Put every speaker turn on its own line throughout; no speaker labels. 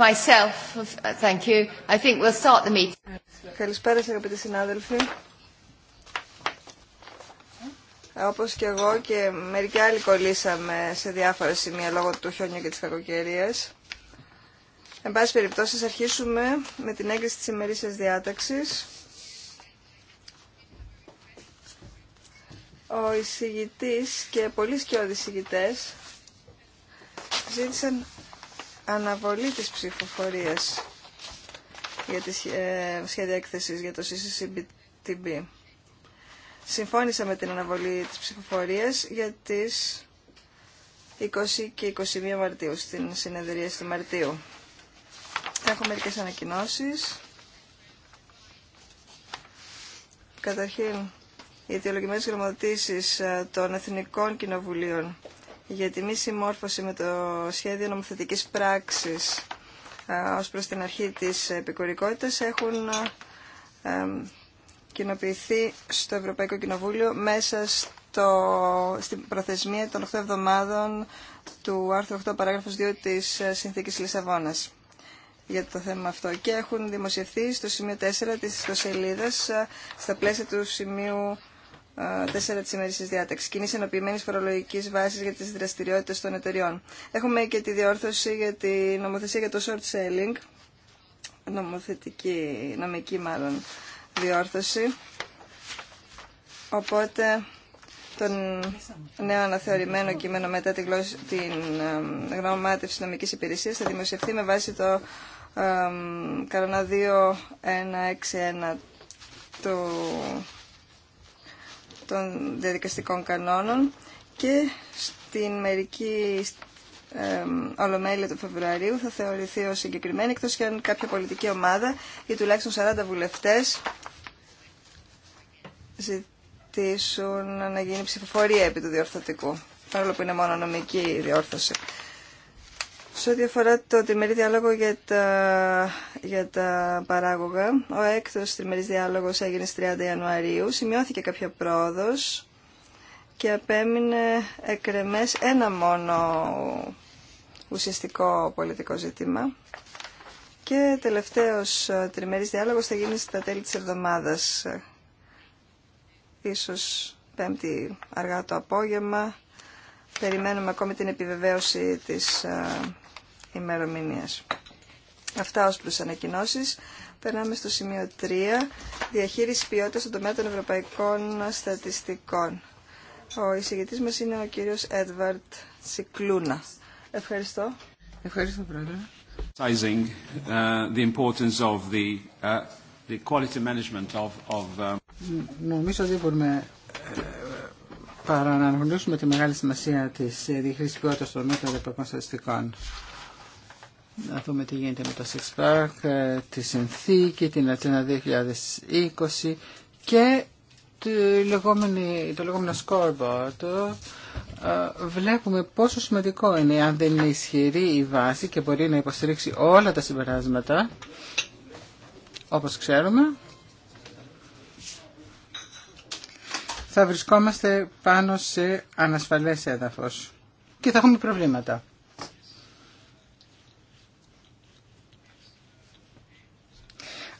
myself. Thank
you. I think we'll start the meeting. Καλησπέρα σε αγαπητοί συνάδελφοι. Όπως και εγώ και μερικοί άλλοι κολλήσαμε σε διάφορα σημεία λόγω του χιόνιου και της κακοκαιρίας. Εν πάση περιπτώσει, αρχίσουμε με την έγκριση της ημερήσιας διάταξης. Ο εισηγητής και πολλοί σκιώδη εισηγητές ζήτησαν αναβολή της ψηφοφορίας για τη ε, σχέδια έκθεσης για το CCCBTB. Συμφώνησα με την αναβολή της ψηφοφορίας για τις 20 και 21 Μαρτίου στην συνεδρία του Μαρτίου. Έχω μερικές ανακοινώσεις. Καταρχήν, οι αιτιολογημένες γραμματοποίησεις ε, των Εθνικών Κοινοβουλίων για τη μη συμμόρφωση με το σχέδιο νομοθετικής πράξης ως προς την αρχή της επικουρικότητας έχουν κοινοποιηθεί στο Ευρωπαϊκό Κοινοβούλιο μέσα στο, στην προθεσμία των 8 εβδομάδων του άρθρου 8 παράγραφος 2 της Συνθήκης Λισαβόνας για το θέμα αυτό και έχουν δημοσιευθεί στο σημείο 4 της ιστοσελίδας στα πλαίσια του σημείου 4 της ημερήσια διάταξη. Κοινή ενοποιημένη φορολογική βάση για τι δραστηριότητε των εταιριών. Έχουμε και τη διόρθωση για τη νομοθεσία για το short selling. Νομοθετική, νομική μάλλον διόρθωση. Οπότε τον νέο αναθεωρημένο κείμενο μετά τη γλώσσα, την γνωμάτευση νομικής υπηρεσίας θα δημοσιευθεί με βάση το ε, κανόνα 2161 του των διαδικαστικών κανόνων και στην μερική ε, ολομέλεια του Φεβρουαρίου θα θεωρηθεί ως συγκεκριμένη εκτός και αν κάποια πολιτική ομάδα ή τουλάχιστον 40 βουλευτές ζητήσουν να γίνει ψηφοφορία επί του διορθωτικού παρόλο που είναι μόνο νομική διόρθωση. Σε ό,τι αφορά το τριμερή διάλογο για τα, για τα παράγωγα, ο έκτος τριμερής διάλογος έγινε στις 30 Ιανουαρίου, σημειώθηκε κάποια πρόοδος και απέμεινε εκρεμές ένα μόνο ουσιαστικό πολιτικό ζήτημα. Και τελευταίος τριμερής διάλογος θα γίνει στα τέλη της εβδομάδας, ίσως πέμπτη αργά το απόγευμα. Περιμένουμε ακόμη την επιβεβαίωση της ε, ημερομηνίας. Αυτά ως προς ανακοινώσεις. Περνάμε στο σημείο 3, διαχείριση ποιότητας στον τομέα των ευρωπαϊκών στατιστικών. Ο εισηγητής μας είναι ο κύριος Έντβαρτ Σικλούνα. Ευχαριστώ.
Ευχαριστώ, Πρόεδρε. Νομίζω ότι μπορούμε ε, παρά να αναγνωρίσουμε τη μεγάλη σημασία της ε, διαχείρισης ποιότητας των μέτρων ευρωπαϊκών στατιστικών να δούμε τι γίνεται με το Six ε, τη συνθήκη, την Ατζένα 2020 και το λεγόμενο scoreboard. Ε, βλέπουμε πόσο σημαντικό είναι αν δεν είναι ισχυρή η βάση και μπορεί να υποστηρίξει όλα τα συμπεράσματα, όπως ξέρουμε. Θα βρισκόμαστε πάνω σε ανασφαλές έδαφος και θα έχουμε προβλήματα.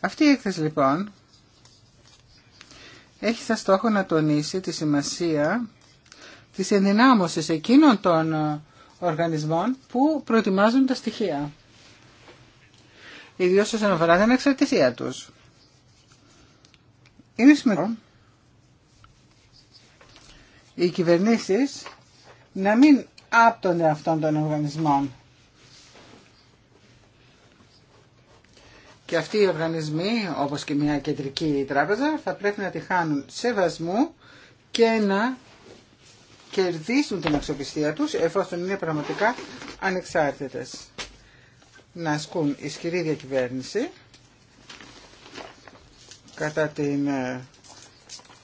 Αυτή η έκθεση λοιπόν έχει σαν στόχο να τονίσει τη σημασία της ενδυνάμωσης εκείνων των ε, οργανισμών που προετοιμάζουν τα στοιχεία. Ιδίως όσον αφορά την εξαρτησία τους. Είναι σημαντικό οι κυβερνήσεις να μην άπτονται αυτών των οργανισμών Και αυτοί οι οργανισμοί, όπως και μια κεντρική τράπεζα, θα πρέπει να τη χάνουν σεβασμού και να κερδίσουν την αξιοπιστία τους εφόσον είναι πραγματικά ανεξάρτητες. Να ασκούν ισχυρή διακυβέρνηση κατά την ε,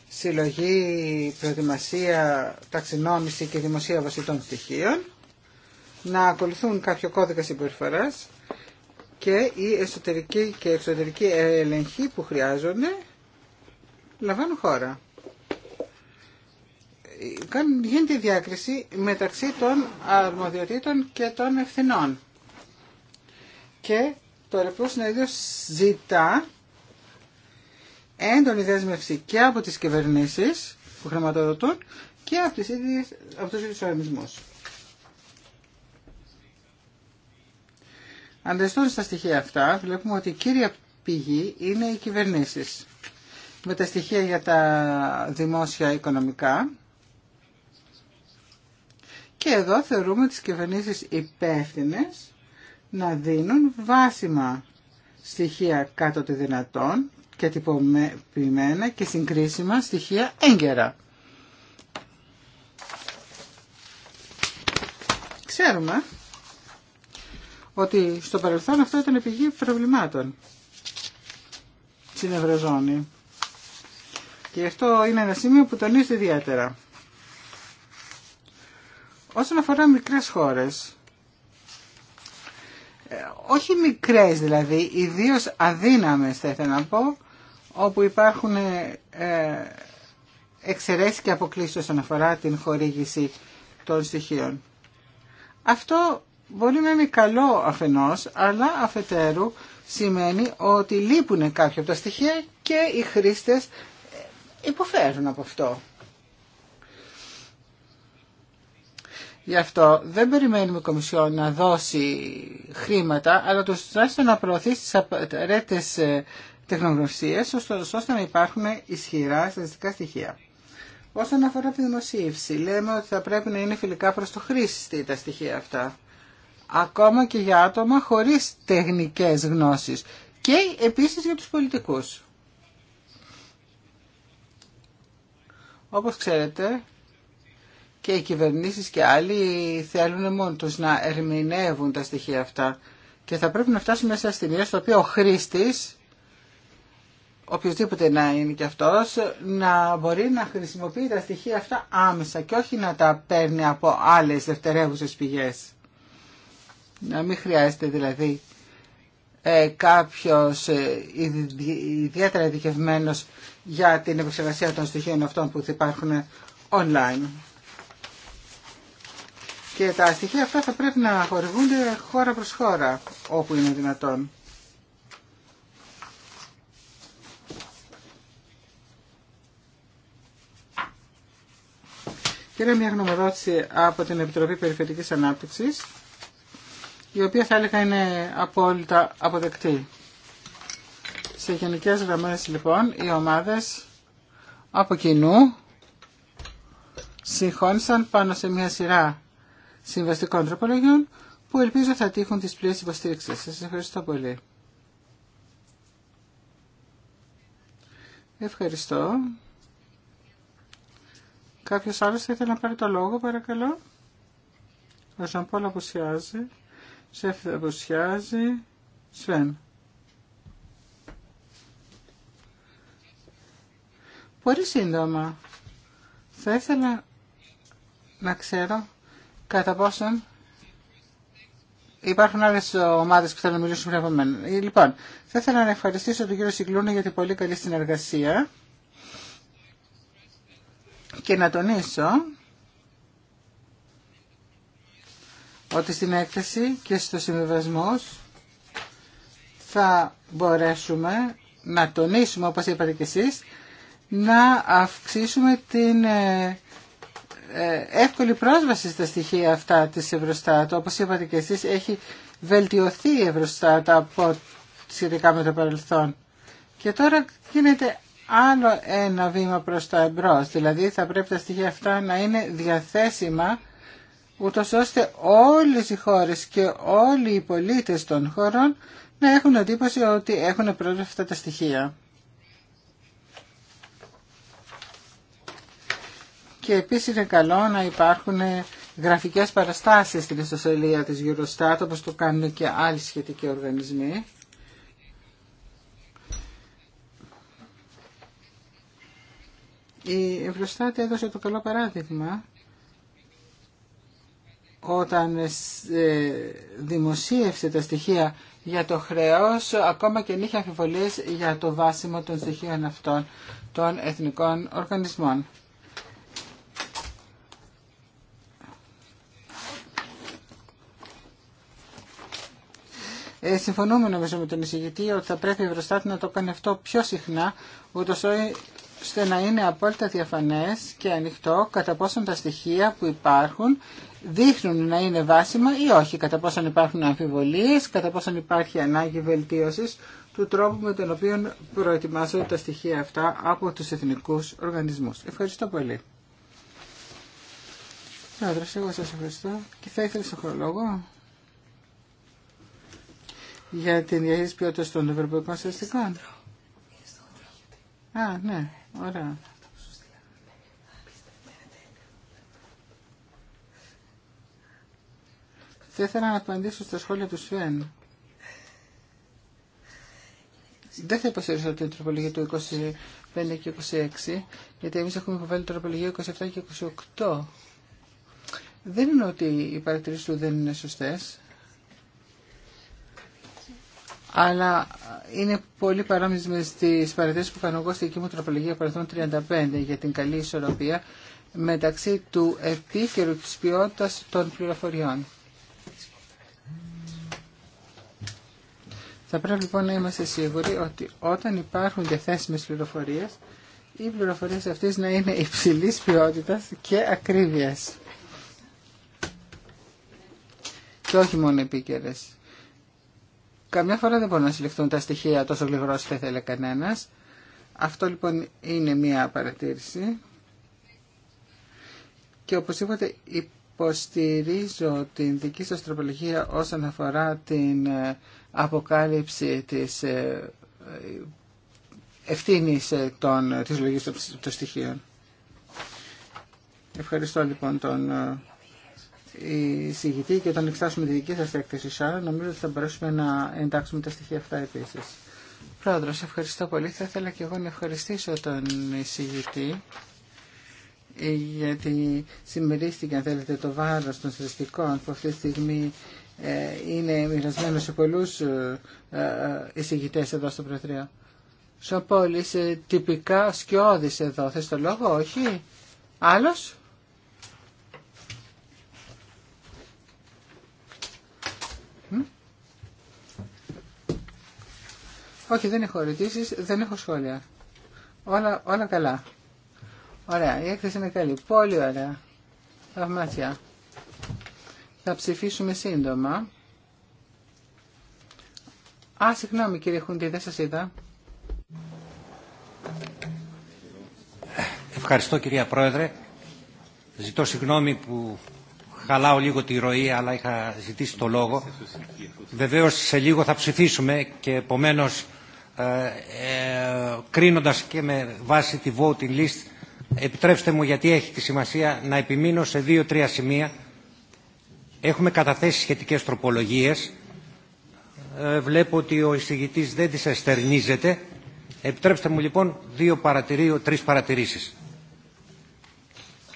συλλογή, προετοιμασία, ταξινόμηση και δημοσία των στοιχείων, να ακολουθούν κάποιο κώδικα συμπεριφοράς και οι εσωτερικοί και εξωτερικοί έλεγχοι που χρειάζονται λαμβάνουν χώρα. Γίνεται διάκριση μεταξύ των αρμοδιοτήτων και των ευθυνών. Και το Ελεκτρικό Συνέδριο ζητά έντονη δέσμευση και από τις κυβερνήσεις που χρηματοδοτούν και από, τις ίδιες, από τους Αντεστώντα τα στοιχεία αυτά, βλέπουμε ότι η κύρια πηγή είναι οι κυβερνήσει. Με τα στοιχεία για τα δημόσια οικονομικά. Και εδώ θεωρούμε τις κυβερνήσεις υπεύθυνε να δίνουν βάσιμα στοιχεία κάτω τη δυνατόν και τυποποιημένα και συγκρίσιμα στοιχεία έγκαιρα. Ξέρουμε ότι στο παρελθόν αυτό ήταν πηγή προβλημάτων στην Ευρωζώνη. Και αυτό είναι ένα σημείο που τονίζει ιδιαίτερα. Όσον αφορά μικρές χώρες, ε, όχι μικρές δηλαδή, ιδίως αδύναμες θα ήθελα να πω, όπου υπάρχουν ε, ε, εξαιρέσεις και αποκλήσεις όσον αφορά την χορήγηση των στοιχείων. Αυτό μπορεί να είναι καλό αφενός, αλλά αφετέρου σημαίνει ότι λείπουν κάποια από τα στοιχεία και οι χρήστες υποφέρουν από αυτό. Γι' αυτό δεν περιμένουμε η Κομισιόν να δώσει χρήματα, αλλά το στράσιο να προωθεί τις απαραίτητες ε, τεχνογνωσίες, ώστε να υπάρχουν ισχυρά στατιστικά στοιχεία. Όσον αφορά τη δημοσίευση, λέμε ότι θα πρέπει να είναι φιλικά προς το χρήστη τα στοιχεία αυτά ακόμα και για άτομα χωρίς τεχνικές γνώσεις και επίσης για τους πολιτικούς. Όπως ξέρετε, και οι κυβερνήσεις και άλλοι θέλουν μόνο τους να ερμηνεύουν τα στοιχεία αυτά και θα πρέπει να φτάσουμε σε στη στο οποίο ο χρήστης, οποιοδήποτε να είναι και αυτός, να μπορεί να χρησιμοποιεί τα στοιχεία αυτά άμεσα και όχι να τα παίρνει από άλλες δευτερεύουσες πηγές. Να μην χρειάζεται δηλαδή ε, κάποιος ε, ιδιαίτερα ειδικευμένο για την επεξεργασία των στοιχείων αυτών που υπάρχουν online. Και τα στοιχεία αυτά θα πρέπει να χορηγούνται χώρα προς χώρα όπου είναι δυνατόν. Και είναι μια γνωμοδότηση από την Επιτροπή Περιφερειακής Ανάπτυξης η οποία θα έλεγα είναι απόλυτα αποδεκτή. Σε γενικές γραμμές λοιπόν οι ομάδες από κοινού συγχώνησαν πάνω σε μια σειρά συμβαστικών τροπολογιών που ελπίζω θα τύχουν τις πλήρες υποστήριξης. Σας ευχαριστώ πολύ. Ευχαριστώ. Κάποιος άλλος θα ήθελε να πάρει το λόγο, παρακαλώ. Ο που σιάζει σε αφουσιάζει Σβέν. Πολύ σύντομα. Θα ήθελα να ξέρω κατά πόσον υπάρχουν άλλε ομάδε που θέλουν να μιλήσουν πριν από μένα. Λοιπόν, θα ήθελα να ευχαριστήσω τον κύριο Σιγκλούνη για την πολύ καλή συνεργασία και να τονίσω ότι στην έκθεση και στο συμβιβασμό θα μπορέσουμε να τονίσουμε, όπως είπατε και εσείς, να αυξήσουμε την ε, ε, εύκολη πρόσβαση στα στοιχεία αυτά της Ευρωστάτ. Όπως είπατε και εσείς, έχει βελτιωθεί η Ευρωστάτ από σχετικά με το παρελθόν. Και τώρα γίνεται άλλο ένα βήμα προς τα εμπρός. Δηλαδή θα πρέπει τα στοιχεία αυτά να είναι διαθέσιμα ούτως ώστε όλες οι χώρες και όλοι οι πολίτες των χωρών να έχουν εντύπωση ότι έχουν πρόσβαση αυτά τα στοιχεία. Και επίσης είναι καλό να υπάρχουν γραφικές παραστάσεις στην ιστοσελίδα της Eurostat, όπως το κάνουν και άλλοι σχετικοί οργανισμοί. Η Ευρωστάτη έδωσε το καλό παράδειγμα όταν ε, δημοσίευσε τα στοιχεία για το χρέος, ακόμα και είχε αμφιβολίες για το βάσιμο των στοιχείων αυτών των εθνικών οργανισμών. Ε, συμφωνούμε νομίζω με τον εισηγητή ότι θα πρέπει η Ευρωστάτη να το κάνει αυτό πιο συχνά, ούτως ώστε να είναι απόλυτα διαφανές και ανοιχτό κατά πόσον τα στοιχεία που υπάρχουν δείχνουν να είναι βάσιμα ή όχι, κατά πόσον υπάρχουν αμφιβολίες, κατά πόσον υπάρχει ανάγκη βελτίωσης του τρόπου με τον οποίο προετοιμάζονται τα στοιχεία αυτά από τους εθνικούς οργανισμούς. Ευχαριστώ πολύ. Πρόεδρος, εγώ σας ευχαριστώ και θα ήθελα στον λόγο για την διαχείριση ποιότητας των ευρωπαϊκών Α, ναι, ωραία. Θα ήθελα να απαντήσω στα σχόλια του Σφέν. Δεν θα υποστηρίζω την τροπολογία του 25 και 26, γιατί εμείς έχουμε υποβάλει τροπολογία 27 και 28. Δεν είναι ότι οι παρατηρήσεις του δεν είναι σωστές αλλά είναι πολύ παρόμοιες με τις που κάνω εγώ στη δική μου τροπολογία παρελθόν 35 για την καλή ισορροπία μεταξύ του επίκαιρου της ποιότητας των πληροφοριών. Θα πρέπει λοιπόν να είμαστε σίγουροι ότι όταν υπάρχουν διαθέσιμες πληροφορίες, οι πληροφορίες αυτές να είναι υψηλής ποιότητας και ακρίβειας. Και όχι μόνο επίκαιρες. Καμιά φορά δεν μπορούν να συλληφθούν τα στοιχεία τόσο γλυγρό όσο θα ήθελε κανένα. Αυτό λοιπόν είναι μία παρατήρηση. Και είπατε υποστηρίζω την δική σας τροπολογία όσον αφορά την ε, αποκάλυψη της ε, ε, ευθύνης των, της των στοιχείων. Ευχαριστώ λοιπόν τον εισηγητή και όταν εξετάσουμε τη δική σας έκθεση Σάρα νομίζω ότι θα μπορέσουμε να εντάξουμε τα στοιχεία αυτά επίσης. Πρόεδρος, ευχαριστώ πολύ. Θα ήθελα και εγώ να ευχαριστήσω τον εισηγητή ε, γιατί συμμερίστηκε αν θέλετε το βάρος των στατιστικών που αυτή τη στιγμή ε, είναι μοιρασμένο σε πολλούς ε, εισηγητές εδώ στο Προεδρείο. Σοπόλης, τυπικά σκιώδης εδώ. Θες το λόγο, όχι. Άλλος. Όχι, δεν έχω ερωτήσει, δεν έχω σχόλια. Όλα, όλα καλά. Ωραία, η έκθεση είναι καλή. Πολύ ωραία. Θαυμάτια. Θα ψηφίσουμε σύντομα. Α, συγγνώμη κύριε Χούντι, δεν σας είδα.
Ευχαριστώ κυρία Πρόεδρε. Ζητώ συγγνώμη που χαλάω λίγο τη ροή, αλλά είχα ζητήσει το λόγο. Βεβαίως σε λίγο θα ψηφίσουμε και επομένως ε, ε, κρίνοντας και με βάση τη voting list, επιτρέψτε μου γιατί έχει τη σημασία να επιμείνω σε δύο-τρία σημεία. Έχουμε καταθέσει σχετικές τροπολογίες. Ε, βλέπω ότι ο εισηγητής δεν τις εστερνίζεται. Επιτρέψτε μου λοιπόν δύο παρατηρίου, τρεις παρατηρήσεις.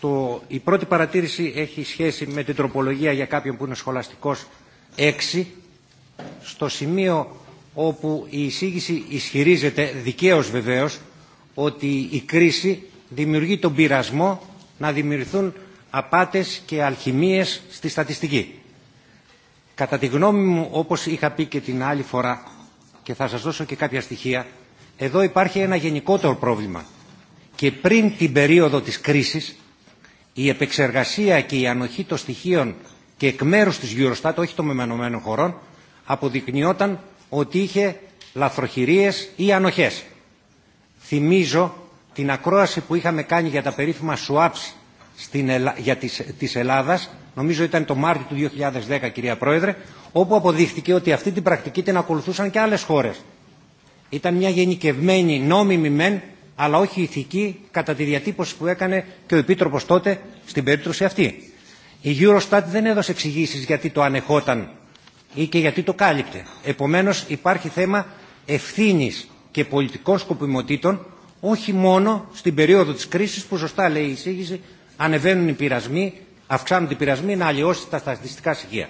Το, η πρώτη παρατήρηση έχει σχέση με την τροπολογία για κάποιον που είναι σχολαστικός 6. Στο σημείο όπου η εισήγηση ισχυρίζεται δικαίως βεβαίως ότι η κρίση δημιουργεί τον πειρασμό να δημιουργηθούν απάτες και αλχημίες στη στατιστική. Κατά τη γνώμη μου, όπως είχα πει και την άλλη φορά και θα σας δώσω και κάποια στοιχεία, εδώ υπάρχει ένα γενικότερο πρόβλημα. Και πριν την περίοδο της κρίσης, η επεξεργασία και η ανοχή των στοιχείων και εκ μέρους της Eurostat, όχι των μεμενωμένων χωρών, αποδεικνύονταν ότι είχε λαθροχειρίες ή ανοχές. Θυμίζω την ακρόαση που είχαμε κάνει για τα περίφημα swaps στην Ελλά... για τις... της Ελλάδας, νομίζω ήταν το Μάρτιο του 2010 κυρία Πρόεδρε, όπου αποδείχθηκε ότι αυτή την πρακτική την ακολουθούσαν και άλλες χώρες. Ήταν μια γενικευμένη νόμιμη μεν, αλλά όχι ηθική κατά τη διατύπωση που έκανε και ο Επίτροπος τότε στην περίπτωση αυτή. Η Eurostat δεν έδωσε εξηγήσει γιατί το ανεχόταν ή και γιατί το κάλυπτε. Επομένως υπάρχει θέμα ευθύνης και πολιτικών σκοπιμοτήτων όχι μόνο στην περίοδο της κρίσης που σωστά λέει η εισήγηση ανεβαίνουν οι πειρασμοί, αυξάνονται οι πειρασμοί να αλλοιώσει τα στατιστικά στοιχεία.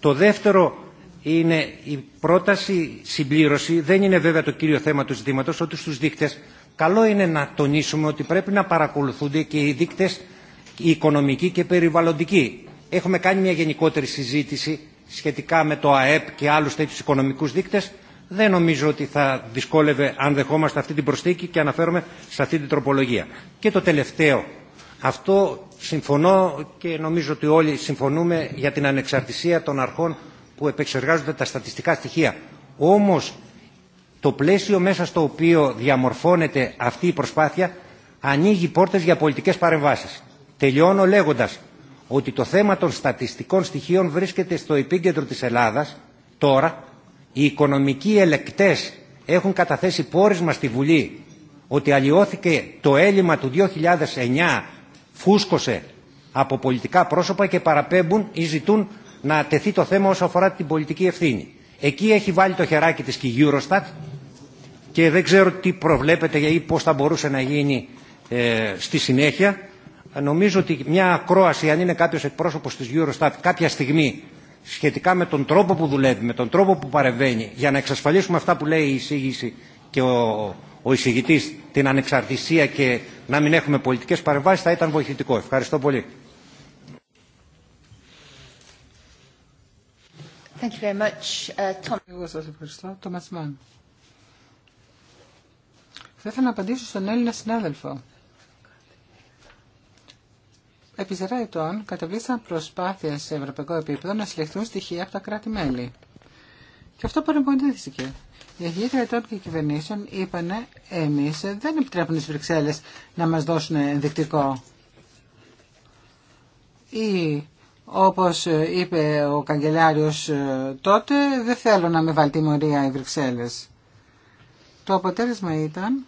Το δεύτερο είναι η πρόταση συμπλήρωση, δεν είναι βέβαια το κύριο θέμα του ζητήματος, ότι στους δείκτες καλό είναι να τονίσουμε ότι πρέπει να παρακολουθούνται και οι δείκτες οι οικονομικοί και περιβαλλοντικοί. Έχουμε κάνει μια γενικότερη συζήτηση σχετικά με το ΑΕΠ και άλλους τέτοιους οικονομικούς δείκτες, δεν νομίζω ότι θα δυσκόλευε αν δεχόμαστε αυτή την προσθήκη και αναφέρομαι σε αυτή την τροπολογία. Και το τελευταίο. Αυτό συμφωνώ και νομίζω ότι όλοι συμφωνούμε για την ανεξαρτησία των αρχών που επεξεργάζονται τα στατιστικά στοιχεία. Όμως το πλαίσιο μέσα στο οποίο διαμορφώνεται αυτή η προσπάθεια ανοίγει πόρτες για πολιτικές παρεμβάσεις. Τελειώνω λέγοντας ότι το θέμα των στατιστικών στοιχείων βρίσκεται στο επίκεντρο της Ελλάδας τώρα οι οικονομικοί ελεκτές έχουν καταθέσει πόρισμα στη Βουλή ότι αλλοιώθηκε το έλλειμμα του 2009 φούσκωσε από πολιτικά πρόσωπα και παραπέμπουν ή ζητούν να τεθεί το θέμα όσο αφορά την πολιτική ευθύνη. Εκεί έχει βάλει το χεράκι της και η Eurostat και δεν ξέρω τι προβλέπεται ή πώς θα μπορούσε να γίνει ε, στη συνέχεια ε, νομίζω ότι μια ακρόαση, αν είναι κάποιο εκπρόσωπο τη Eurostat κάποια στιγμή σχετικά με τον τρόπο που δουλεύει, με τον τρόπο που παρεμβαίνει, για να εξασφαλίσουμε αυτά που λέει η εισήγηση και ο, ο εισηγητή, την ανεξαρτησία και να μην έχουμε πολιτικέ παρεμβάσει, θα ήταν βοηθητικό. Ευχαριστώ πολύ.
Thank you very much. Uh, Εγώ Θα ήθελα να απαντήσω στον Έλληνα συνάδελφο επί τον ετών καταβλήσαν προσπάθειες σε ευρωπαϊκό επίπεδο να συλλεχθούν στοιχεία από τα κράτη-μέλη. Και αυτό παρεμποντήθηκε. Οι αρχηγοί κρατών και κυβερνήσεων είπανε εμείς δεν επιτρέπουν τι Βρυξέλλες να μας δώσουν ενδεικτικό. Ή όπως είπε ο καγκελάριος τότε δεν θέλω να με βάλει τιμωρία οι Βρυξέλλες. Το αποτέλεσμα ήταν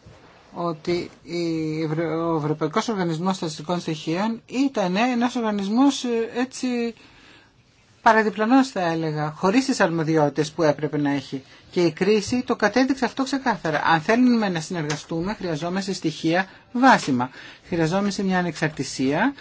ότι ο Ευρωπαϊκό Οργανισμό Στατιστικών Στοιχείων ήταν ένας οργανισμός ε, έτσι παραδιπλανός θα έλεγα, χωρί τι αρμοδιότητε που έπρεπε να έχει. Και η κρίση το κατέδειξε αυτό ξεκάθαρα. Αν θέλουμε να συνεργαστούμε χρειαζόμαστε στοιχεία βάσιμα. Χρειαζόμαστε μια ανεξαρτησία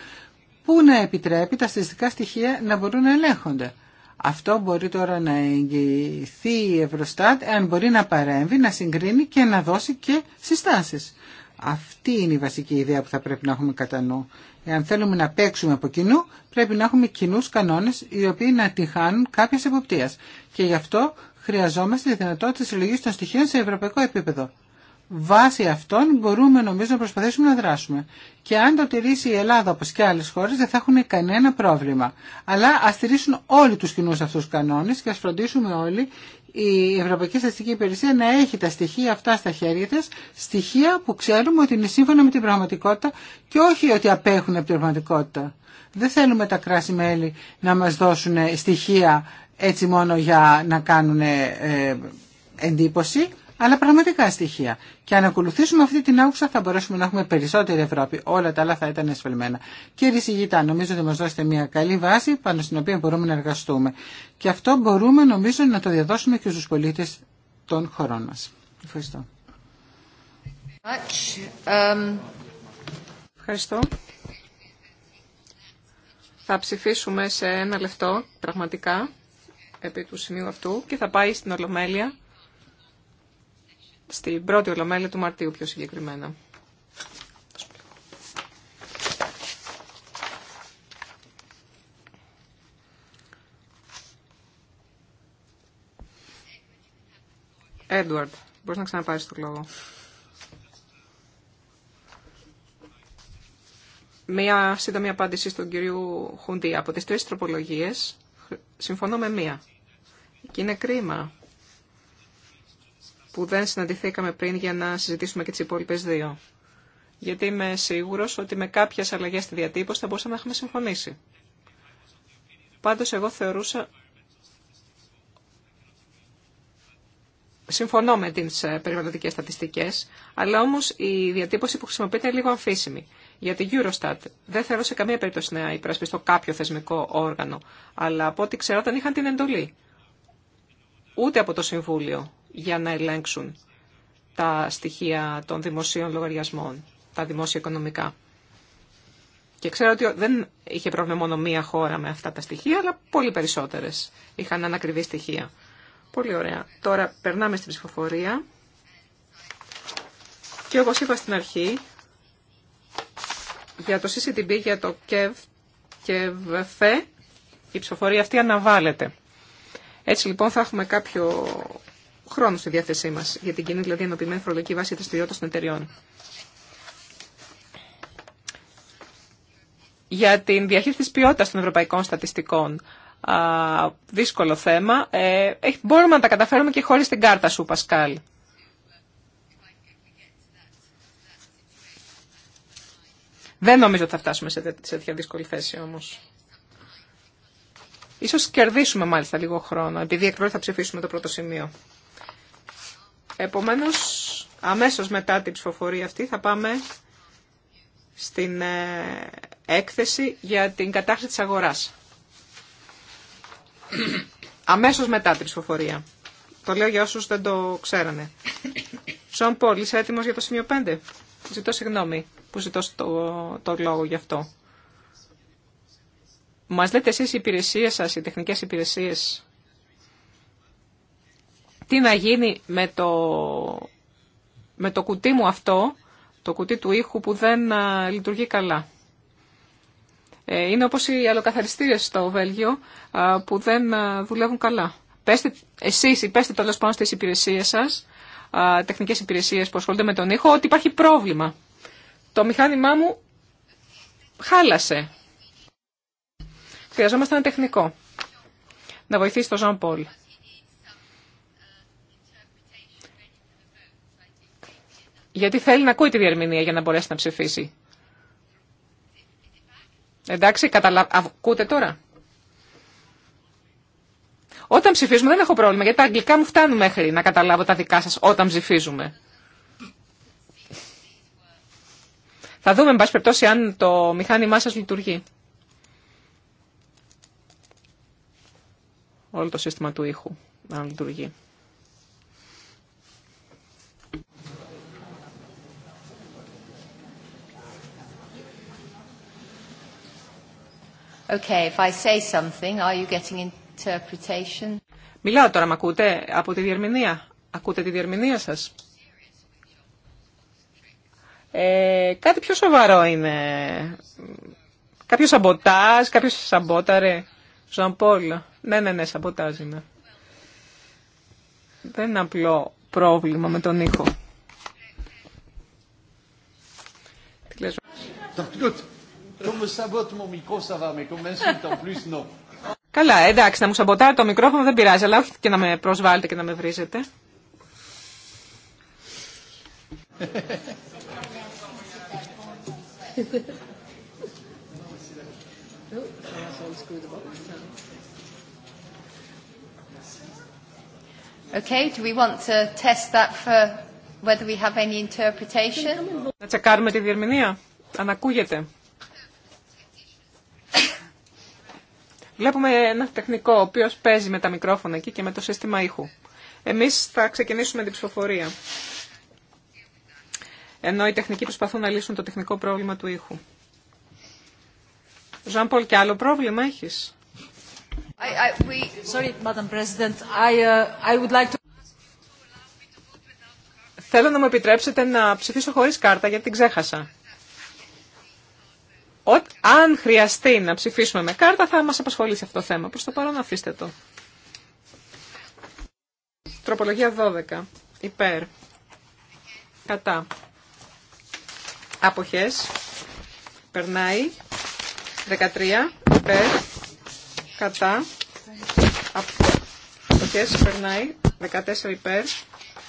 που να επιτρέπει τα στατιστικά στοιχεία να μπορούν να ελέγχονται. Αυτό μπορεί τώρα να εγγυηθεί η Ευρωστάτ, αν μπορεί να παρέμβει, να συγκρίνει και να δώσει και συστάσεις. Αυτή είναι η βασική ιδέα που θα πρέπει να έχουμε κατά νου. Εάν θέλουμε να παίξουμε από κοινού, πρέπει να έχουμε κοινού κανόνε οι οποίοι να τυχάνουν χάνουν κάποια εποπτεία. Και γι' αυτό χρειαζόμαστε τη δυνατότητα συλλογή των στοιχείων σε ευρωπαϊκό επίπεδο βάσει αυτών μπορούμε νομίζω να προσπαθήσουμε να δράσουμε. Και αν το τηρήσει η Ελλάδα όπως και άλλες χώρες δεν θα έχουν κανένα πρόβλημα. Αλλά ας τηρήσουν όλοι τους κοινούς αυτούς τους κανόνες και ας φροντίσουμε όλοι η Ευρωπαϊκή Στατιστική Υπηρεσία να έχει τα στοιχεία αυτά στα χέρια της, στοιχεία που ξέρουμε ότι είναι σύμφωνα με την πραγματικότητα και όχι ότι απέχουν από την πραγματικότητα. Δεν θέλουμε τα κράση μέλη να μας δώσουν στοιχεία έτσι μόνο για να κάνουν ε, εντύπωση αλλά πραγματικά στοιχεία. Και αν ακολουθήσουμε αυτή την άκουσα θα μπορέσουμε να έχουμε περισσότερη Ευρώπη. Όλα τα άλλα θα ήταν εσφαλμένα. Κύριε Σιγητά, νομίζω ότι μας δώσετε μια καλή βάση πάνω στην οποία μπορούμε να εργαστούμε. Και αυτό μπορούμε νομίζω να το διαδώσουμε και στους πολίτες των χωρών μας. Ευχαριστώ.
Ευχαριστώ. Θα ψηφίσουμε σε ένα λεπτό πραγματικά επί του σημείου αυτού και θα πάει στην Ολομέλεια στην πρώτη ολομέλεια του Μαρτίου πιο συγκεκριμένα. Έντουαρντ, μπορείς να ξαναπάρεις το λόγο. Μία σύντομη απάντηση στον κύριο Χουντή. Από τις τρεις τροπολογίες συμφωνώ με μία. Και είναι κρίμα που δεν συναντηθήκαμε πριν για να συζητήσουμε και τι υπόλοιπε δύο. Γιατί είμαι σίγουρο ότι με κάποιε αλλαγέ στη διατύπωση θα μπορούσαμε να έχουμε συμφωνήσει. Πάντω εγώ θεωρούσα... Συμφωνώ με τι ε, περιβαλλοντικέ στατιστικέ. αλλά όμω η διατύπωση που χρησιμοποιείται είναι λίγο αμφίσιμη. Γιατί η Eurostat δεν θεωρώ σε καμία περίπτωση να υπερασπιστώ κάποιο θεσμικό όργανο, αλλά από ό,τι ξέρω όταν είχαν την εντολή. Ούτε από το Συμβούλιο για να ελέγξουν τα στοιχεία των δημοσίων λογαριασμών, τα δημόσια οικονομικά. Και ξέρω ότι δεν είχε πρόβλημα μόνο μία χώρα με αυτά τα στοιχεία, αλλά πολύ περισσότερες είχαν ανακριβή στοιχεία. Πολύ ωραία. Τώρα περνάμε στην ψηφοφορία. Και όπως είπα στην αρχή, για το CCTB, για το ΚΕΒ και η ψηφοφορία αυτή αναβάλλεται. Έτσι λοιπόν θα έχουμε κάποιο χρόνο στη διάθεσή μας για την κοινή δηλαδή ενωπημένη φορολογική βάση δραστηριότητα των εταιριών. Για την διαχείριση της ποιότητας των ευρωπαϊκών στατιστικών, α, δύσκολο θέμα, ε, μπορούμε να τα καταφέρουμε και χωρίς την κάρτα σου, Πασκάλ. Δεν νομίζω ότι θα φτάσουμε σε τέτοια δύσκολη θέση όμως. Ίσως κερδίσουμε μάλιστα λίγο χρόνο, επειδή εκ θα ψηφίσουμε το πρώτο σημείο. Επομένως, αμέσως μετά την ψηφοφορία αυτή θα πάμε στην ε, έκθεση για την κατάχρηση της αγοράς. Αμέσως μετά την ψηφοφορία. Το λέω για όσους δεν το ξέρανε. Σον Πολ, είσαι έτοιμος για το σημείο 5. Ζητώ συγγνώμη που ζητώ το, το λόγο γι' αυτό. Μας λέτε εσείς οι υπηρεσίες σας, οι τεχνικές υπηρεσίες, τι να γίνει με το, με το κουτί μου αυτό, το κουτί του ήχου που δεν λειτουργεί καλά. Ε, είναι όπως οι αλοκαθαριστήρες στο Βέλγιο που δεν δουλεύουν καλά. Πέστε, εσείς ή πέστε τέλο πάνω στις υπηρεσίες σας, τεχνικές υπηρεσίες που ασχολούνται με τον ήχο, ότι υπάρχει πρόβλημα. Το μηχάνημά μου χάλασε. Χρειαζόμαστε ένα τεχνικό. Να βοηθήσει τον Ζαν γιατί θέλει να ακούει τη διερμηνία για να μπορέσει να ψηφίσει. Εντάξει, καταλα... ακούτε τώρα. Όταν ψηφίζουμε δεν έχω πρόβλημα, γιατί τα αγγλικά μου φτάνουν μέχρι να καταλάβω τα δικά σας όταν ψηφίζουμε. Θα δούμε, εν πάση περιπτώσει, αν το μηχάνημά σας λειτουργεί. Όλο το σύστημα του ήχου, αν λειτουργεί.
I say something, are you getting
Μιλάω τώρα, με ακούτε από τη διερμηνία. Ακούτε τη διερμηνία σας. Ε, κάτι πιο σοβαρό είναι. Κάποιος σαμποτάζ, κάποιος σαμπόταρε. Σαν Ναι, ναι, ναι, σαμποτάζ είναι. Δεν είναι απλό πρόβλημα με τον ήχο.
Τι
Καλά, εντάξει, να μου σαμποτάρει το μικρόφωνο δεν πειράζει, αλλά όχι και να με προσβάλλετε και να με βρίζετε.
Okay, do we want to test that for
whether we have any interpretation?
Να τσεκάρουμε τη διερμηνία. Ανακούγεται. Βλέπουμε ένα τεχνικό, ο οποίο παίζει με τα μικρόφωνα εκεί και με το σύστημα ήχου. Εμεί θα ξεκινήσουμε την ψηφοφορία. Ενώ οι τεχνικοί προσπαθούν να λύσουν το τεχνικό πρόβλημα του ήχου. Ζωάν Πολ, και άλλο πρόβλημα έχεις. Θέλω να μου επιτρέψετε να ψηφίσω χωρίς κάρτα, γιατί την ξέχασα. Ό, αν χρειαστεί να ψηφίσουμε με κάρτα θα μας απασχολήσει αυτό το θέμα. Προς το παρόν αφήστε το. Τροπολογία 12. Υπέρ. Κατά. Αποχές. Περνάει. 13. Υπέρ. Κατά. Αποχές. Περνάει. 14 υπέρ.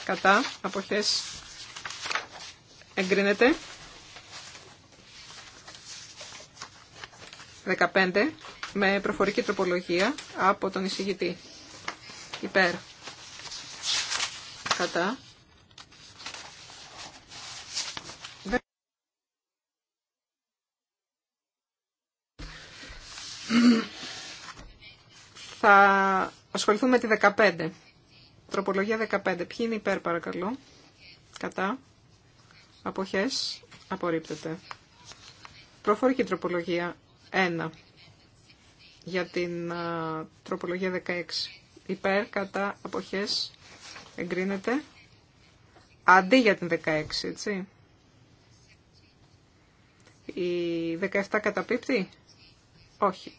Κατά. Αποχές. Εγκρίνεται. 15 με προφορική τροπολογία από τον εισηγητή. Υπέρ. Κατά. Θα ασχοληθούμε με τη 15. Τροπολογία 15. Ποιοι είναι υπέρ παρακαλώ. Κατά. Αποχές. Απορρίπτεται. Προφορική τροπολογία 1 για την τροπολογία 16. Υπέρ, κατά, αποχές, εγκρίνεται. Αντί για την 16, έτσι. Η 17 καταπίπτει. Όχι.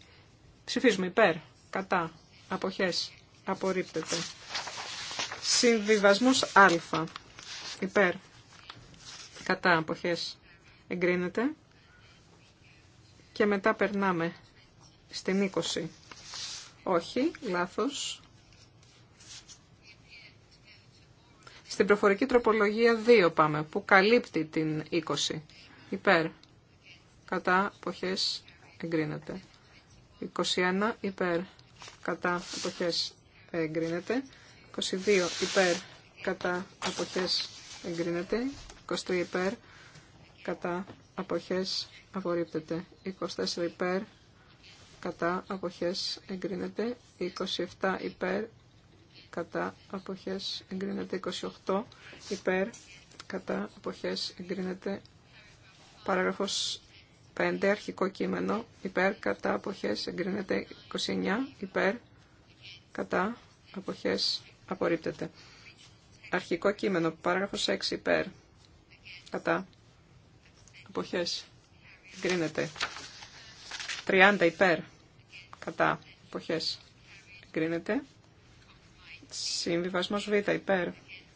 Ψηφίζουμε υπέρ, κατά, αποχές, απορρίπτεται. συμβιβασμός α. Υπέρ, κατά, αποχές, εγκρίνεται και μετά περνάμε στην 20. Όχι, λάθος. Στην προφορική τροπολογία 2 πάμε, που καλύπτει την 20. Υπέρ. Κατά αποχές εγκρίνεται. 21 υπέρ. Κατά αποχές εγκρίνεται. 22 υπέρ. Κατά αποχές εγκρίνεται. 23 υπέρ. Κατά αποχές απορρίπτεται. 24 υπέρ κατά αποχές εγκρίνεται. 27 υπέρ κατά αποχές εγκρίνεται. 28 υπέρ κατά αποχές εγκρίνεται. Παράγραφος 5 αρχικό κείμενο υπέρ κατά αποχές εγκρίνεται. 29 υπέρ κατά αποχές απορρίπτεται. Αρχικό κείμενο, παράγραφος 6 υπέρ, κατά, αποχές εγκρίνεται 30 υπέρ κατά αποχές εγκρίνεται συμβιβασμός β υπέρ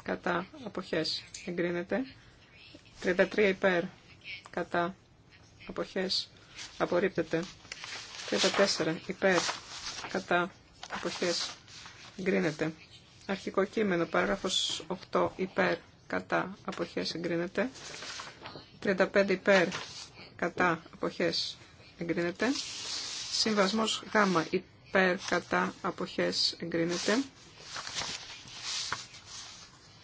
κατά αποχές εγκρίνεται 33 υπέρ κατά αποχές απορρίπτεται 34 υπέρ κατά αποχές εγκρίνεται αρχικό κείμενο παράγραφος 8 υπέρ κατά αποχές εγκρίνεται 35 υπέρ κατά αποχές εγκρίνεται. Συμβασμός Γ υπέρ κατά αποχές εγκρίνεται.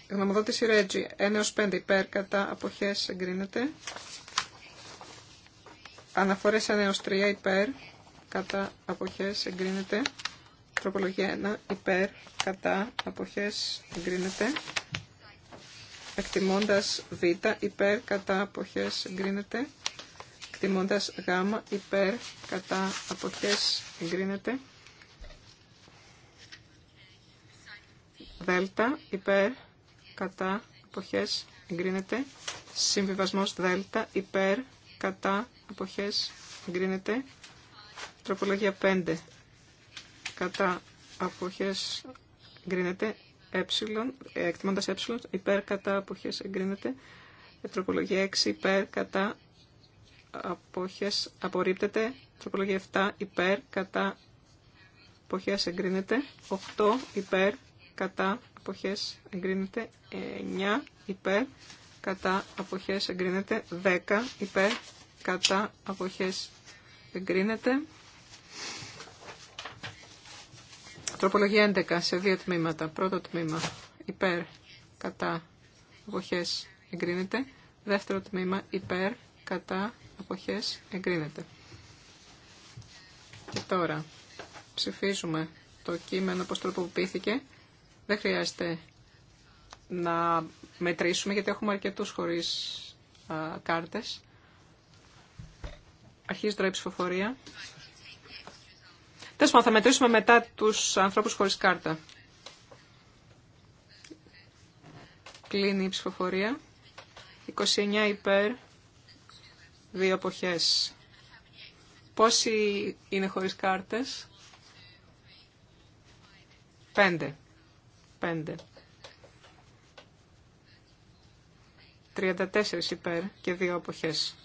Γνωμοδότηση Ρέτζι 1-5 υπέρ κατά αποχές εγκρίνεται. Αναφορές 1-3 υπέρ κατά αποχές εγκρίνεται. Τροπολογία 1 υπέρ κατά αποχές εγκρίνεται εκτιμώντας β υπέρ κατά αποχές εγκρίνεται, εκτιμώντας γ υπέρ κατά αποχές εγκρίνεται, δέλτα υπέρ κατά αποχές εγκρίνεται, συμβιβασμός δέλτα υπέρ κατά αποχές εγκρίνεται, τροπολογία 5 κατά αποχές εγκρίνεται, ε, εκτιμώντας ε, υπέρ κατά αποχές εγκρίνεται. Ε, τροπολογία 6 υπέρ κατά αποχές απορρίπτεται. Τροπολογία 7 υπέρ κατά αποχές εγκρίνεται. 8 υπέρ κατά αποχές εγκρίνεται. 9 υπέρ κατά αποχές εγκρίνεται. 10 υπέρ κατά αποχές εγκρίνεται. Τροπολογία 11 σε δύο τμήματα. Πρώτο τμήμα υπέρ, κατά, αποχές εγκρίνεται. Δεύτερο τμήμα υπέρ, κατά, αποχές εγκρίνεται. Και τώρα ψηφίζουμε το κείμενο πώς τροποποιήθηκε. Δεν χρειάζεται να μετρήσουμε γιατί έχουμε αρκετούς χωρίς κάρτες. Αρχίζει τώρα η ψηφοφορία. Τέλο πάντων, θα μετρήσουμε μετά του ανθρώπου χωρί κάρτα. Κλείνει η ψηφοφορία. 29 υπέρ, δύο εποχές. Πόσοι είναι χωρίς κάρτες? Πέντε. Πέντε. 34 υπέρ και δύο εποχές.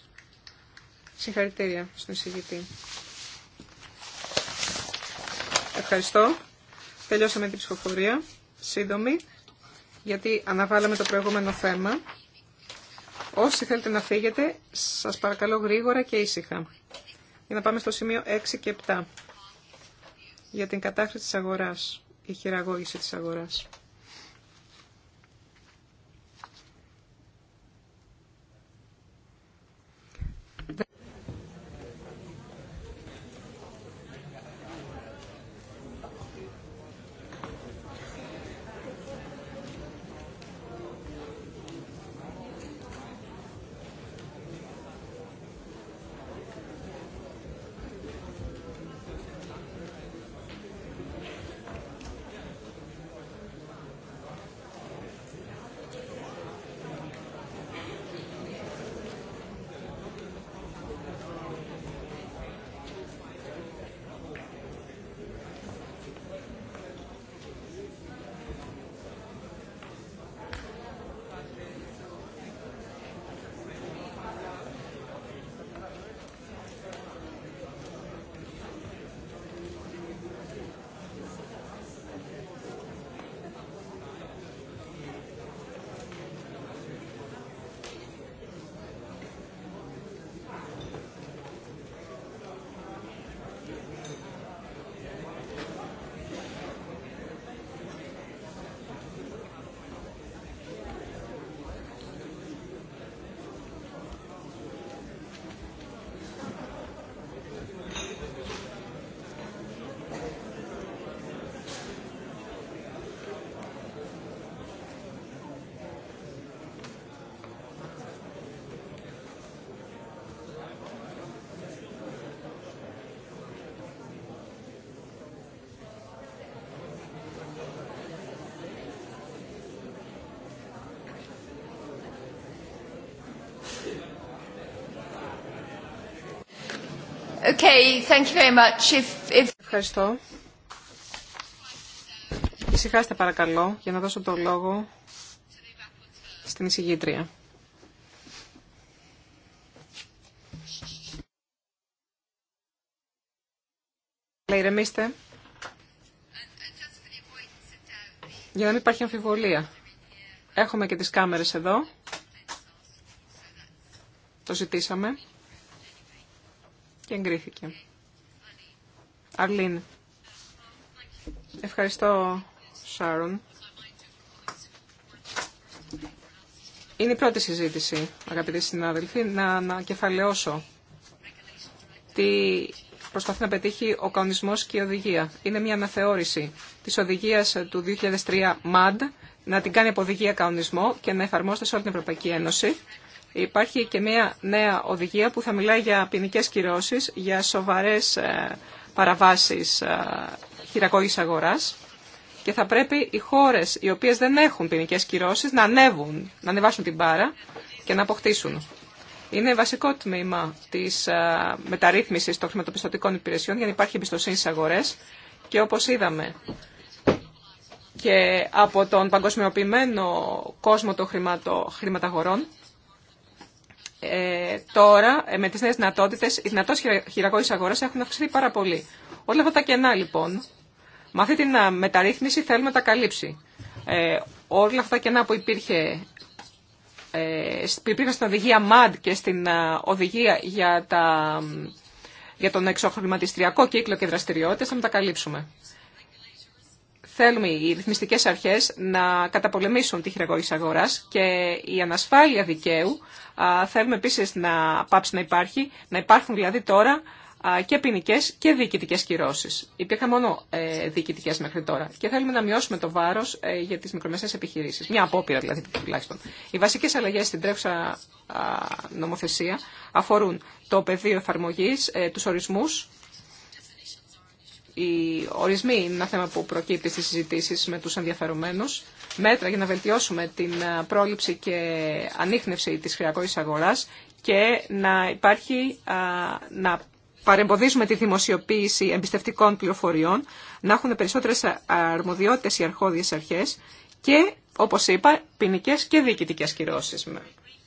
Συγχαρητήρια στον συγητή. Ευχαριστώ. Τελειώσαμε την ψηφοφορία. Σύντομη. Γιατί αναβάλαμε το προηγούμενο θέμα. Όσοι θέλετε να φύγετε, σας παρακαλώ γρήγορα και ήσυχα. Για να πάμε στο σημείο 6 και 7. Για την κατάχρηση της αγοράς. Η χειραγώγηση της αγοράς. Ευχαριστώ. Ησυχάστε παρακαλώ για να δώσω το λόγο στην εισηγήτρια. να ηρεμήστε. Για να μην υπάρχει αμφιβολία. Έχουμε και τις κάμερες εδώ. Το ζητήσαμε και εγκρίθηκε. Αρλίν. Ευχαριστώ, Σάρον. Είναι η πρώτη συζήτηση, αγαπητοί συνάδελφοι, να ανακεφαλαιώσω τι προσπαθεί να πετύχει ο κανονισμός και η οδηγία. Είναι μια αναθεώρηση της οδηγίας του 2003 MAD, να την κάνει από οδηγία κανονισμό και να εφαρμόστε σε όλη την Ευρωπαϊκή Ένωση Υπάρχει και μια νέα οδηγία που θα μιλάει για ποινικέ κυρώσει, για σοβαρέ ε, παραβάσει ε, χειραγώγηση αγορά. Και θα πρέπει οι χώρε οι οποίε δεν έχουν ποινικέ κυρώσει να ανέβουν, να ανεβάσουν την πάρα και να αποκτήσουν. Είναι βασικό τμήμα τη ε, μεταρρύθμιση των χρηματοπιστωτικών υπηρεσιών για να υπάρχει εμπιστοσύνη στι αγορέ. Και όπω είδαμε, και από τον παγκοσμιοποιημένο κόσμο των χρηματαγορών ε, τώρα ε, με τις νέες δυνατότητε, οι δυνατότητες χειραγώγης αγοράς έχουν αυξηθεί πάρα πολύ. Όλα αυτά τα κενά λοιπόν, με αυτή την μεταρρύθμιση θέλουμε να τα καλύψει. Ε, όλα αυτά τα κενά που υπήρχε ε, υπήρχαν στην οδηγία MAD και στην οδηγία για, τα, για τον εξοχρηματιστριακό κύκλο και δραστηριότητες, θα τα καλύψουμε. Θέλουμε οι ρυθμιστικέ αρχέ να καταπολεμήσουν τη χειραγώγηση αγορά και η ανασφάλεια δικαίου θέλουμε επίση να πάψει να υπάρχει, να υπάρχουν δηλαδή τώρα και ποινικέ και διοικητικέ κυρώσει. Υπήρχαν μόνο ε, διοικητικέ μέχρι τώρα. Και θέλουμε να μειώσουμε το βάρο ε, για τι μικρομεσαίε επιχειρήσει. Μια απόπειρα δηλαδή τουλάχιστον. Οι βασικέ αλλαγέ στην τρέχουσα νομοθεσία αφορούν το πεδίο εφαρμογή, ε, του ορισμού οι ορισμοί είναι ένα θέμα που προκύπτει στις συζητήσεις με τους ενδιαφερομένους. Μέτρα για να βελτιώσουμε την πρόληψη και ανείχνευση της χρειακής αγοράς και να υπάρχει, να παρεμποδίζουμε τη δημοσιοποίηση εμπιστευτικών πληροφοριών, να έχουν περισσότερες αρμοδιότητες οι αρχώδιες αρχές και, όπως είπα, ποινικέ και διοικητικές κυρώσεις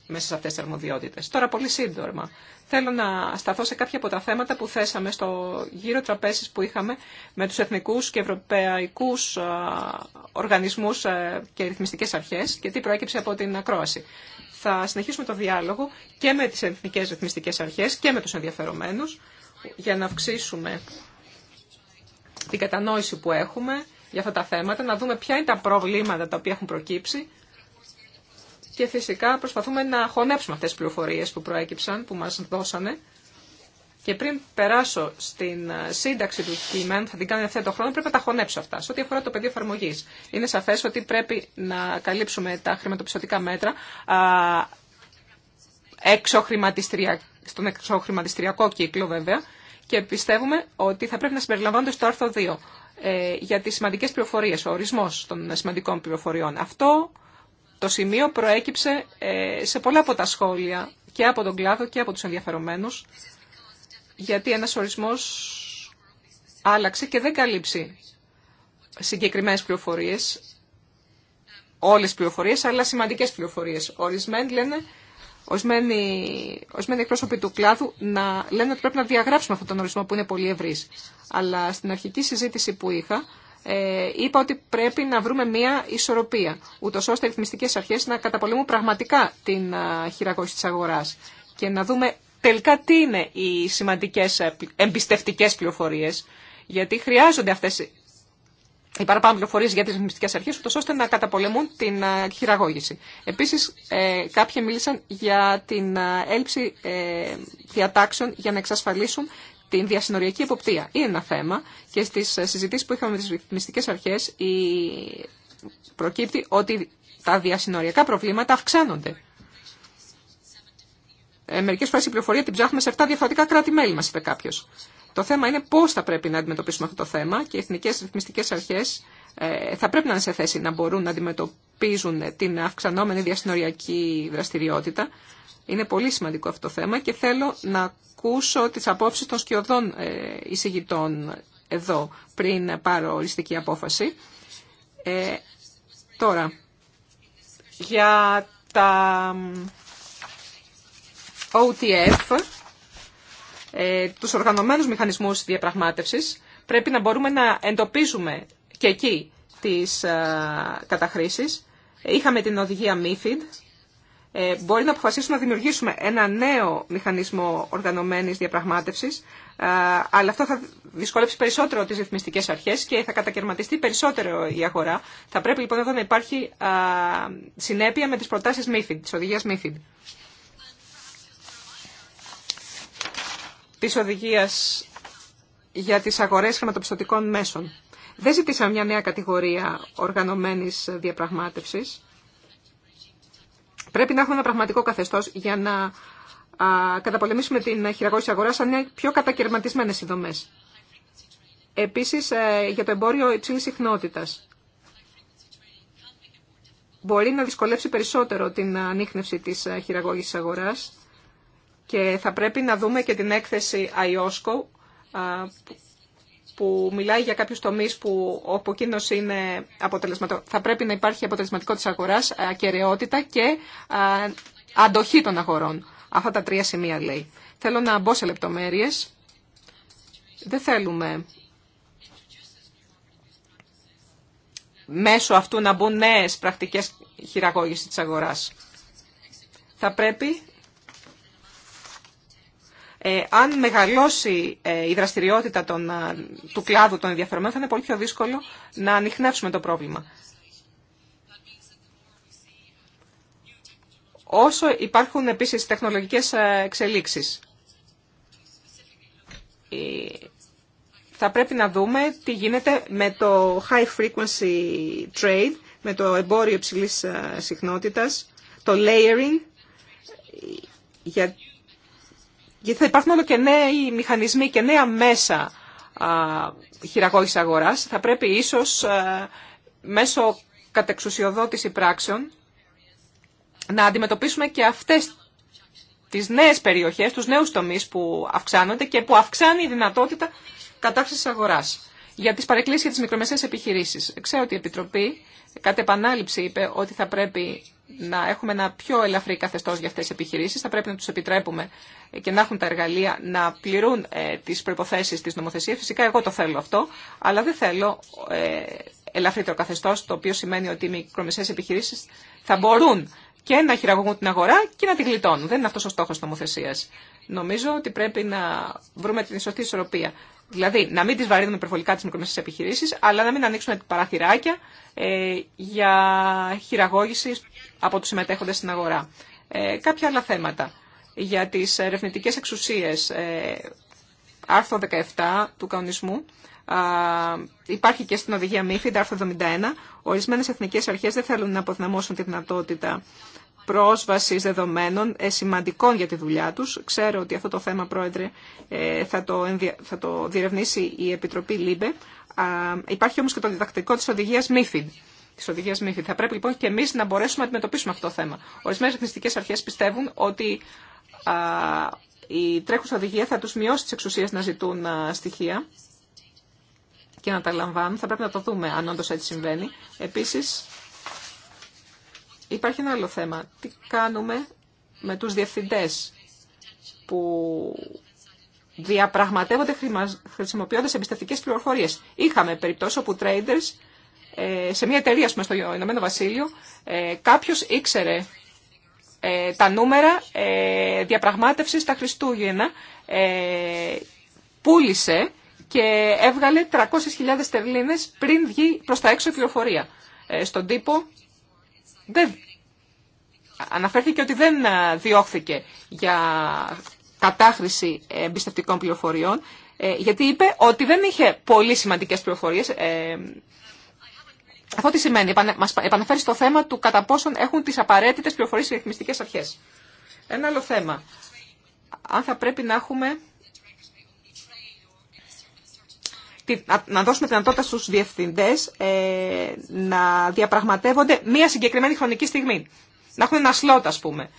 μέσα σε αυτές τις αρμοδιότητες. Τώρα πολύ σύντομα. Θέλω να σταθώ σε κάποια από τα θέματα που θέσαμε στο γύρο τραπέζης που είχαμε με τους εθνικούς και ευρωπαϊκούς οργανισμούς και ρυθμιστικές αρχές και τι προέκυψε από την ακρόαση. Θα συνεχίσουμε το διάλογο και με τις εθνικές ρυθμιστικές αρχές και με τους ενδιαφερομένους για να αυξήσουμε την κατανόηση που έχουμε για αυτά τα θέματα, να δούμε ποια είναι τα προβλήματα τα οποία έχουν προκύψει και φυσικά προσπαθούμε να χωνέψουμε αυτές τις πληροφορίες που προέκυψαν, που μας δώσανε. Και πριν περάσω στην ε, σύνταξη του κειμένου, θα την κάνω ευθέτω το χρόνο, πρέπει να τα χωνέψω αυτά. Σε ό,τι αφορά το πεδίο εφαρμογή, είναι σαφέ ότι πρέπει να καλύψουμε τα χρηματοπιστωτικά μέτρα στον εξοχρηματιστριακό κύκλο βέβαια και πιστεύουμε ότι θα πρέπει να συμπεριλαμβάνονται στο άρθρο 2 ε, για τις σημαντικές πληροφορίες, ο ορισμός των σημαντικών πληροφοριών. Αυτό το σημείο προέκυψε ε, σε πολλά από τα σχόλια και από τον κλάδο και από τους ενδιαφερομένους, γιατί ένας ορισμός άλλαξε και δεν καλύψει συγκεκριμένες πληροφορίες, όλες τις πληροφορίες, αλλά σημαντικές πληροφορίες. Ορισμένοι λένε, ορισμένοι, ορισμένοι εκπρόσωποι του κλάδου να λένε ότι πρέπει να διαγράψουμε αυτόν τον ορισμό που είναι πολύ ευρύς. Αλλά στην αρχική συζήτηση που είχα, ε, είπα ότι πρέπει να βρούμε μία ισορροπία, ούτω ώστε οι ρυθμιστικέ αρχέ να καταπολεμούν πραγματικά την χειραγώγηση τη αγορά και να δούμε τελικά τι είναι οι σημαντικέ ε, εμπιστευτικέ πληροφορίε, γιατί χρειάζονται αυτέ οι παραπάνω πληροφορίε για τι ρυθμιστικέ αρχέ, ούτω ώστε να καταπολεμούν την χειραγώγηση. Επίση, ε, κάποιοι μίλησαν για την έλλειψη διατάξεων για να εξασφαλίσουν την διασυνοριακή εποπτεία. Είναι ένα θέμα και στι συζητήσει που είχαμε με τι ρυθμιστικέ αρχέ προκύπτει ότι τα διασυνοριακά προβλήματα αυξάνονται. Ε, Μερικέ φορέ η πληροφορία την ψάχνουμε σε 7 διαφορετικά κράτη-μέλη, μα είπε κάποιο. Το θέμα είναι πώ θα πρέπει να αντιμετωπίσουμε αυτό το θέμα και οι εθνικέ ρυθμιστικέ αρχέ ε, θα πρέπει να είναι σε θέση να μπορούν να αντιμετωπίζουν την αυξανόμενη διασυνοριακή δραστηριότητα είναι πολύ σημαντικό αυτό το θέμα και θέλω να ακούσω τις απόψεις των σκιωδών ε, εισηγητών εδώ πριν πάρω οριστική απόφαση. Ε, τώρα, για τα OTF, ε, τους οργανωμένους μηχανισμούς διαπραγμάτευσης, πρέπει να μπορούμε να εντοπίζουμε και εκεί τις ε, καταχρήσεις. Είχαμε την οδηγία MIFID, ε, μπορεί να αποφασίσουμε να δημιουργήσουμε ένα νέο μηχανισμό οργανωμένης διαπραγμάτευσης, ε, αλλά αυτό θα δυσκολέψει περισσότερο τις ρυθμιστικές αρχές και θα κατακαιρματιστεί περισσότερο η αγορά. Θα πρέπει λοιπόν εδώ να υπάρχει συνέπεια με τις προτάσεις MIFID, τις οδηγίες MIFID. τη οδηγία για τις αγορέ χρηματοπιστωτικών μέσων. Δεν ζητήσαμε μια νέα κατηγορία οργανωμένη διαπραγματεύση. Πρέπει να έχουμε ένα πραγματικό καθεστώς για να καταπολεμήσουμε την χειραγώγηση αγορά σαν πιο κατακαιρματισμένε οι δομέ. Επίση, ε, για το εμπόριο υψηλή συχνότητα. Μπορεί να δυσκολεύσει περισσότερο την ανείχνευση της ε, χειραγώγησης αγορά και θα πρέπει να δούμε και την έκθεση IOSCO που μιλάει για κάποιου τομεί που όπου εκείνο είναι αποτελεσματικό. Θα πρέπει να υπάρχει αποτελεσματικότητα τη αγοράς, ακεραιότητα και αντοχή των αγορών. Αυτά τα τρία σημεία λέει. Θέλω να μπω σε λεπτομέρειες. Δεν θέλουμε μέσω αυτού να μπουν νέε πρακτικές χειραγώγηση τη αγοράς. Θα πρέπει ε, αν μεγαλώσει ε, η δραστηριότητα των, του κλάδου των ενδιαφερομένων, θα είναι πολύ πιο δύσκολο να ανοιχνεύσουμε το πρόβλημα. Όσο υπάρχουν επίσης τεχνολογικές ε, εξελίξεις, θα πρέπει να δούμε τι γίνεται με το high frequency trade, με το εμπόριο υψηλής συχνότητας, το layering, για γιατί θα υπάρχουν όλο και νέοι μηχανισμοί και νέα μέσα χειραγώγηση αγοράς, θα πρέπει ίσως μέσω κατεξουσιοδότηση πράξεων να αντιμετωπίσουμε και αυτές τις νέες περιοχές, τους νέους τομείς που αυξάνονται και που αυξάνει η δυνατότητα κατάξυσης αγοράς. Για τις παρεκκλήσεις και τις μικρομεσαίες επιχειρήσεις. Ξέρω ότι η Επιτροπή κατ' επανάληψη είπε ότι θα πρέπει να έχουμε ένα πιο ελαφρύ καθεστώ για αυτέ τι επιχειρήσει. Θα πρέπει να του επιτρέπουμε και να έχουν τα εργαλεία να πληρούν ε, τι προποθέσει τη νομοθεσία. Φυσικά εγώ το θέλω αυτό, αλλά δεν θέλω ε, ελαφρύτερο καθεστώ, το οποίο σημαίνει ότι οι μικρομεσαίε επιχειρήσει θα μπορούν και να χειραγωγούν την αγορά και να την γλιτώνουν. Δεν είναι αυτό ο στόχο τη νομοθεσία. Νομίζω ότι πρέπει να βρούμε την σωστή ισορροπία. Δηλαδή, να μην τι βαρύνουμε υπερβολικά τι μικρομεσαίε επιχειρήσει, αλλά να μην ανοίξουμε παραθυράκια ε, για χειραγώγηση από τους συμμετέχοντες στην αγορά. Ε, κάποια άλλα θέματα για τις ερευνητικές εξουσίες, ε, άρθρο 17 του κανονισμού, υπάρχει και στην οδηγία MIFID, άρθρο 71, ορισμένες εθνικές αρχές δεν θέλουν να αποδυναμώσουν τη δυνατότητα πρόσβαση δεδομένων ε, σημαντικών για τη δουλειά τους. Ξέρω ότι αυτό το θέμα, Πρόεδρε, ε, θα, το θα το διερευνήσει η Επιτροπή ΛΥΜΠΕ. Υπάρχει όμως και το διδακτικό της οδηγίας MIFID τη οδηγία μύθη. Θα πρέπει λοιπόν και εμεί να μπορέσουμε να αντιμετωπίσουμε αυτό το θέμα. Ορισμένε εθνιστικέ αρχέ πιστεύουν ότι α, η τρέχουσα οδηγία θα του μειώσει τι εξουσίε να ζητούν α, στοιχεία και να τα λαμβάνουν. Θα πρέπει να το δούμε αν όντω έτσι συμβαίνει. Επίση, υπάρχει ένα άλλο θέμα. Τι κάνουμε με του διευθυντέ που διαπραγματεύονται χρησιμοποιώντας εμπιστευτικές πληροφορίες. Είχαμε περιπτώσει όπου traders ε, σε μια εταιρεία πούμε, στο Ηνωμένο Βασίλειο ε, κάποιος ήξερε ε, τα νούμερα διαπραγμάτευσης τα Χριστούγεννα, πούλησε και έβγαλε 300.000 τερλίνες πριν βγει προς τα έξω η πληροφορία. Στον τύπο δεν... αναφέρθηκε ότι δεν διώχθηκε για κατάχρηση εμπιστευτικών πληροφοριών, γιατί είπε ότι δεν είχε πολύ σημαντικές πληροφορίες αυτό τι σημαίνει, μας επαναφέρει στο θέμα του κατά πόσον έχουν τις απαραίτητες πληροφορίες οι ρυθμιστικές αρχές. Ένα άλλο θέμα, αν θα πρέπει να έχουμε να δώσουμε δυνατότητα στους διευθυντές ε, να διαπραγματεύονται μία συγκεκριμένη χρονική στιγμή. Να έχουν ένα σλότ, ας πούμε.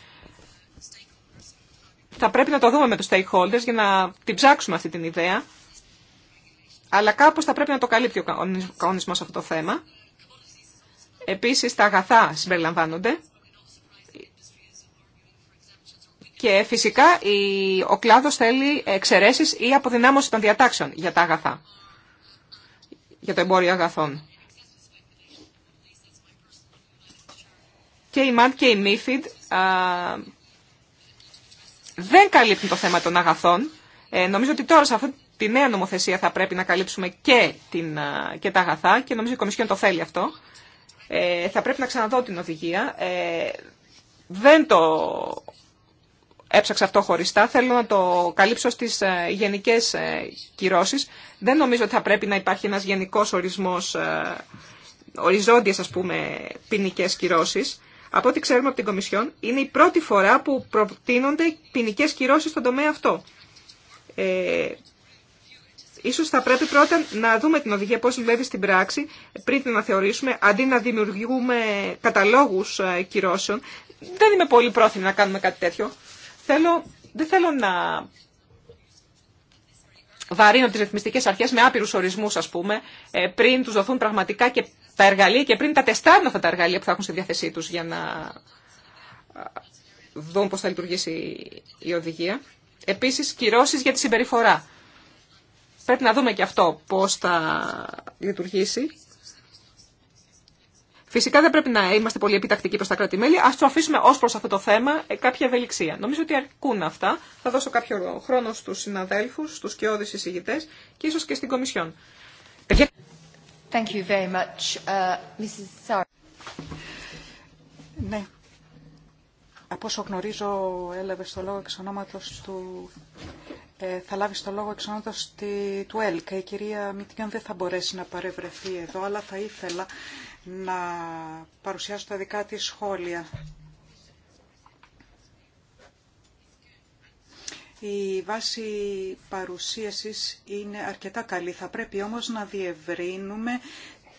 Θα πρέπει να το δούμε με τους stakeholders για να την ψάξουμε αυτή την ιδέα. Αλλά κάπως θα πρέπει να το καλύπτει ο κανονισμός αυτό το θέμα. Επίσης τα αγαθά συμπεριλαμβάνονται και φυσικά ο κλάδος θέλει εξαιρέσεις ή αποδυνάμωση των διατάξεων για τα αγαθά, για το εμπόριο αγαθών. Και η ΜΑΤ και η ΜΥΦΙΔ δεν καλύπτουν το θέμα των αγαθών. Ε, νομίζω ότι τώρα σε αυτή τη νέα νομοθεσία θα πρέπει να καλύψουμε και, την, και τα αγαθά και νομίζω η Κομισιόν το θέλει αυτό. Ε, θα πρέπει να ξαναδώ την οδηγία. Ε, δεν το έψαξα αυτό χωριστά. Θέλω να το καλύψω στις ε, γενικές κυρώσεις. Δεν νομίζω ότι θα πρέπει να υπάρχει ένας γενικός ορισμός, οριζόντιες ας πούμε ποινικέ κυρώσεις. Από ό,τι ξέρουμε από την Κομισιόν, είναι η πρώτη φορά που προτείνονται ποινικέ κυρώσει στον τομέα αυτό. Ε, Ίσως θα πρέπει πρώτα να δούμε την οδηγία πώ δουλεύει στην πράξη πριν την αναθεωρήσουμε, αντί να δημιουργούμε καταλόγους ε, κυρώσεων. Δεν είμαι πολύ πρόθυμη να κάνουμε κάτι τέτοιο. Θέλω, δεν θέλω να βαρύνω τις ρυθμιστικές αρχές με άπειρους ορισμούς, ας πούμε, ε, πριν τους δοθούν πραγματικά και τα εργαλεία και πριν τα τεστάρουν αυτά τα εργαλεία που θα έχουν στη διάθεσή τους για να ε, δουν πώς θα λειτουργήσει η οδηγία. Επίσης, κυρώσεις για τη συμπεριφορά. Πρέπει να δούμε και αυτό πώς θα λειτουργήσει. Φυσικά δεν πρέπει να είμαστε πολύ επιτακτικοί προς τα κράτη-μέλη. Α το αφήσουμε ως προς αυτό το θέμα ε, κάποια ευελιξία. Νομίζω ότι αρκούν αυτά. Θα δώσω κάποιο χρόνο στους συναδέλφους, στους κοιόδη εισηγητές και ίσως και στην Κομισιόν. Thank you very much. Uh, Mrs.
Από όσο γνωρίζω έλαβε στο του... Ε, θα λάβει το λόγο εξ ονόματος τη, του ΕΛΚΑ. Η κυρία μιτιάν δεν θα μπορέσει να παρευρεθεί εδώ, αλλά θα ήθελα να παρουσιάσω τα δικά της σχόλια. Η βάση παρουσίασης είναι αρκετά καλή. Θα πρέπει όμως να διευρύνουμε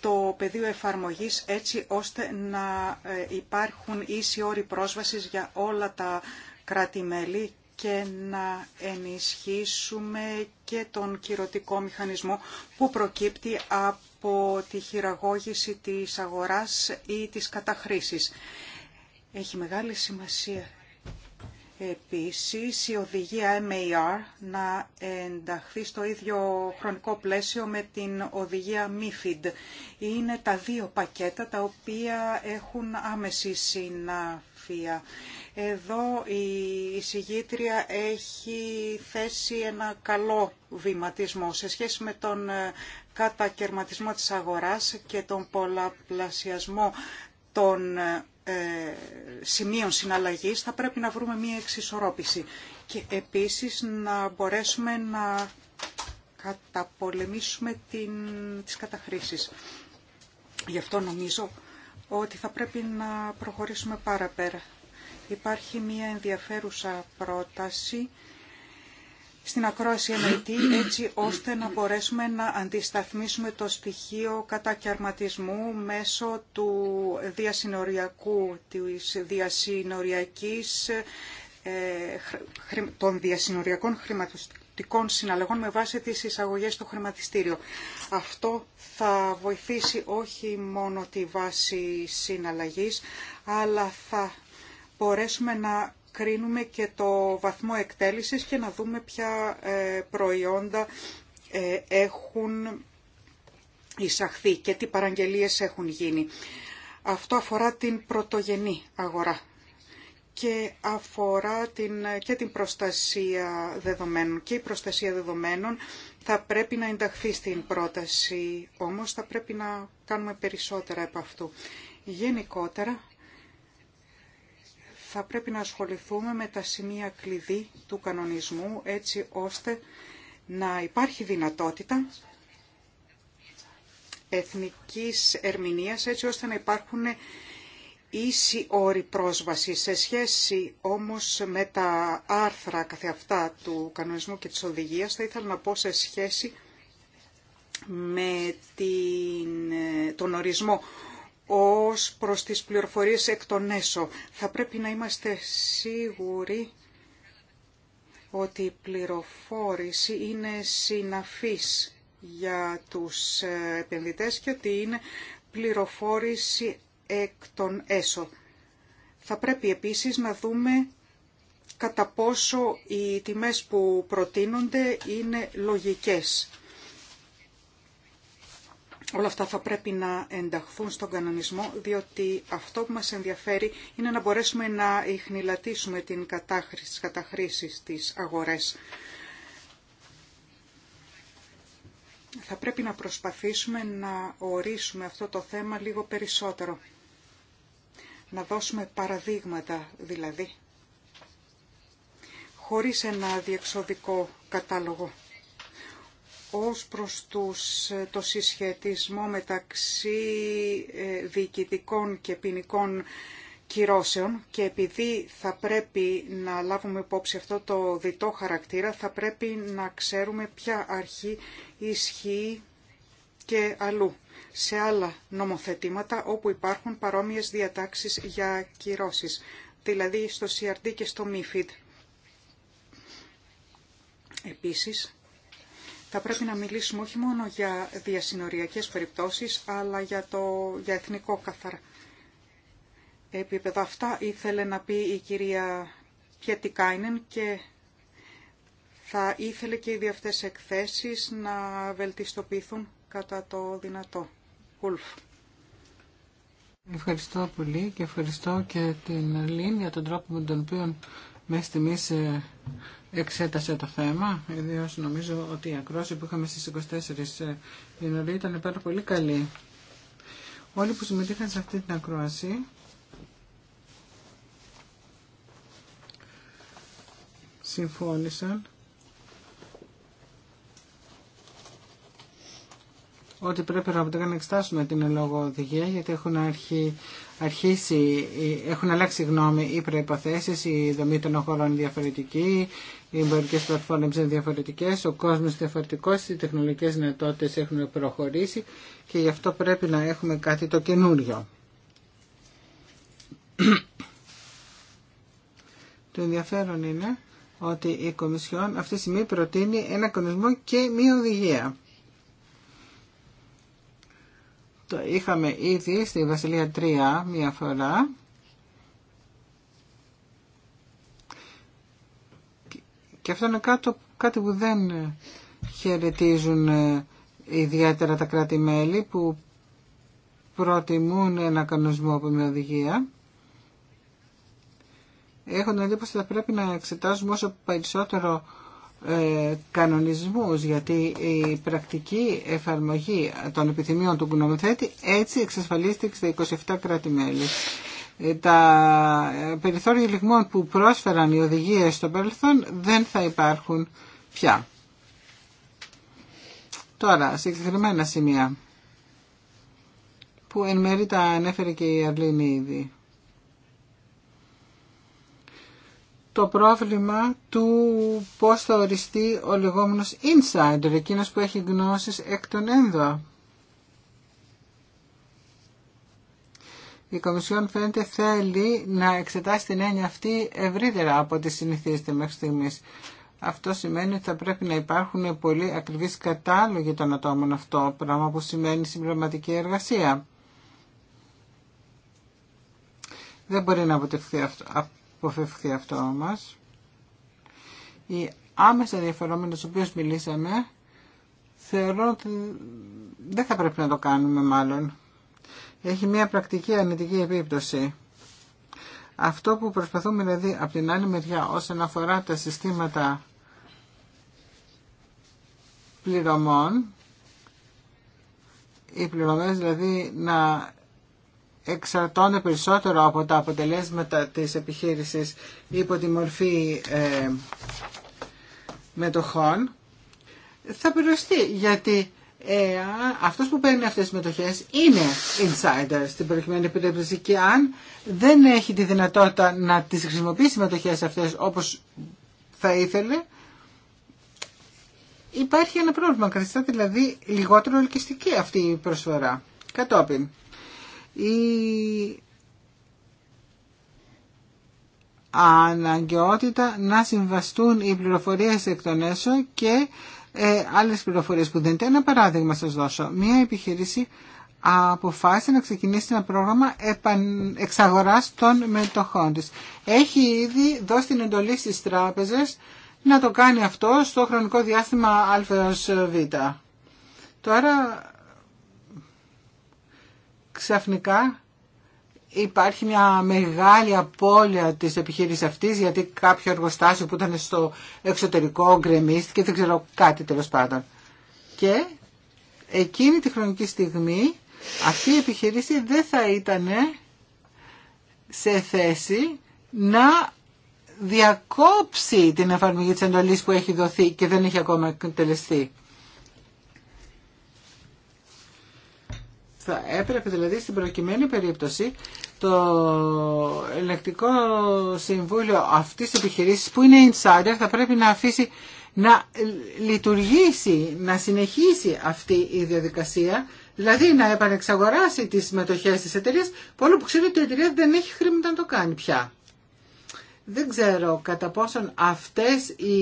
το πεδίο εφαρμογής έτσι ώστε να ε, υπάρχουν ίσοι όροι πρόσβασης για όλα τα κράτη-μέλη και να ενισχύσουμε και τον κυρωτικό μηχανισμό που προκύπτει από τη χειραγώγηση της αγοράς ή της καταχρήσης. Έχει μεγάλη σημασία Επίσης, η οδηγία MAR να ενταχθεί στο ίδιο χρονικό πλαίσιο με την οδηγία MIFID. Είναι τα δύο πακέτα τα οποία έχουν άμεση συναφία. Εδώ η συγγήτρια έχει θέσει ένα καλό βηματισμό σε σχέση με τον κατακαιρματισμό της αγοράς και τον πολλαπλασιασμό των ε, σημείων συναλλαγής θα πρέπει να βρούμε μία εξισορρόπηση και επίσης να μπορέσουμε να καταπολεμήσουμε την, τις καταχρήσεις. Γι' αυτό νομίζω ότι θα πρέπει να προχωρήσουμε παραπέρα. Υπάρχει μία ενδιαφέρουσα πρόταση στην ακρόαση MIT έτσι ώστε να μπορέσουμε να αντισταθμίσουμε το στοιχείο κατακαιρματισμού μέσω του διασυνοριακού, της διασυνοριακής, ε, των διασυνοριακών χρηματιστικών συναλλαγών με βάση τις εισαγωγές στο χρηματιστήριο. Αυτό θα βοηθήσει όχι μόνο τη βάση συναλλαγής, αλλά θα μπορέσουμε να κρίνουμε και το βαθμό εκτέλεσης και να δούμε ποια ε, προϊόντα ε, έχουν εισαχθεί και τι παραγγελίες έχουν γίνει. Αυτό αφορά την πρωτογενή αγορά και αφορά την, και την προστασία δεδομένων. Και η προστασία δεδομένων θα πρέπει να ενταχθεί στην πρόταση, όμως θα πρέπει να κάνουμε περισσότερα από αυτού. Γενικότερα, θα πρέπει να ασχοληθούμε με τα σημεία κλειδί του κανονισμού έτσι ώστε να υπάρχει δυνατότητα εθνικής ερμηνείας έτσι ώστε να υπάρχουν ίση όροι πρόσβαση σε σχέση όμως με τα άρθρα καθεαυτά του κανονισμού και της οδηγίας θα ήθελα να πω σε σχέση με την, τον ορισμό ως προς τις πληροφορίες εκ των έσω. Θα πρέπει να είμαστε σίγουροι ότι η πληροφόρηση είναι συναφής για τους ε, επενδυτές και ότι είναι πληροφόρηση εκ των έσω. Θα πρέπει επίσης να δούμε κατά πόσο οι τιμές που προτείνονται είναι λογικές Όλα αυτά θα πρέπει να ενταχθούν στον κανονισμό, διότι αυτό που μας ενδιαφέρει είναι να μπορέσουμε να ειχνηλατήσουμε την κατάχρηση, τις καταχρήσεις αγορές. Θα πρέπει να προσπαθήσουμε να ορίσουμε αυτό το θέμα λίγο περισσότερο. Να δώσουμε παραδείγματα δηλαδή, χωρίς ένα διεξοδικό κατάλογο ως προς τους, ε, το συσχετισμό μεταξύ ε, διοικητικών και ποινικών κυρώσεων και επειδή θα πρέπει να λάβουμε υπόψη αυτό το διτό χαρακτήρα θα πρέπει να ξέρουμε ποια αρχή ισχύει και αλλού σε άλλα νομοθετήματα όπου υπάρχουν παρόμοιες διατάξεις για κυρώσεις, δηλαδή στο CRD και στο MIFID. Επίσης, θα πρέπει να μιλήσουμε όχι μόνο για διασυνοριακές περιπτώσεις, αλλά για, το, για εθνικό καθαρά επίπεδο. Αυτά ήθελε να πει η κυρία Κάινεν και θα ήθελε και οι δύο εκθέσεις να βελτιστοποιηθούν κατά το δυνατό.
Ευχαριστώ πολύ και ευχαριστώ και την Αρλίν για τον τρόπο με τον οποίο μέχρι στιγμής εξέτασε το θέμα, ιδίω νομίζω ότι η ακρόαση που είχαμε στις 24 ε, Ιανουαρίου ήταν πάρα πολύ καλή. Όλοι που συμμετείχαν σε αυτή την ακρόαση συμφώνησαν ότι πρέπει να εξετάσουμε την ελόγω οδηγία γιατί έχουν αρχίσει αρχίσει, ε, έχουν αλλάξει γνώμη οι προϋποθέσεις, η δομή των αγορών είναι διαφορετική, οι εμπορικέ πλατφόρμε είναι διαφορετικές, ο κόσμος διαφορετικό. οι τεχνολογικέ δυνατότητε έχουν προχωρήσει και γι' αυτό πρέπει να έχουμε κάτι το καινούριο. το ενδιαφέρον είναι ότι η Κομισιόν αυτή τη στιγμή προτείνει ένα κανονισμό και μία οδηγία. Το είχαμε ήδη στη Βασιλεία 3 μία φορά. Και αυτό είναι κάτι που δεν χαιρετίζουν ε, ιδιαίτερα τα κράτη-μέλη που προτιμούν ένα κανονισμό από μια οδηγία. Έχω την εντύπωση ότι θα πρέπει να εξετάζουμε όσο περισσότερο ε, κανονισμούς γιατί η πρακτική εφαρμογή των επιθυμιών του νομοθέτη έτσι εξασφαλίστηκε στα 27 κράτη-μέλη. Ε, τα περιθώρια λιγμών που πρόσφεραν οι οδηγίες στο παρελθόν δεν θα υπάρχουν πια. Τώρα, συγκεκριμένα σημεία που εν μέρει τα ανέφερε και η Αρλίνη ήδη. το πρόβλημα του πώς θα οριστεί ο λεγόμενος insider, εκείνος που έχει γνώσεις εκ των ένδοα. Η Κομισιόν φαίνεται θέλει να εξετάσει την έννοια αυτή ευρύτερα από ό,τι συνηθίζεται μέχρι στιγμής. Αυτό σημαίνει ότι θα πρέπει να υπάρχουν πολύ ακριβείς κατάλογοι των ατόμων αυτό, πράγμα που σημαίνει συμπληρωματική εργασία. Δεν μπορεί να αποτευχθεί αυτό αποφευχθεί αυτό μας. Οι άμεσα ενδιαφερόμενοι στους οποίους μιλήσαμε θεωρώ ότι δεν θα πρέπει να το κάνουμε μάλλον. Έχει μια πρακτική αρνητική επίπτωση. Αυτό που προσπαθούμε δηλαδή από την άλλη μεριά όσον αφορά τα συστήματα πληρωμών, οι πληρωμές δηλαδή να εξαρτώνται περισσότερο από τα αποτελέσματα της επιχείρησης υπό τη μορφή ε, μετοχών θα περιοριστεί γιατί ε, αυτός που παίρνει αυτές τι μετοχές είναι insider στην προηγουμένη περίπτωση και αν δεν έχει τη δυνατότητα να τι χρησιμοποιήσει οι μετοχές αυτές όπως θα ήθελε υπάρχει ένα πρόβλημα καθιστά δηλαδή λιγότερο ελκυστική αυτή η προσφορά κατόπιν η αναγκαιότητα να συμβαστούν οι πληροφορίες εκ των έσω και ε, άλλες πληροφορίες που δίνεται. Ένα παράδειγμα σας δώσω. Μία επιχείρηση αποφάσισε να ξεκινήσει ένα πρόγραμμα εξαγοράς των μετοχών της. Έχει ήδη δώσει την εντολή στις τράπεζες να το κάνει αυτό στο χρονικό διάστημα αβ. Τώρα ξαφνικά υπάρχει μια μεγάλη απώλεια της επιχείρησης αυτής γιατί κάποιο εργοστάσιο που ήταν στο εξωτερικό γκρεμίστηκε, δεν ξέρω κάτι τέλος πάντων. Και εκείνη τη χρονική στιγμή αυτή η επιχείρηση δεν θα ήταν σε θέση να διακόψει την εφαρμογή της εντολής που έχει δοθεί και δεν έχει ακόμα εκτελεστεί. Θα έπρεπε δηλαδή στην προκειμένη περίπτωση το ελεκτικό συμβούλιο αυτή τη επιχειρήση που είναι insider θα πρέπει να αφήσει να λειτουργήσει, να συνεχίσει αυτή η διαδικασία, δηλαδή να επανεξαγοράσει τις μετοχές της εταιρείας, όλο που ξέρει ότι η εταιρεία δεν έχει χρήματα να το κάνει πια. Δεν ξέρω κατά πόσον αυτές οι,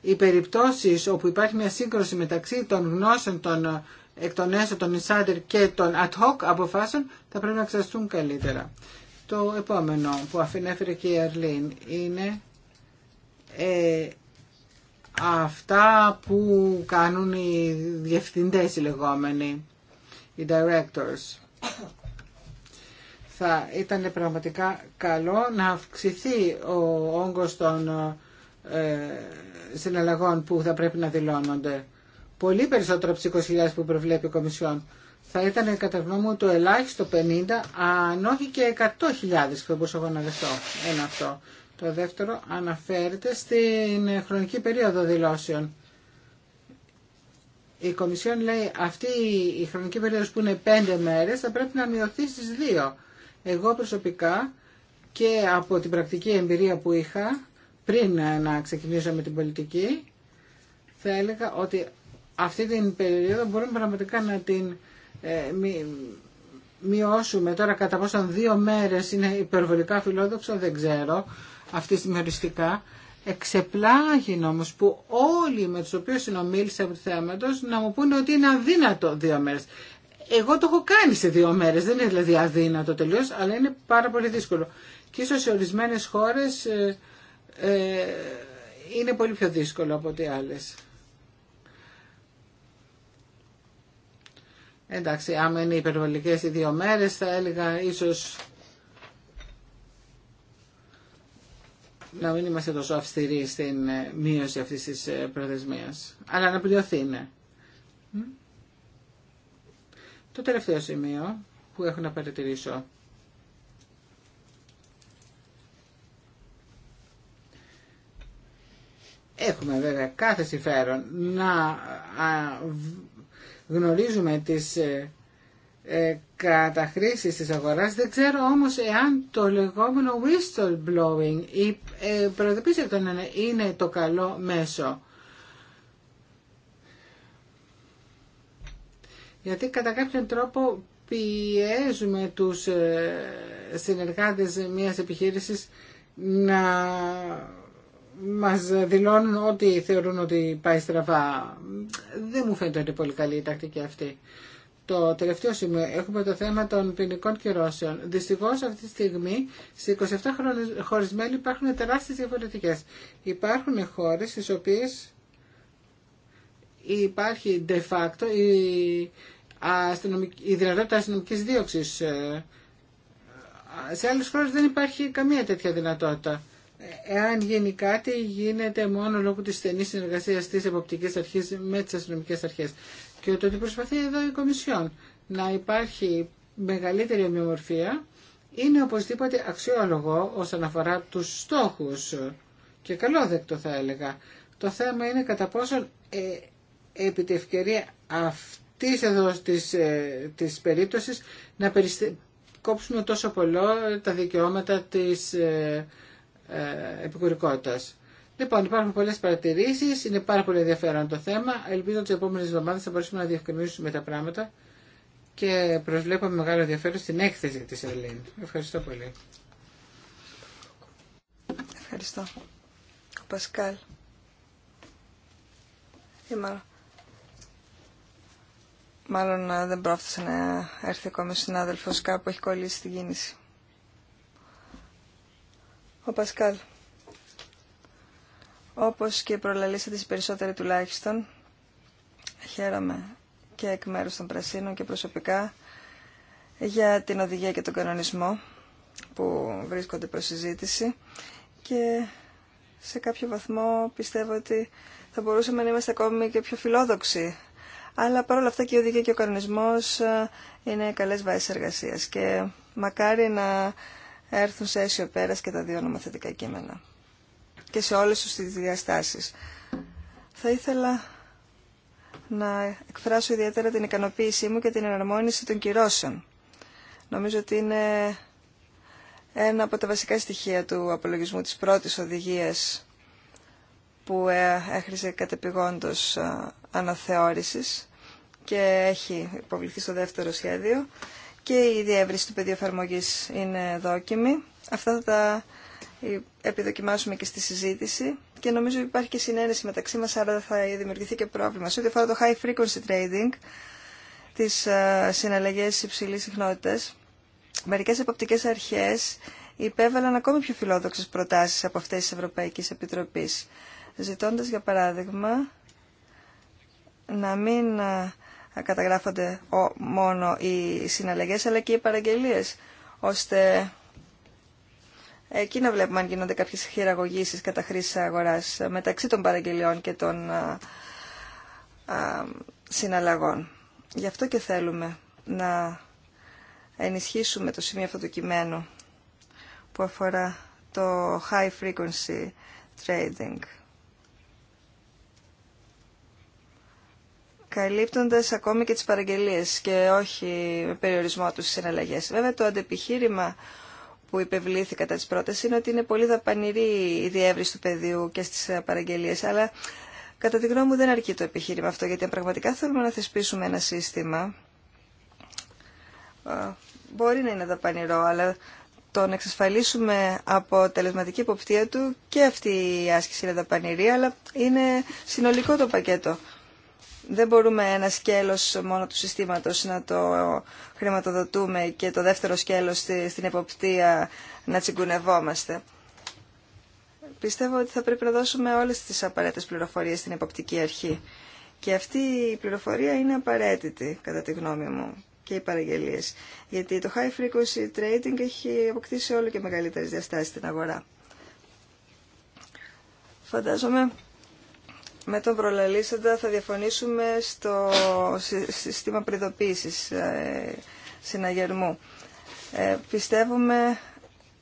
οι περιπτώσεις όπου υπάρχει μια σύγκρουση μεταξύ των γνώσεων των εκ των έσω των insider και των ad hoc αποφάσεων θα πρέπει να εξαστούν καλύτερα. Το επόμενο που αφήνει και η Αρλίν είναι ε, αυτά που κάνουν οι διευθυντές οι λεγόμενοι, οι directors. Θα ήταν πραγματικά καλό να αυξηθεί ο όγκος των ε, συναλλαγών που θα πρέπει να δηλώνονται πολύ περισσότερο από τι 20.000 που προβλέπει η Κομισιόν. Θα ήταν κατά γνώμη μου το ελάχιστο 50, αν όχι και 100.000 που μπορούσα να δεχτώ. αυτό. Το δεύτερο αναφέρεται στην χρονική περίοδο δηλώσεων. Η Κομισιόν λέει αυτή η χρονική περίοδος που είναι 5 μέρες θα πρέπει να μειωθεί στις 2. Εγώ προσωπικά και από την πρακτική εμπειρία που είχα πριν να ξεκινήσω με την πολιτική θα έλεγα ότι αυτή την περίοδο μπορούμε πραγματικά να την ε, μειώσουμε. Τώρα κατά πόσον δύο μέρες είναι υπερβολικά φιλόδοξο δεν ξέρω αυτή τη μεριστικά. Εξεπλάγει όμω που όλοι με τους οποίους συνομίλησα από το θέματος να μου πούνε ότι είναι αδύνατο δύο μέρες. Εγώ το έχω κάνει σε δύο μέρες, δεν είναι δηλαδή αδύνατο τελείω, αλλά είναι πάρα πολύ δύσκολο. Και ίσως σε ορισμένες χώρες ε, ε, είναι πολύ πιο δύσκολο από ό,τι άλλες. Εντάξει, άμα είναι υπερβολικές οι δύο μέρες θα έλεγα ίσως να μην είμαστε τόσο αυστηροί στην ε, μείωση αυτής της ε, προθεσμίας. Αλλά να πληρωθεί είναι. Το τελευταίο σημείο που έχω να παρατηρήσω. Έχουμε βέβαια κάθε συμφέρον να γνωρίζουμε τις ε, ε, καταχρήσεις της αγοράς. Δεν ξέρω όμως εάν το λεγόμενο whistleblowing, η ε, είναι το καλό μέσο. Γιατί κατά κάποιον τρόπο πιέζουμε τους ε, συνεργάτες μιας επιχείρησης να μας δηλώνουν ότι θεωρούν ότι πάει στραβά. Δεν μου φαίνεται ότι είναι πολύ καλή η τακτική αυτή. Το τελευταίο σημείο έχουμε το θέμα των ποινικών κυρώσεων. Δυστυχώ αυτή τη στιγμή σε 27 χρόνια χωρισμένοι υπάρχουν τεράστιε διαφορετικέ. Υπάρχουν χώρε στι οποίε υπάρχει de facto η, η δυνατότητα αστυνομική δίωξη. Σε άλλε χώρε δεν υπάρχει καμία τέτοια δυνατότητα εάν γίνει κάτι γίνεται μόνο λόγω της στενής συνεργασίας της εποπτικής αρχής με τις αστυνομικές αρχές. Και το ότι προσπαθεί εδώ η Κομισιόν να υπάρχει μεγαλύτερη ομοιομορφία είναι οπωσδήποτε αξιόλογο όσον αφορά τους στόχους και καλόδεκτο θα έλεγα. Το θέμα είναι κατά πόσον ε, επί τη ευκαιρία αυτής εδώ της, ε, περίπτωσης να κόψουμε τόσο πολλό τα δικαιώματα της ε, ε, Επικουρικότητα. Λοιπόν, υπάρχουν πολλέ παρατηρήσει, είναι πάρα πολύ ενδιαφέρον το θέμα. Ελπίζω τι επόμενε εβδομάδε θα μπορέσουμε να διευκρινίσουμε τα πράγματα και προσβλέπω μεγάλο ενδιαφέρον στην έκθεση τη Ελλήν. Ευχαριστώ πολύ.
Ευχαριστώ. Ο Πασκάλ. Ή μάλλον. Μάλλον ε, δεν πρόφτασε να έρθει ακόμη ο συνάδελφος κάπου, έχει κολλήσει την κίνηση. Ο Πασκάλ, όπως και προλαλήσατε οι περισσότεροι τουλάχιστον, χαίρομαι και εκ μέρους των Πρασίνων και προσωπικά για την οδηγία και τον κανονισμό που βρίσκονται προς συζήτηση και σε κάποιο βαθμό πιστεύω ότι θα μπορούσαμε να είμαστε ακόμη και πιο φιλόδοξοι. Αλλά παρόλα αυτά και η οδηγία και ο κανονισμός ε, είναι καλές βάσεις εργασίας και μακάρι να έρθουν σε αίσιο πέρας και τα δύο νομοθετικά κείμενα και σε όλες τους τις διαστάσεις. Θα ήθελα να εκφράσω ιδιαίτερα την ικανοποίησή μου και την εναρμόνιση των κυρώσεων. Νομίζω ότι είναι ένα από τα βασικά στοιχεία του απολογισμού της πρώτης οδηγίας που ε, έχρισε κατεπηγόντως ε, αναθεώρησης και έχει υποβληθεί στο δεύτερο σχέδιο και η διεύρυνση του πεδίου εφαρμογή είναι δόκιμη. Αυτά θα τα επιδοκιμάσουμε και στη συζήτηση και νομίζω ότι υπάρχει και συνένεση μεταξύ μα, άρα θα δημιουργηθεί και πρόβλημα. Σε ό,τι αφορά το high frequency trading, τι ε, συναλλαγέ υψηλή συχνότητα, Μερικέ εποπτικέ αρχέ υπέβαλαν ακόμη πιο φιλόδοξε προτάσει από αυτέ τη Ευρωπαϊκή Επιτροπή. ζητώντα, για παράδειγμα να μην ε, καταγράφονται μόνο οι συναλλαγές αλλά και οι παραγγελίες ώστε εκεί να βλέπουμε αν γίνονται κάποιες χειραγωγήσεις κατά χρήση αγοράς μεταξύ των παραγγελιών και των συναλλαγών. Γι' αυτό και θέλουμε να ενισχύσουμε το σημείο αυτού του κειμένου που αφορά το high frequency trading. καλύπτοντας ακόμη και τις παραγγελίες και όχι με περιορισμό τους στις εναλλαγές. Βέβαια το αντεπιχείρημα που υπευλήθη κατά τι πρώτε είναι ότι είναι πολύ δαπανηρή η διεύρυνση του πεδίου και στις παραγγελίες, αλλά κατά τη γνώμη μου δεν αρκεί το επιχείρημα αυτό, γιατί αν πραγματικά θέλουμε να θεσπίσουμε ένα σύστημα, μπορεί να είναι δαπανηρό, αλλά το να εξασφαλίσουμε τελεσματική υποπτία του και αυτή η άσκηση είναι δαπανηρή, αλλά είναι συνολικό το πακέτο δεν μπορούμε ένα σκέλος μόνο του συστήματος να το χρηματοδοτούμε και το δεύτερο σκέλος στην εποπτεία να τσιγκουνευόμαστε. Πιστεύω ότι θα πρέπει να δώσουμε όλες τις απαραίτητες πληροφορίες στην εποπτική αρχή. Και αυτή η πληροφορία είναι απαραίτητη, κατά τη γνώμη μου, και οι παραγγελίες. Γιατί το high frequency trading έχει αποκτήσει όλο και μεγαλύτερες διαστάσεις στην αγορά. Φαντάζομαι με τον προλαλήσαντα θα διαφωνήσουμε στο σύστημα προειδοποίησης ε, συναγερμού. Ε, πιστεύουμε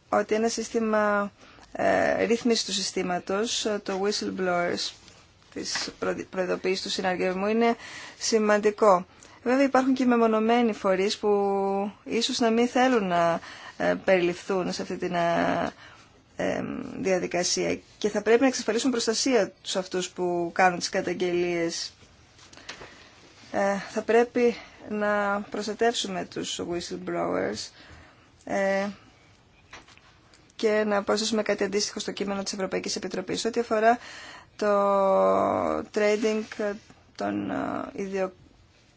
ότι ένα σύστημα ε, του συστήματος, ε, το whistleblowers, της προειδοποίησης του συναγερμού, είναι σημαντικό. Βέβαια υπάρχουν και μεμονωμένοι φορείς που ίσως να μην θέλουν να περιληφθούν σε αυτή την διαδικασία και θα πρέπει να εξασφαλίσουμε προστασία τους αυτούς που κάνουν τις καταγγελίες. Ε, θα πρέπει να προστατεύσουμε τους whistleblowers ε, και να προσθέσουμε κάτι αντίστοιχο στο κείμενο της Ευρωπαϊκής Επιτροπής. Ό,τι αφορά το trading των, ε, ιδιο,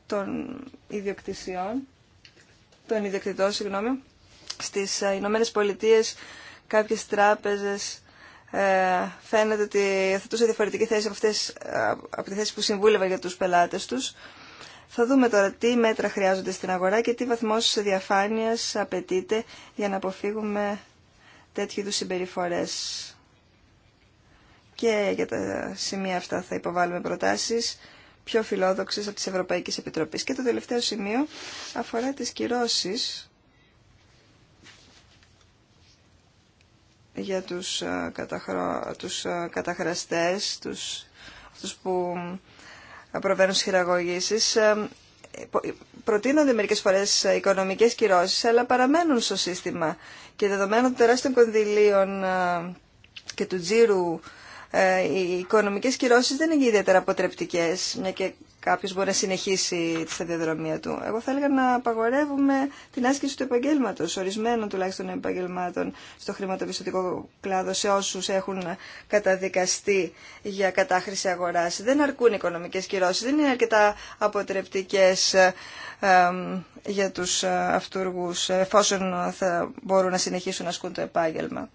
των ιδιοκτησιών, των ιδιοκτητών, συγγνώμη, στις Ηνωμένες Πολιτείες κάποιες τράπεζες ε, φαίνεται ότι θα τους διαφορετική θέση από, αυτές, ε, από τη θέση που συμβούλευαν για τους πελάτες τους. Θα δούμε τώρα τι μέτρα χρειάζονται στην αγορά και τι βαθμός διαφάνειας απαιτείται για να αποφύγουμε τέτοιου είδους συμπεριφορές. Και για τα σημεία αυτά θα υποβάλουμε προτάσεις πιο φιλόδοξες από τις Ευρωπαϊκές Επιτροπές. Και το τελευταίο σημείο αφορά τις κυρώσεις για τους, ε, καταχρο... τους ε, τους... αυτούς που ε, προβαίνουν στις χειραγωγήσεις. Προτείνονται μερικές φορές οικονομικές κυρώσεις, αλλά παραμένουν στο σύστημα. Και δεδομένου των τεράστιων κονδυλίων και του τζίρου, οι οικονομικές κυρώσεις δεν είναι ιδιαίτερα αποτρεπτικές, μια και κάποιος μπορεί να συνεχίσει τη σταδιοδρομία του. Εγώ θα έλεγα να απαγορεύουμε την άσκηση του επαγγέλματος, ορισμένων τουλάχιστον επαγγελμάτων στο χρηματοπιστωτικό κλάδο σε όσους έχουν καταδικαστεί για κατάχρηση αγοράς. Δεν αρκούν οικονομικές κυρώσεις, δεν είναι αρκετά αποτρεπτικές ε, για τους ε, αυτούργους εφόσον θα μπορούν να συνεχίσουν να ασκούν το επάγγελμα.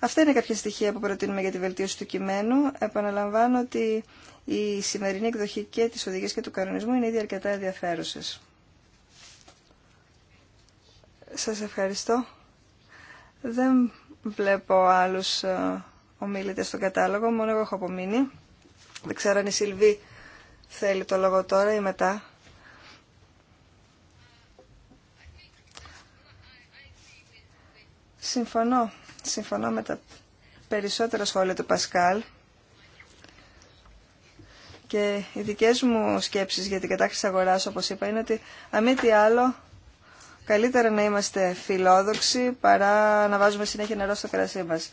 Αυτά είναι κάποια στοιχεία που προτείνουμε για τη βελτίωση του κειμένου. Επαναλαμβάνω ότι η σημερινή εκδοχή και της οδηγίας και του κανονισμού είναι ήδη αρκετά ενδιαφέρουσες. Σας ευχαριστώ. Δεν βλέπω άλλους ε, ομίλητες στο κατάλογο, μόνο εγώ έχω απομείνει. Δεν ξέρω αν η Σιλβή θέλει το λόγο τώρα ή μετά. Συμφωνώ. Συμφωνώ με τα περισσότερα σχόλια του Πασκάλ και οι δικές μου σκέψεις για την κατάχρηση αγοράς, όπως είπα, είναι ότι αν τι άλλο, καλύτερα να είμαστε φιλόδοξοι παρά να βάζουμε συνέχεια νερό στο κρασί μας.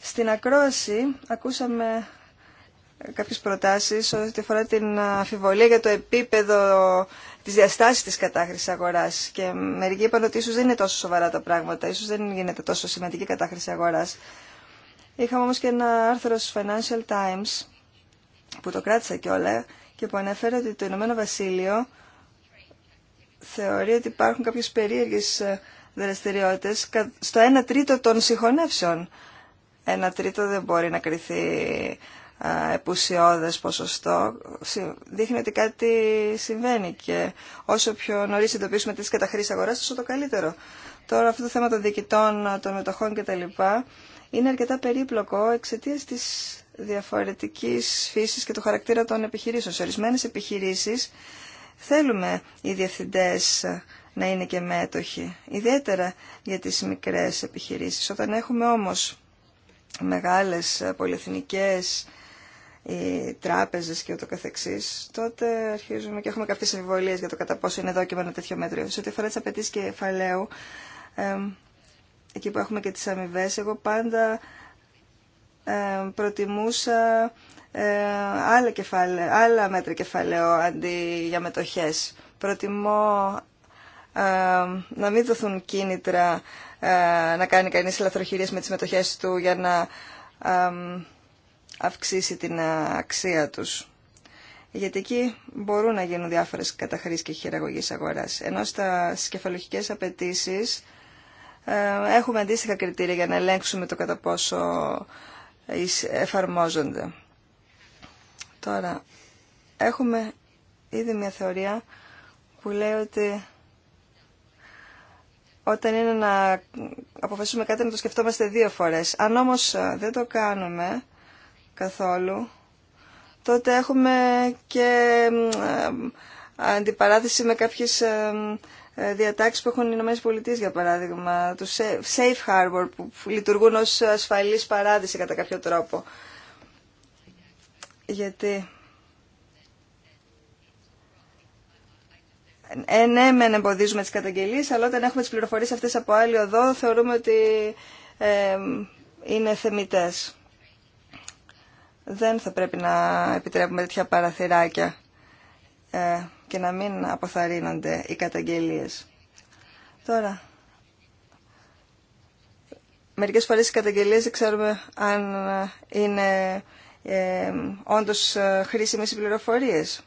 Στην ακρόαση ακούσαμε κάποιες προτάσεις ότι αφορά την αφιβολία για το επίπεδο της διαστάσης της κατάχρησης αγοράς και μερικοί είπαν ότι ίσως δεν είναι τόσο σοβαρά τα πράγματα, ίσως δεν γίνεται τόσο σημαντική κατάχρηση αγοράς. Είχαμε όμως και ένα άρθρο στους Financial Times που το κράτησα κιόλα και που ανέφερε ότι το Ηνωμένο Βασίλειο θεωρεί ότι υπάρχουν κάποιες περίεργες ε, δραστηριότητες στο 1 τρίτο των συγχωνεύσεων. 1 τρίτο δεν μπορεί να κριθεί ε, επουσιώδες ποσοστό. Δείχνει ότι κάτι συμβαίνει και όσο πιο νωρίς εντοπίσουμε τις καταχρήσεις αγοράς, τόσο το καλύτερο. Τώρα αυτό το θέμα των διοικητών, των μετοχών κτλ. είναι αρκετά περίπλοκο εξαιτίας της διαφορετικής φύσης και του χαρακτήρα των επιχειρήσεων. Σε ορισμένες επιχειρήσεις θέλουμε οι διευθυντές να είναι και μέτοχοι, ιδιαίτερα για τις μικρές επιχειρήσεις. Όταν έχουμε όμως μεγάλες πολυεθνικές οι τράπεζες και ούτω καθεξής, τότε αρχίζουμε και έχουμε κάποιες αμφιβολίες για το κατά πόσο είναι δόκιμα ένα τέτοιο μέτριο. Σε ό,τι αφορά τις απαιτήσεις κεφαλαίου, εκεί που έχουμε και τις αμοιβέ, εγώ πάντα προτιμούσα άλλα, άλλα μέτρα κεφαλαίου αντί για μετοχές. Προτιμώ να μην δοθούν κίνητρα ε, να κάνει κανείς ελαθροχειρίες με τις μετοχές του για να αυξήσει την ε, αξία τους. Γιατί εκεί μπορούν να γίνουν διάφορες καταχρήσεις και χειραγωγής αγοράς. Ενώ στα κεφαλογικές απαιτήσει έχουμε αντίστοιχα κριτήρια για να ελέγξουμε το κατά πόσο εφαρμόζονται. Τώρα, έχουμε ήδη μια θεωρία που λέει ότι όταν είναι να αποφασίσουμε κάτι να το σκεφτόμαστε δύο φορές. Αν όμως ε, δεν το κάνουμε καθόλου, τότε έχουμε και ε, αντιπαράθεση με κάποιες ε, ε, διατάξεις που έχουν οι Ηνωμένες Πολιτείες, για παράδειγμα, του safe harbor που λειτουργούν ως ασφαλής παράδειση κατά κάποιο τρόπο. Γιατί... Ε, ναι, μεν εμποδίζουμε τις καταγγελίες, αλλά όταν έχουμε τις πληροφορίες αυτές από άλλη οδό, θεωρούμε ότι ε, είναι θεμητές. Δεν θα πρέπει να επιτρέπουμε τέτοια παραθυράκια. Ε, και να μην αποθαρρύνονται οι καταγγελίες. Τώρα, μερικές φορές οι καταγγελίες δεν ξέρουμε αν ε, είναι ε, όντως ε, χρήσιμες οι πληροφορίες.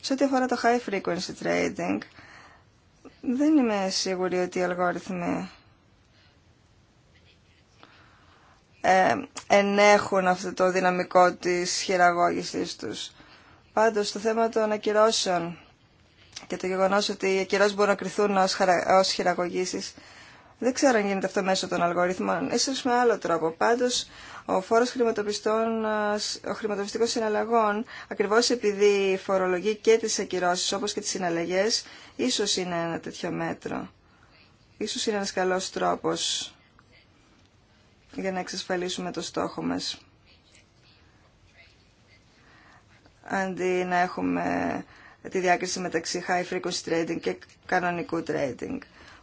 Σε ό,τι αφορά το high frequency trading, δεν είμαι σίγουρη ότι οι αλγόριθμοι ε, ενέχουν αυτό το δυναμικό της χειραγώγησης τους. Πάντως, το θέμα των ακυρώσεων και το γεγονό ότι οι ακυρώσει μπορούν να κρυθούν ω χαρα... Δεν ξέρω αν γίνεται αυτό μέσω των αλγορίθμων, ίσως με άλλο τρόπο. Πάντως, ο φόρος χρηματοπιστών, ο χρηματοπιστικό συναλλαγών, ακριβώ επειδή φορολογεί και τι ακυρώσει όπως και τις συναλλαγές, ίσως είναι ένα τέτοιο μέτρο. Ίσως είναι ένα καλό τρόπο για να εξασφαλίσουμε το στόχο μας. Αντί να έχουμε τη διάκριση μεταξύ high frequency trading και κανονικού trading.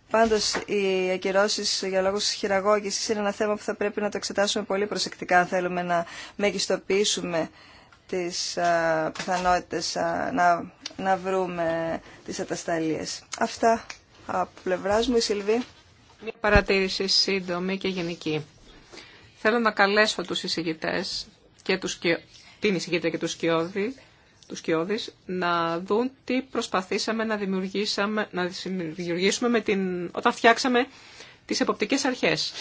Πάντως, οι ακυρώσει για λόγους χειραγώγησης είναι ένα θέμα που θα πρέπει να το εξετάσουμε πολύ προσεκτικά αν θέλουμε να μεγιστοποιήσουμε τις πιθανότητε να, να βρούμε τις ατασταλίες. Αυτά από πλευρά μου, η Σιλβή.
Μια παρατήρηση σύντομη και γενική. Θέλω να καλέσω τους εισηγητές και την εισηγήτρια και τους σκιώδη τους Κιώδης, να δουν τι προσπαθήσαμε να, δημιουργήσαμε, να δημιουργήσουμε με την, όταν φτιάξαμε τις εποπτικές αρχές.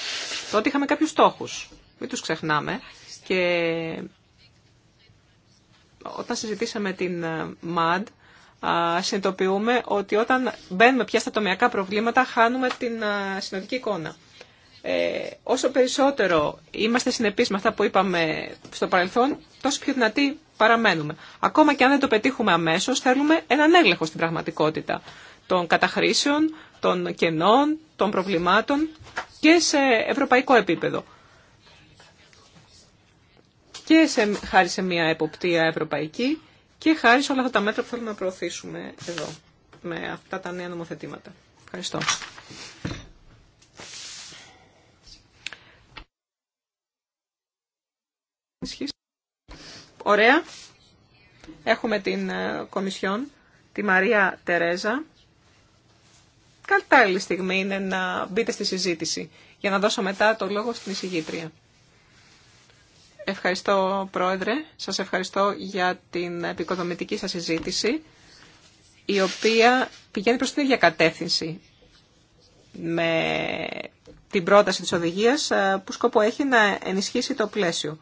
Τότε είχαμε κάποιους στόχους, μην τους ξεχνάμε. Και όταν συζητήσαμε την ε, ΜΑΔ, συνειδητοποιούμε ότι όταν μπαίνουμε πια στα τομιακά προβλήματα, χάνουμε την ε, συνοδική εικόνα. Ε, όσο περισσότερο είμαστε συνεπείς με αυτά που είπαμε στο παρελθόν, τόσο πιο δυνατοί παραμένουμε. Ακόμα και αν δεν το πετύχουμε αμέσως, θέλουμε έναν έλεγχο στην πραγματικότητα των καταχρήσεων, των κενών, των προβλημάτων και σε ευρωπαϊκό επίπεδο. Και σε, χάρη σε μια εποπτεία ευρωπαϊκή και χάρη σε όλα αυτά τα μέτρα που θέλουμε να προωθήσουμε εδώ με αυτά τα νέα νομοθετήματα. Ευχαριστώ. Ωραία. Έχουμε την ε, Κομισιόν, τη Μαρία Τερέζα. Κατάλληλη στιγμή είναι να μπείτε στη συζήτηση για να δώσω μετά το λόγο στην εισηγήτρια. Ευχαριστώ, Πρόεδρε. Σας ευχαριστώ για την επικοδομητική σας συζήτηση, η οποία πηγαίνει προς την ίδια κατεύθυνση με την πρόταση της οδηγίας ε, που σκοπό έχει να ενισχύσει το πλαίσιο.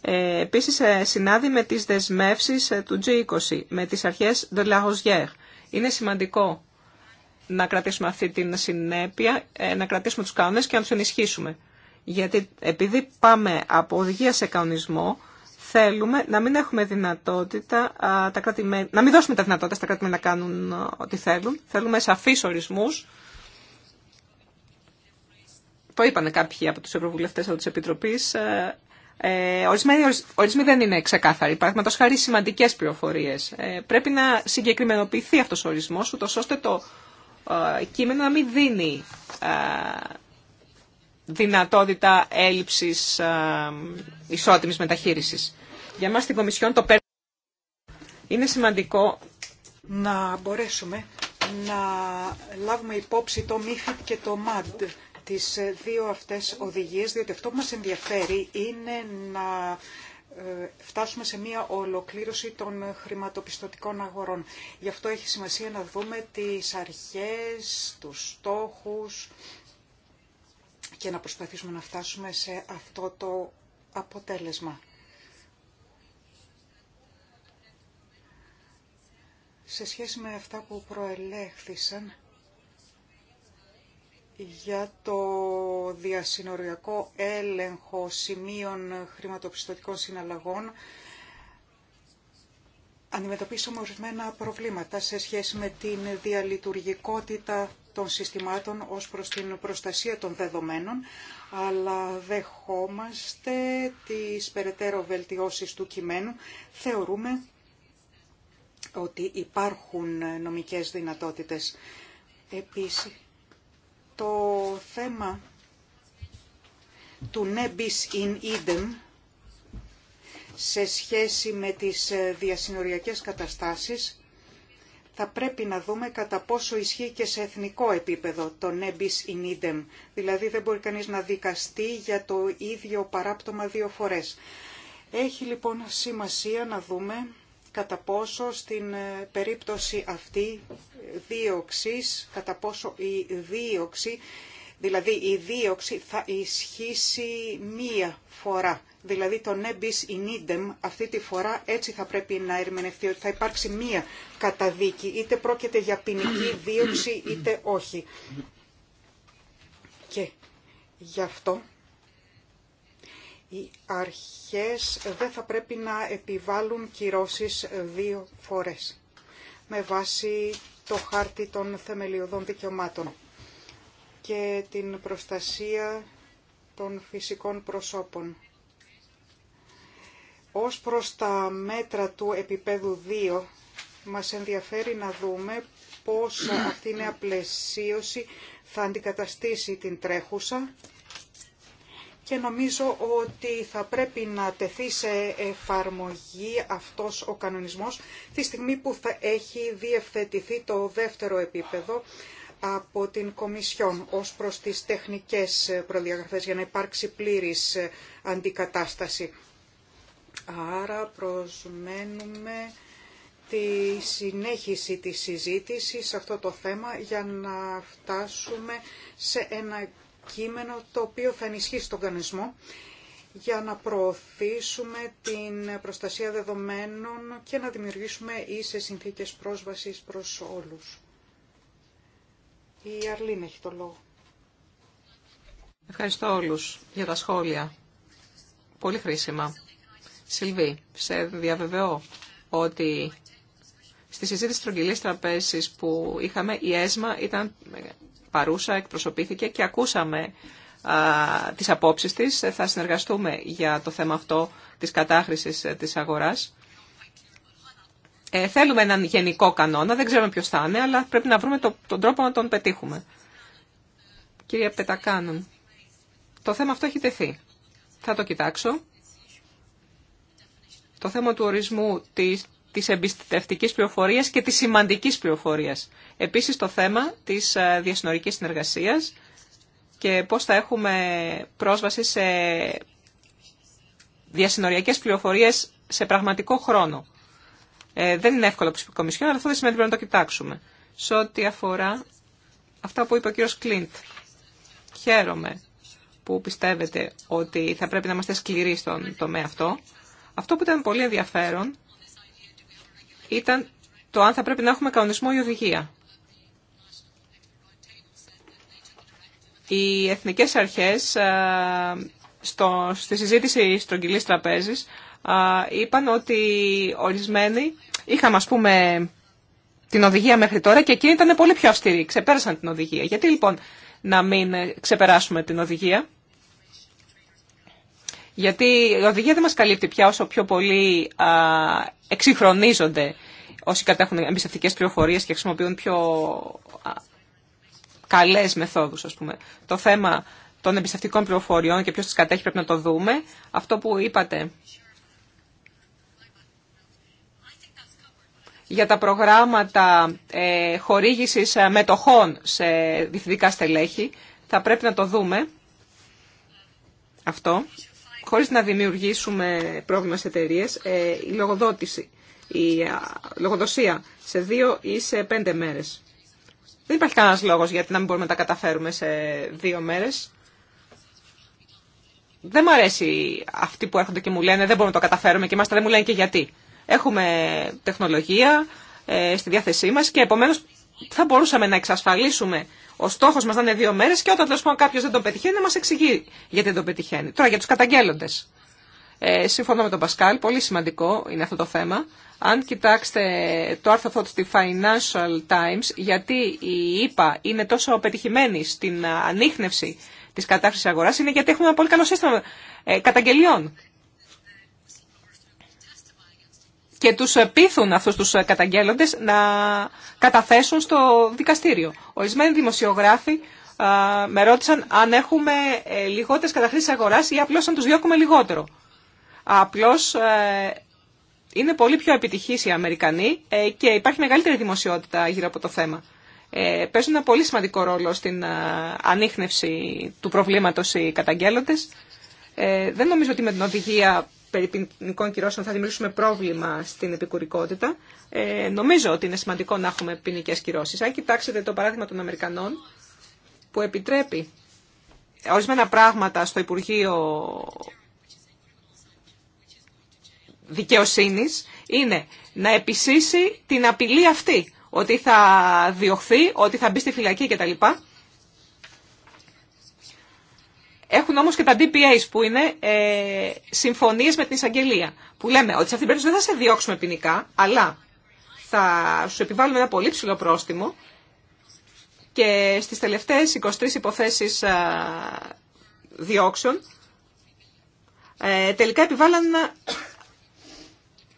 Ε, επίσης ε, συνάδει με τις δεσμεύσεις ε, του G20, με τις αρχές de la Rosière. Είναι σημαντικό να κρατήσουμε αυτή την συνέπεια, ε, να κρατήσουμε τους κανόνες και να τους ενισχύσουμε. Γιατί επειδή πάμε από οδηγία σε κανονισμό, θέλουμε να μην έχουμε δυνατότητα, τα κρατημέ... να μην δώσουμε τα δυνατότητα στα κράτημενα να κάνουν ό,τι θέλουν. Θέλουμε σαφείς ορισμούς. Το είπαν κάποιοι από τους ευρωβουλευτές από της Επιτροπής, ε, ορισμένοι, ορισμένοι δεν είναι ξεκάθαροι. Παραδείγματο χάρη σημαντικέ πληροφορίε. Ε, πρέπει να συγκεκριμενοποιηθεί αυτό ο ορισμό, ούτω ώστε το ε, κείμενο να μην δίνει ε, δυνατότητα έλλειψη ισότιμη μεταχείριση. Για μα στην Κομισιόν το Είναι σημαντικό
να μπορέσουμε να λάβουμε υπόψη το ΜΥΦΙΤ και το MAD τις ε, δύο αυτές οδηγίες, διότι αυτό που μας ενδιαφέρει είναι να ε, φτάσουμε σε μια ολοκλήρωση των χρηματοπιστωτικών αγορών. Γι' αυτό έχει σημασία να δούμε τις αρχές, τους στόχους και να προσπαθήσουμε να φτάσουμε σε αυτό το αποτέλεσμα. Σε σχέση με αυτά που προελέχθησαν, για το διασυνοριακό έλεγχο σημείων χρηματοπιστωτικών συναλλαγών αντιμετωπίσαμε ορισμένα προβλήματα σε σχέση με την διαλειτουργικότητα των συστημάτων ως προς την προστασία των δεδομένων, αλλά δεχόμαστε τις περαιτέρω βελτιώσεις του κειμένου. Θεωρούμε ότι υπάρχουν νομικές δυνατότητες. Επίσης, το θέμα του νέμπις in idem σε σχέση με τις ε, διασυνοριακές καταστάσεις θα πρέπει να δούμε κατά πόσο ισχύει και σε εθνικό επίπεδο το νέμπις in idem. Δηλαδή δεν μπορεί κανείς να δικαστεί για το ίδιο παράπτωμα δύο φορές. Έχει λοιπόν σημασία να δούμε κατά πόσο στην ε, περίπτωση αυτή δίωξης, κατά πόσο η δίωξη, δηλαδή η δίωξη θα ισχύσει μία φορά. Δηλαδή το nebis in idem αυτή τη φορά έτσι θα πρέπει να ερμηνευτεί ότι θα υπάρξει μία καταδίκη, είτε πρόκειται για ποινική δίωξη είτε όχι. Και γι' αυτό οι αρχές δεν θα πρέπει να επιβάλλουν κυρώσεις δύο φορές με βάση το χάρτη των θεμελιωδών δικαιωμάτων και την προστασία των φυσικών προσώπων. Ως προς τα μέτρα του επίπεδου 2, μας ενδιαφέρει να δούμε πώς αυτή η νέα πλαισίωση θα αντικαταστήσει την τρέχουσα και νομίζω ότι θα πρέπει να τεθεί σε εφαρμογή αυτός ο κανονισμός τη στιγμή που θα έχει διευθετηθεί το δεύτερο επίπεδο από την Κομισιόν ως προς τις τεχνικές προδιαγραφές για να υπάρξει πλήρης αντικατάσταση. Άρα προσμένουμε τη συνέχιση της συζήτησης σε αυτό το θέμα για να φτάσουμε σε ένα κείμενο το οποίο θα ενισχύσει τον κανονισμό για να προωθήσουμε την προστασία δεδομένων και να δημιουργήσουμε ίσες συνθήκες πρόσβασης προς όλους. Η Αρλίν έχει το
λόγο. Ευχαριστώ όλους για τα σχόλια. Πολύ χρήσιμα. Σιλβί, σε διαβεβαιώ ότι στη συζήτηση της τρογγυλής τραπέζης που είχαμε η ΕΣΜΑ ήταν παρούσα, εκπροσωπήθηκε και ακούσαμε α, τις απόψεις της. Θα συνεργαστούμε για το θέμα αυτό της κατάχρησης ε, της αγοράς. Ε, θέλουμε έναν γενικό κανόνα, δεν ξέρουμε ποιος θα είναι, αλλά πρέπει να βρούμε τον τρόπο να τον πετύχουμε. Κυρία Πετακάνων, το θέμα αυτό έχει τεθεί. Θα το κοιτάξω. Το θέμα του ορισμού της, της εμπιστευτικής πληροφορίας και της σημαντικής πληροφορίας. Επίσης το θέμα της ε, διασυνορικής συνεργασίας και πώς θα έχουμε πρόσβαση σε διασυνοριακές πληροφορίες σε πραγματικό χρόνο. Ε, δεν είναι εύκολο από Κομισιόν, αλλά αυτό δεν σημαίνει πρέπει να το κοιτάξουμε. Σε ό,τι αφορά αυτά που είπε ο κύριος Κλίντ, χαίρομαι που πιστεύετε ότι θα πρέπει να είμαστε σκληροί στον τομέα αυτό. Αυτό που ήταν πολύ ενδιαφέρον ήταν το αν θα πρέπει να έχουμε κανονισμό ή οδηγία. Οι εθνικές αρχές στο, στη συζήτηση στρογγυλής τραπέζης είπαν ότι ορισμένοι είχαμε ας πούμε την οδηγία μέχρι τώρα και εκείνοι ήταν πολύ πιο αυστηροί, ξεπέρασαν την οδηγία. Γιατί λοιπόν να μην ξεπεράσουμε την οδηγία. Γιατί η οδηγία δεν μας καλύπτει πια όσο πιο πολύ α, εξυγχρονίζονται όσοι κατέχουν εμπιστευτικέ πληροφορίε και χρησιμοποιούν πιο καλέ καλές μεθόδους, πούμε. Το θέμα των εμπιστευτικών πληροφοριών και ποιο τις κατέχει πρέπει να το δούμε. Αυτό που είπατε για τα προγράμματα ε, χορήγησης μετοχών σε διευθυντικά στελέχη, θα πρέπει να το δούμε αυτό χωρίς να δημιουργήσουμε πρόβλημα σε εταιρείε, ε, η λογοδότηση, η ε, λογοδοσία σε δύο ή σε πέντε μέρες. Δεν υπάρχει κανένας λόγος γιατί να μην μπορούμε να τα καταφέρουμε σε δύο μέρες. Δεν μου αρέσει αυτοί που έρχονται και μου λένε δεν μπορούμε να το καταφέρουμε και τα δεν μου λένε και γιατί. Έχουμε τεχνολογία ε, στη διάθεσή μας και επομένως θα μπορούσαμε να εξασφαλίσουμε ο στόχο μα να είναι δύο μέρε και όταν τέλο κάποιο δεν τον πετυχαίνει, να μα εξηγεί γιατί δεν τον πετυχαίνει. Τώρα για του καταγγέλλοντε. Ε, συμφωνώ με τον Πασκάλ, πολύ σημαντικό είναι αυτό το θέμα. Αν κοιτάξετε το άρθρο αυτό στη Financial Times, γιατί η ΕΠΑ είναι τόσο πετυχημένη στην ανείχνευση τη κατάχρηση αγορά, είναι γιατί έχουμε ένα πολύ καλό σύστημα ε, καταγγελιών. και τους ε, πείθουν αυτούς τους ε, καταγγέλλοντες να καταθέσουν στο δικαστήριο. Ορισμένοι δημοσιογράφοι ε, με ρώτησαν αν έχουμε λιγότερες καταχρήσεις αγοράς ή απλώς αν τους διώκουμε λιγότερο. Απλώς είναι πολύ πιο επιτυχής οι Αμερικανοί και υπάρχει μεγαλύτερη δημοσιότητα γύρω από το θέμα. Παίζουν ένα πολύ σημαντικό ρόλο στην ανείχνευση του προβλήματος οι καταγγέλλοντες. Δεν νομίζω ότι με την οδηγία περί ποινικών κυρώσεων θα δημιουργήσουμε πρόβλημα στην επικουρικότητα. Ε, νομίζω ότι είναι σημαντικό να έχουμε ποινικέ κυρώσει. Αν κοιτάξετε το παράδειγμα των Αμερικανών, που επιτρέπει ορισμένα πράγματα στο Υπουργείο δικαιοσύνη, είναι να επισύσει την απειλή αυτή, ότι θα διωχθεί, ότι θα μπει στη φυλακή κτλ. Έχουν όμως και τα DPA που είναι ε, συμφωνίες με την εισαγγελία. Που λέμε ότι σε αυτήν την περίπτωση δεν θα σε διώξουμε ποινικά, αλλά θα σου επιβάλλουμε ένα πολύ ψηλό πρόστιμο και στις τελευταίες 23 υποθέσεις ε, διώξεων ε, τελικά επιβάλλαν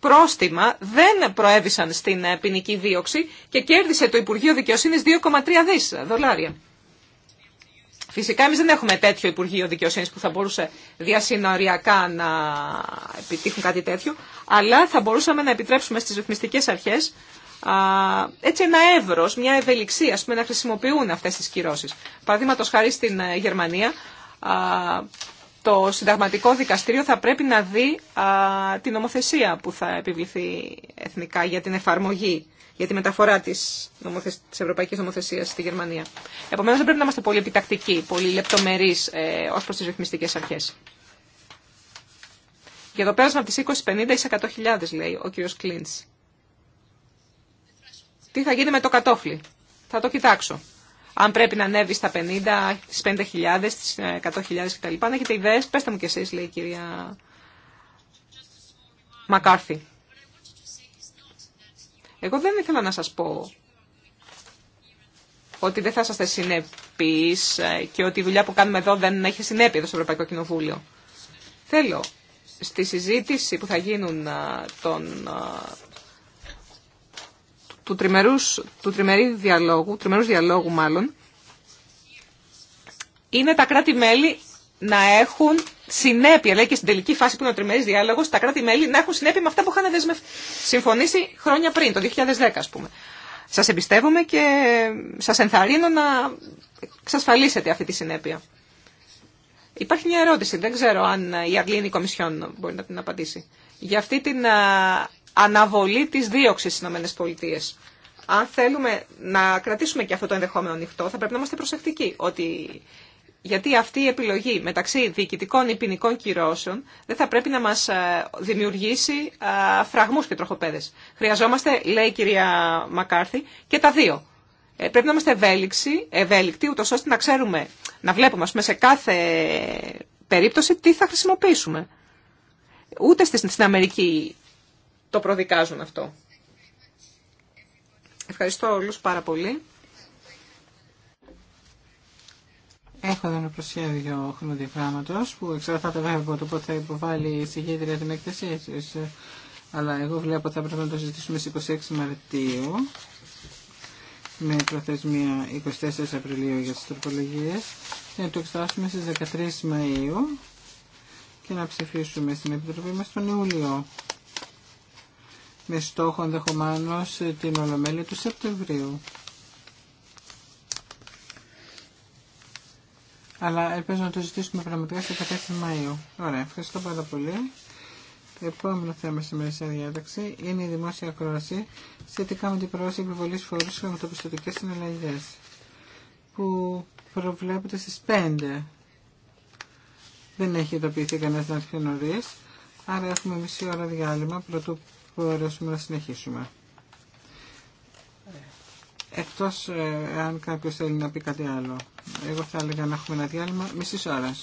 πρόστιμα, δεν προέβησαν στην ε, ποινική δίωξη και κέρδισε το Υπουργείο Δικαιοσύνης 2,3 δις δολάρια. Φυσικά εμεί δεν έχουμε τέτοιο Υπουργείο δικαιοσύνη που θα μπορούσε διασυνοριακά να επιτύχουν κάτι τέτοιο, αλλά θα μπορούσαμε να επιτρέψουμε στις ρυθμιστικέ αρχές έτσι ένα εύρο, μια ευελιξία, ας πούμε, να χρησιμοποιούν αυτές τις κυρώσει. Παραδείγματο χάρη στην ε, Γερμανία, α, το συνταγματικό δικαστήριο θα πρέπει να δει α, την νομοθεσία που θα επιβληθεί εθνικά για την εφαρμογή για τη μεταφορά τη νομοθεσ... Νομοθεσία ευρωπαϊκής στη Γερμανία. Επομένω δεν πρέπει να είμαστε πολύ επιτακτικοί, πολύ λεπτομερεί ε, ως προς τις ρυθμιστικέ αρχές. Για το πέρασμα από τις 20-50 ή 100.000 λέει ο κύριος Κλίντ. Τι θα γίνει με το κατόφλι. Θα το κοιτάξω. Αν πρέπει να ανέβει στα 50, στις 50.000, στις 100.000 ε, κτλ. Αν έχετε ιδέες, πέστε μου κι εσείς, λέει η κυρία Μακάρθη. Εγώ δεν ήθελα να σας πω ότι δεν θα είσαστε συνεπείς ε, και ότι η δουλειά που κάνουμε εδώ δεν έχει συνέπεια εδώ στο Ευρωπαϊκό Κοινοβούλιο. Θέλω στη συζήτηση που θα γίνουν ε, τον, ε, του, τριμερούς, του τριμερή διαλόγου, τριμερούς διαλόγου μάλλον, είναι τα κράτη-μέλη να έχουν συνέπεια, λέει και στην τελική φάση που είναι ο τριμερή διάλογο, τα κράτη-μέλη να έχουν συνέπεια με αυτά που είχαν δεσμευ... συμφωνήσει χρόνια πριν, το 2010 α πούμε. Σα εμπιστεύομαι και σα ενθαρρύνω να εξασφαλίσετε αυτή τη συνέπεια. Υπάρχει μια ερώτηση, δεν ξέρω αν η Αγγλίνη Κομισιόν μπορεί να την απαντήσει. Για αυτή την αναβολή της δίωξης στις ΗΠΑ. Αν θέλουμε να κρατήσουμε και αυτό το ενδεχόμενο ανοιχτό, θα πρέπει να είμαστε προσεκτικοί ότι γιατί αυτή η επιλογή μεταξύ διοικητικών ή ποινικών κυρώσεων δεν θα πρέπει να μας ε, δημιουργήσει ε, φραγμούς και τροχοπέδες. Χρειαζόμαστε, λέει η κυρία Μακάρθη, και τα δύο. Ε, πρέπει να είμαστε ευέλικτοι, ευέλικτοι ούτως ώστε να ξέρουμε, να βλέπουμε σε κάθε περίπτωση τι θα χρησιμοποιήσουμε. Ούτε στην Αμερική το προδικάζουν αυτό. Ευχαριστώ όλους πάρα πολύ.
Έχω εδώ ένα προσχέδιο χρονοδιαγράμματο που εξαρτάται βέβαια από το πότε θα υποβάλει η συγκέντρια την έκθεσή Αλλά εγώ βλέπω θα πρέπει να το συζητήσουμε στις 26 Μαρτίου με προθεσμία 24 Απριλίου για τι τροπολογίε και να το εξετάσουμε στι 13 Μαΐου και να ψηφίσουμε στην Επιτροπή μα τον Ιούλιο με στόχο ενδεχομένω την Ολομέλεια του Σεπτεμβρίου. αλλά ελπίζω να το ζητήσουμε πραγματικά σε 16 Μαΐου. Ωραία, ευχαριστώ πάρα πολύ. Το επόμενο θέμα σήμερα σε διάταξη είναι η δημόσια ακρόαση σχετικά με την πρόοδο επιβολή φόρου και χρηματοπιστωτικέ συναλλαγέ που προβλέπεται στι 5. Δεν έχει ειδοποιηθεί κανένα να έρθει νωρί, άρα έχουμε μισή ώρα διάλειμμα πρωτού μπορέσουμε να συνεχίσουμε. Εκτός ε, αν κάποιος θέλει να πει κάτι άλλο. Εγώ θα έλεγα να έχουμε ένα διάλειμμα μισή ώρα.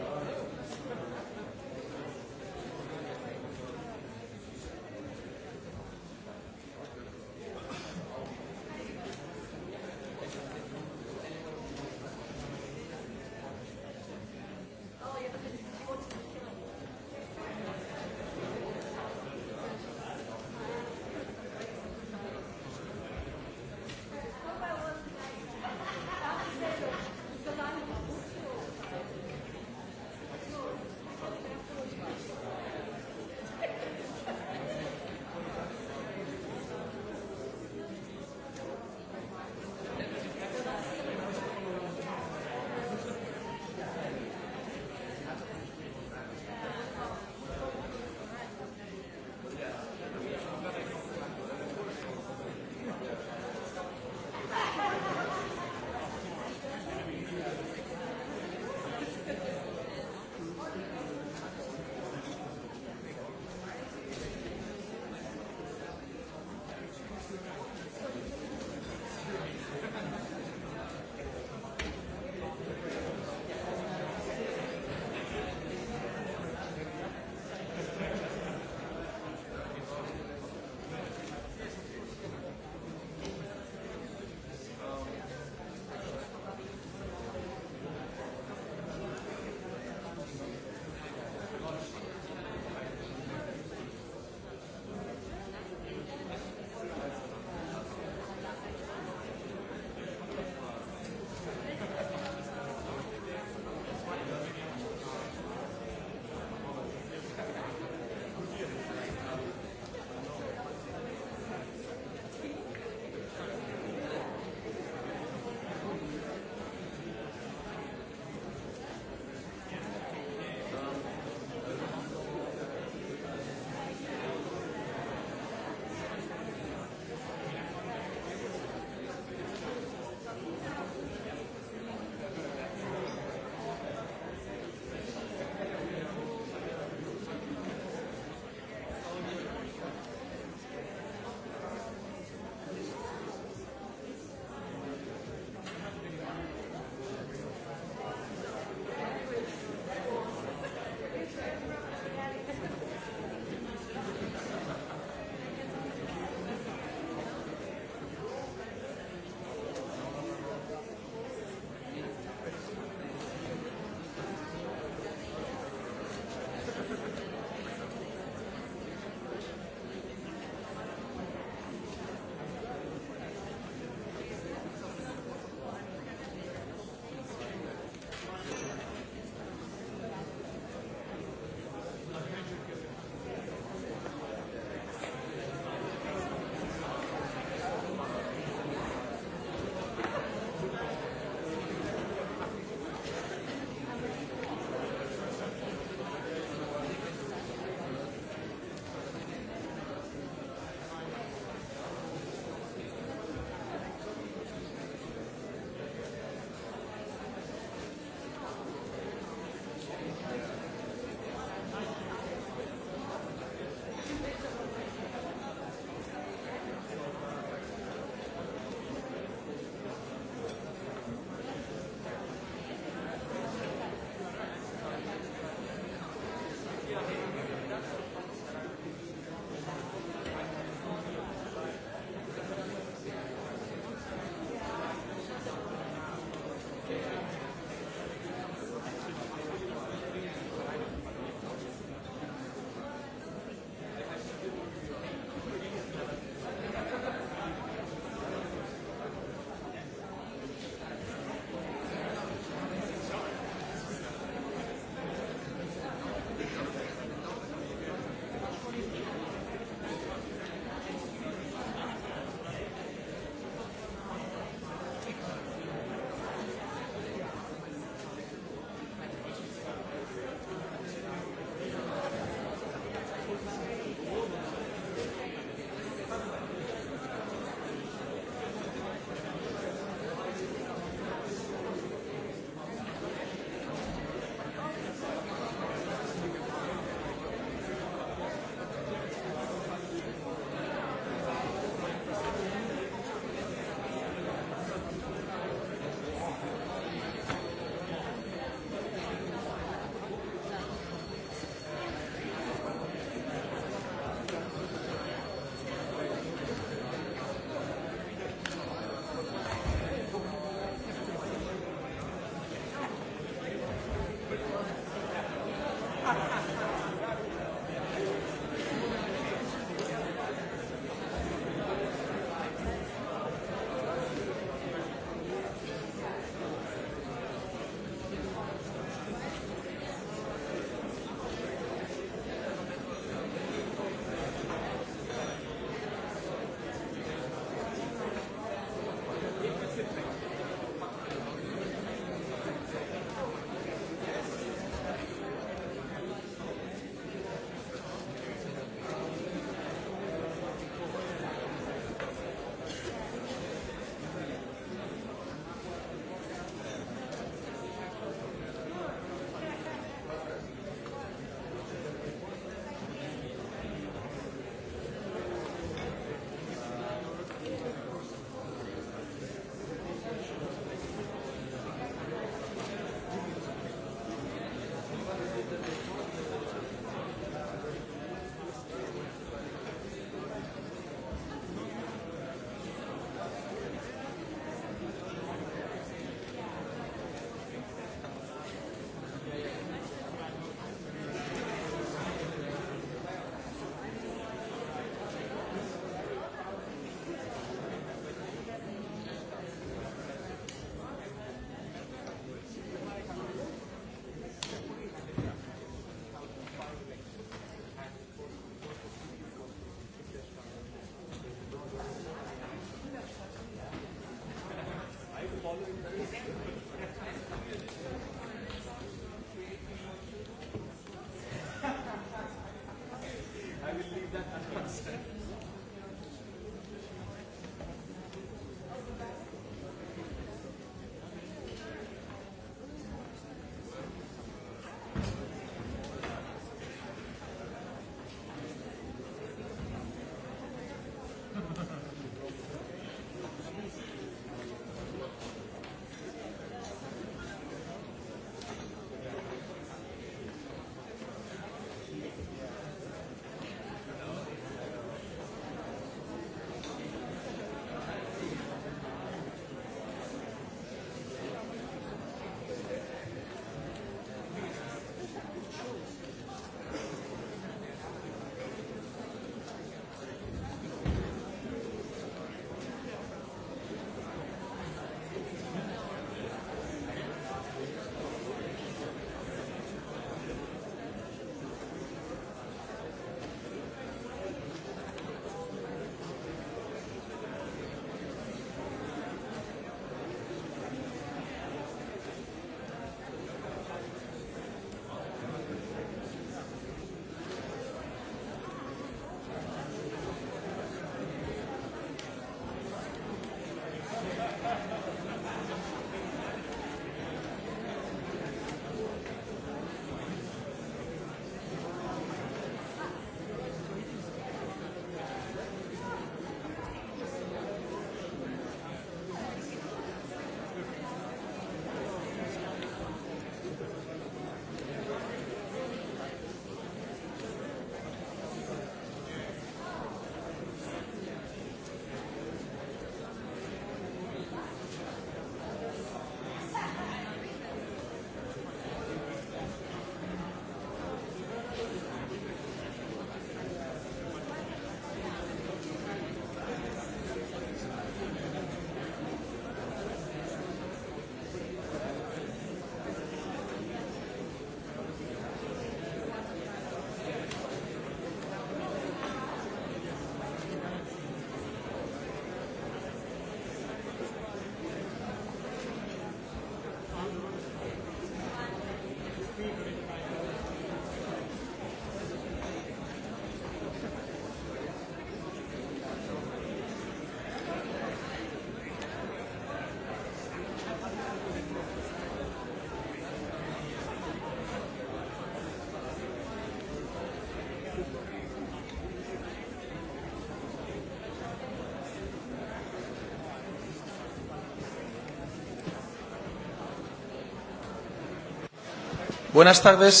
Buenas tardes,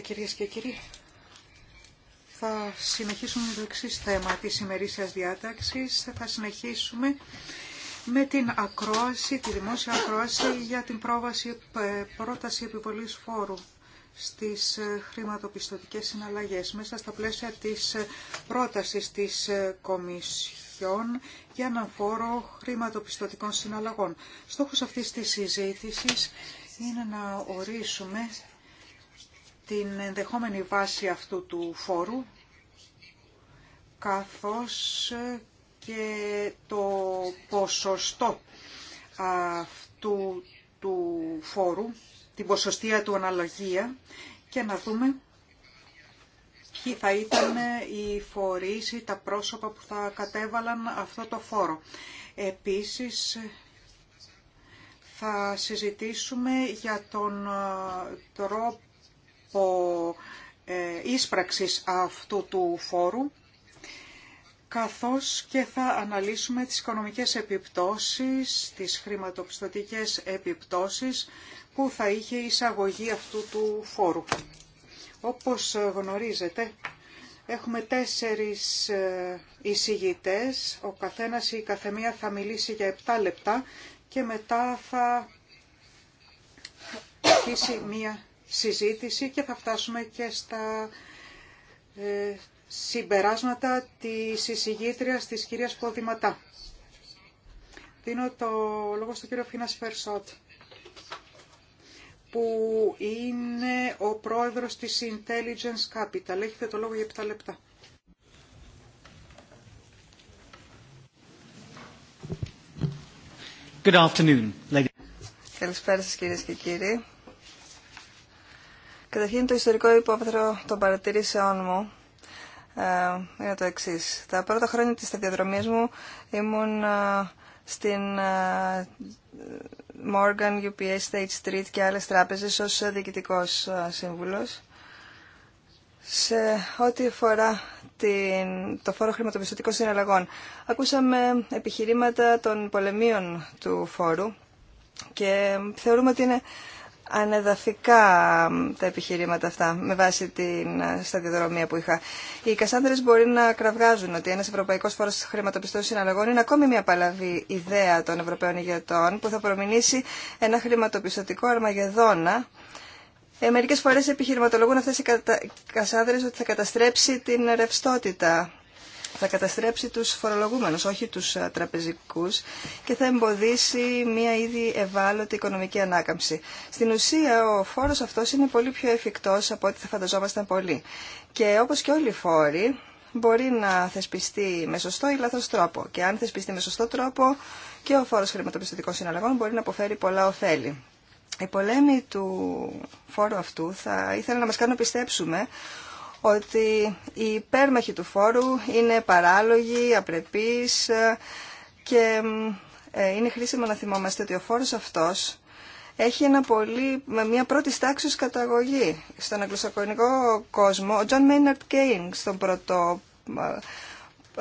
κυρίες και κύριοι. Θα συνεχίσουμε το εξή θέμα της ημερήσιας διάταξης. Θα συνεχίσουμε με την ακρόαση, τη δημόσια ακρόαση για την πρόβαση, ε, πρόταση επιβολής φόρου στις ε, χρηματοπιστωτικές συναλλαγές μέσα στα πλαίσια της ε, πρότασης της Κομισιόν για έναν φόρο χρηματοπιστωτικών συναλλαγών. Στόχος αυτής της συζήτησης είναι να ορίσουμε την ενδεχόμενη βάση αυτού του φόρου, καθώς και το ποσοστό αυτού του φόρου, την ποσοστία του αναλογία και να δούμε ποιοι θα ήταν οι φορείς ή τα πρόσωπα που θα κατέβαλαν αυτό το φόρο. Επίσης, θα συζητήσουμε για τον ε, τρόπο ε, ίσπραξης αυτού του φόρου καθώς και θα αναλύσουμε τις οικονομικές επιπτώσεις, τις χρηματοπιστωτικές επιπτώσεις που θα είχε η εισαγωγή αυτού του φόρου. Όπως γνωρίζετε, έχουμε τέσσερις ε, εισηγητές. Ο καθένας ή η καθεμία θα μιλήσει για 7 λεπτά και μετά θα αρχίσει μία συζήτηση και θα φτάσουμε και στα ε, συμπεράσματα της εισηγήτριας της κυρίας Ποδηματά. Δίνω το λόγο στον κύριο Φίνας Φερσότ που είναι ο πρόεδρος της Intelligence Capital. Έχετε το λόγο για 7 λεπτά.
Good afternoon.
Καλησπέρα σας κυρίες και κύριοι. Καταρχήν το ιστορικό υπόβαθρο των παρατηρήσεών μου ε, είναι το εξής. Τα πρώτα χρόνια της σταδιοδρομίας μου ήμουν ε, στην ε, Morgan, UPS, State Street και άλλες τράπεζες ως διοικητικός ε, σύμβουλος. Σε ό,τι αφορά την, το φόρο χρηματοπιστωτικών συναλλαγών, ακούσαμε επιχειρήματα των πολεμίων του φόρου και θεωρούμε ότι είναι ανεδαφικά τα επιχειρήματα αυτά με βάση την ε, σταδιοδρομία που είχα. Οι Κασάνδρες μπορεί να κραυγάζουν ότι ένας ευρωπαϊκός φόρος χρηματοπιστών συναλλαγών είναι ακόμη μια παλαβή ιδέα των Ευρωπαίων ηγετών που θα προμηνήσει ένα χρηματοπιστωτικό αρμαγεδόνα ε, μερικές φορές επιχειρηματολογούν αυτές οι κατα... κασάνδρες ότι θα καταστρέψει την ρευστότητα θα καταστρέψει τους φορολογούμενους, όχι τους ε, τραπεζικούς και θα εμποδίσει μια ήδη ευάλωτη οικονομική ανάκαμψη. Στην ουσία ο φόρος αυτός είναι πολύ πιο εφικτός από ό,τι θα φανταζόμασταν πολύ. Και όπως και όλοι οι φόροι μπορεί να θεσπιστεί με σωστό ή λάθος τρόπο. Και αν θεσπιστεί με σωστό τρόπο και ο φόρος χρηματοπιστωτικών συναλλαγών μπορεί να αποφέρει πολλά ωφέλη. Η πολέμη του φόρου αυτού θα ήθελα να μας κάνουν να πιστέψουμε ότι οι υπέρμαχοι του φόρου είναι παράλογοι, απρεπείς και ε, είναι χρήσιμο να θυμόμαστε ότι ο φόρος αυτός έχει πολύ, μια πρώτη τάξη καταγωγή. Στον αγγλοσακονικό κόσμο, ο Τζον Μέιναρτ Κέιν στον πρώτο ε,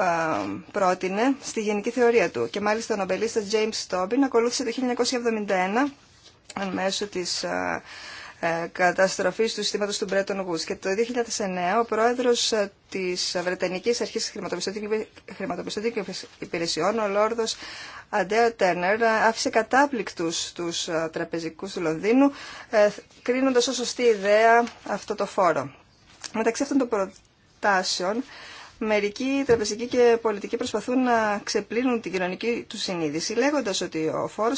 ε, πρότεινε στη γενική θεωρία του και μάλιστα ο νομπελίστας James Tobin ακολούθησε το 1971 μέσω της ε, καταστροφής του συστήματος του Bretton Woods. Και το 2009 ο πρόεδρος ε, της Βρετανικής Αρχής Χρηματοπιστωτικών Υπηρεσιών, ο Λόρδος Αντέα Τένερ, ε, άφησε κατάπληκτους τους τραπεζικούς του Λονδίνου, κρίνοντας ως σωστή ιδέα αυτό το φόρο. Μεταξύ αυτών των προτάσεων, Μερικοί τραπεζικοί και πολιτικοί προσπαθούν να ξεπλύνουν την κοινωνική του συνείδηση, λέγοντας ότι ο φόρο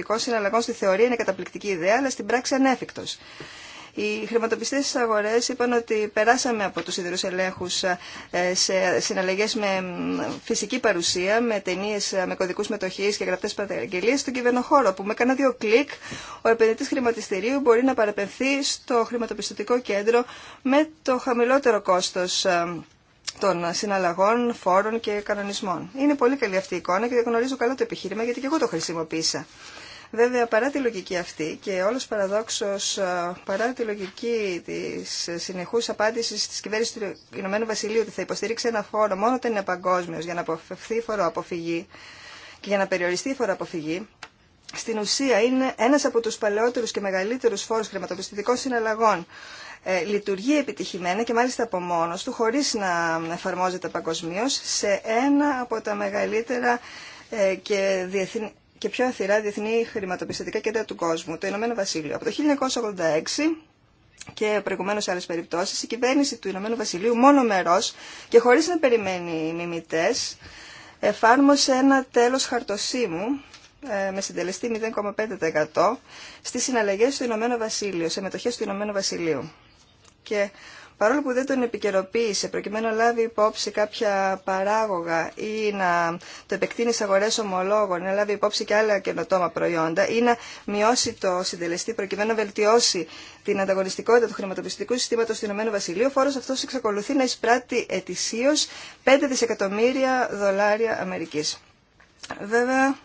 οπτικό συναλλαγών στη θεωρία είναι καταπληκτική ιδέα, αλλά στην πράξη ανέφικτο. Οι χρηματοπιστές αγορές είπαν ότι περάσαμε από τους ίδιους ελέγχους ε, σε συναλλαγές με φυσική παρουσία, με ταινίε ε, με κωδικούς μετοχής και γραπτές παραγγελίες στον κυβερνοχώρο, που με κανένα δύο κλικ ο επενδυτής χρηματιστηρίου μπορεί να παραπευθεί στο χρηματοπιστωτικό κέντρο με το χαμηλότερο κόστος ε, των συναλλαγών, φόρων και κανονισμών. Είναι πολύ καλή αυτή η εικόνα και γνωρίζω καλά το επιχείρημα γιατί και εγώ το χρησιμοποίησα. Βέβαια, παρά τη λογική αυτή και όλος παραδόξως ε, παρά τη λογική της συνεχούς απάντησης της κυβέρνησης του Ηνωμένου Βασιλείου ότι θα υποστηρίξει ένα φόρο μόνο όταν είναι παγκόσμιος για να αποφευθεί η φοροαποφυγή και για να περιοριστεί η φοροαποφυγή, στην ουσία είναι ένας από τους παλαιότερους και μεγαλύτερους φόρους χρηματοπιστωτικών συναλλαγών. Ε, λειτουργεί επιτυχημένα και μάλιστα από μόνος του, χωρίς να εφαρμόζεται παγκοσμίω σε ένα από τα μεγαλύτερα ε, και διεθνή, και πιο αθυρά διεθνή χρηματοπιστωτικά κέντρα του κόσμου, το Ηνωμένο Βασίλειο. Από το 1986 και προηγουμένω σε άλλε περιπτώσεις, η κυβέρνηση του Ηνωμένου Βασιλείου μόνο μερός και χωρίς να περιμένει μιμητές, εφάρμοσε ένα τέλος χαρτοσύμου ε, με συντελεστή 0,5% στις συναλλαγές του Ηνωμένου Βασίλειου, σε μετοχές του Ηνωμένου Βασιλείου. Και παρόλο που δεν τον επικαιροποίησε προκειμένου να λάβει υπόψη κάποια παράγωγα ή να το επεκτείνει σε αγορές ομολόγων, να λάβει υπόψη και άλλα καινοτόμα προϊόντα ή να μειώσει το συντελεστή προκειμένου να βελτιώσει την ανταγωνιστικότητα του χρηματοπιστικού συστήματος του Ηνωμένου Βασιλείου, ο φόρος αυτός εξακολουθεί να εισπράττει ετησίως 5 δισεκατομμύρια δολάρια Αμερικής. Βέβαια,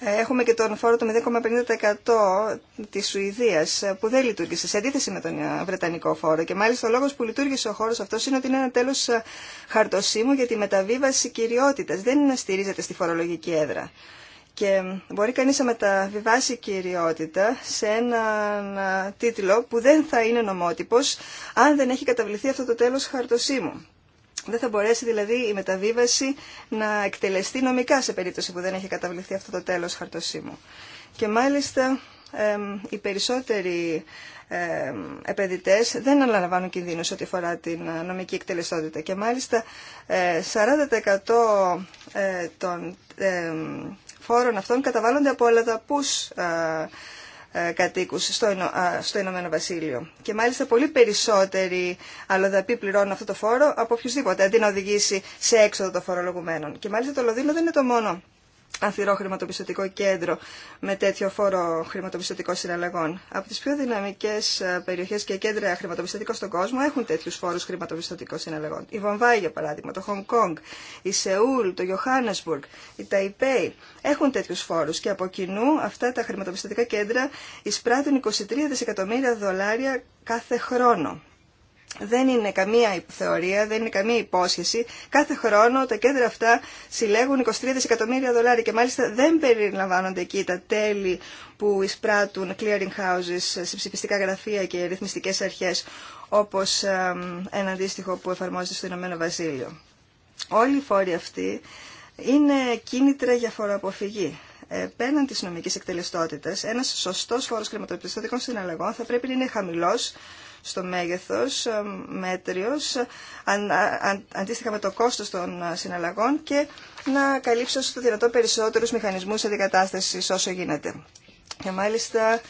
Έχουμε και τον φόρο του 0,50% της Σουηδίας που δεν λειτουργήσε σε αντίθεση με τον ε, Βρετανικό φόρο και μάλιστα ο λόγος που λειτουργήσε ο χώρος αυτός είναι ότι είναι ένα τέλος ε, χαρτοσύμου για τη μεταβίβαση κυριότητας. Δεν στηρίζεται στη φορολογική έδρα. Και ε, μπορεί κανείς να μεταβιβάσει κυριότητα σε έναν τίτλο που δεν θα είναι νομότυπος αν δεν έχει καταβληθεί αυτό το τέλος χαρτοσύμου. Δεν θα μπορέσει δηλαδή η μεταβίβαση να εκτελεστεί νομικά σε περίπτωση που δεν έχει καταβληθεί αυτό το τέλος χαρτοσύμου. Και μάλιστα οι περισσότεροι ε, δεν αναλαμβάνουν κινδύνους ό,τι αφορά την ε, νομική εκτελεστότητα και μάλιστα 40% ε, ε, των φόρων αυτών καταβάλλονται από ε, ε, κατοίκους στο, στο Ηνωμένο Βασίλειο. Και μάλιστα πολύ περισσότεροι αλλοδαποί πληρώνουν αυτό το φόρο από οποιουσδήποτε, αντί να οδηγήσει σε έξοδο των φορολογουμένων. Και μάλιστα το Λονδίνο δεν είναι το μόνο αθυρό χρηματοπιστωτικό κέντρο με τέτοιο φόρο χρηματοπιστωτικών συναλλαγών. Από τις πιο δυναμικές ε, περιοχές και κέντρα χρηματοπιστωτικών στον κόσμο έχουν τέτοιους φόρους χρηματοπιστωτικών συναλλαγών. Η Βομβάη, για παράδειγμα, το Χονγκ Κόνγκ, η Σεούλ, το Johannesburg, η Ταϊπέη έχουν τέτοιου φόρους και από κοινού αυτά τα χρηματοπιστωτικά κέντρα εισπράττουν 23 δισεκατομμύρια δολάρια κάθε χρόνο. Δεν είναι καμία θεωρία, δεν είναι καμία υπόσχεση. Κάθε χρόνο τα κέντρα αυτά συλλέγουν 23 δισεκατομμύρια δολάρια και μάλιστα δεν περιλαμβάνονται εκεί τα τέλη που εισπράττουν clearing houses σε ψηφιστικά γραφεία και ρυθμιστικές αρχές όπως ένα αντίστοιχο που εφαρμόζεται στο Ηνωμένο Βασίλειο. Όλοι οι φόροι αυτοί είναι κίνητρα για φοροαποφυγή. Ε, πέραν τη νομική εκτελεστότητα, ένα σωστό φόρο χρηματοπιστωτικών συναλλαγών θα πρέπει να είναι χαμηλό, στο μέγεθος, ε, μέτριος, αν, αντίστοιχα με το κόστος των ε, συναλλαγών και να καλύψω στο δυνατό περισσότερους μηχανισμούς αντικατάστασης όσο γίνεται. Και μάλιστα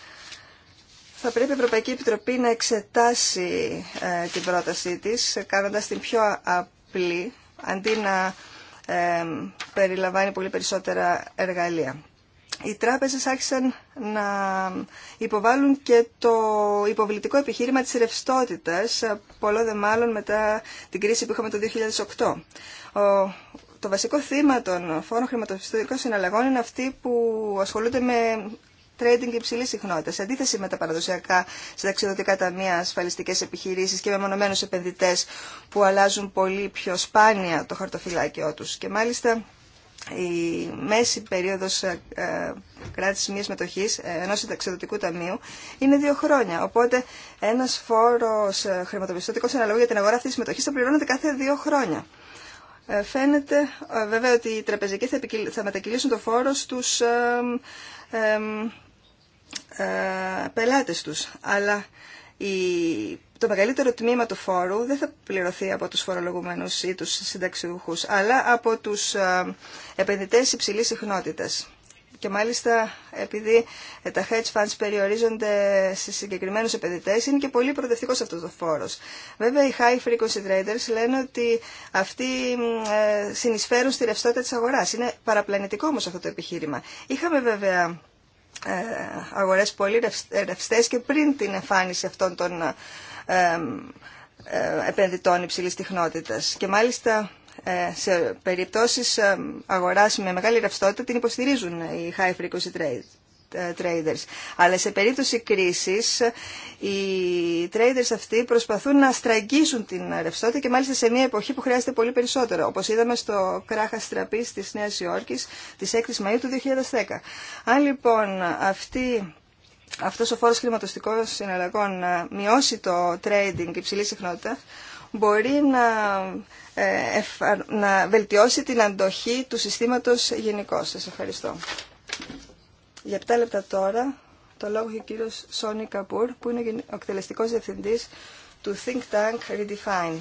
θα πρέπει η Ευρωπαϊκή Επιτροπή να εξετάσει ε, την πρότασή της, κάνοντας την πιο απλή, αντί να περιλαμβάνει πολύ περισσότερα εργαλεία οι τράπεζες άρχισαν να υποβάλουν και το υποβλητικό επιχείρημα της ρευστότητα, πολλό δε μάλλον μετά την κρίση που είχαμε το 2008. το βασικό θύμα των φόρων χρηματοπιστωτικών συναλλαγών είναι αυτοί που ασχολούνται με trading υψηλή συχνότητα. Σε αντίθεση με τα παραδοσιακά συνταξιδοτικά ταμεία, ασφαλιστικέ επιχειρήσει και μεμονωμένου επενδυτέ που αλλάζουν πολύ πιο σπάνια το χαρτοφυλάκιό του. Και μάλιστα η μέση περίοδος ε, ε, κράτησης μιας μετοχής ε, ενός συνταξιδοτικού ταμείου είναι δύο χρόνια. Οπότε ένας φόρος χρηματοπιστωτικός αναλόγου για την αγορά αυτής της μετοχής θα πληρώνεται κάθε δύο χρόνια. Φαίνεται βέβαια ότι οι τραπεζικοί θα μετακυλήσουν το φόρο στους πελάτες τους. Αλλά το μεγαλύτερο τμήμα του φόρου δεν θα πληρωθεί από τους φορολογουμένους ή τους συνταξιούχους, αλλά από τους ε, επενδυτές υψηλής συχνότητας. Και μάλιστα επειδή ε, τα hedge funds περιορίζονται σε συγκεκριμένους επενδυτές, είναι και πολύ προοδευτικός αυτός το φόρος. Βέβαια οι high frequency traders λένε ότι αυτοί ε, συνεισφέρουν στη ρευστότητα της αγοράς. Είναι παραπλανητικό όμως αυτό το επιχείρημα. Είχαμε βέβαια ε, αγορές πολύ ρευστές και πριν την εμφάνιση αυτών των ε, ε, επενδυτών υψηλής τυχνότητας. Και μάλιστα σε περιπτώσεις αγοράς με μεγάλη ρευστότητα την υποστηρίζουν οι high frequency trades traders. Αλλά σε περίπτωση κρίσης οι traders αυτοί προσπαθούν να στραγγίσουν την ρευστότητα και μάλιστα σε μια εποχή που χρειάζεται πολύ περισσότερο. Όπως είδαμε στο κράχα στραπής της Νέας Υόρκης της 6ης Μαΐου του 2010. Αν λοιπόν αυτή αυτός ο φόρος χρηματοστικών συναλλαγών να ε, μειώσει το trading υψηλή συχνότητα, μπορεί να, ε, να βελτιώσει την αντοχή του συστήματος γενικώ. Σας ευχαριστώ. Για 7 λεπτά τώρα το λόγο έχει ο κύριος Σόνι Καπούρ που είναι ο εκτελεστικός διευθυντής του Think Tank Redefine.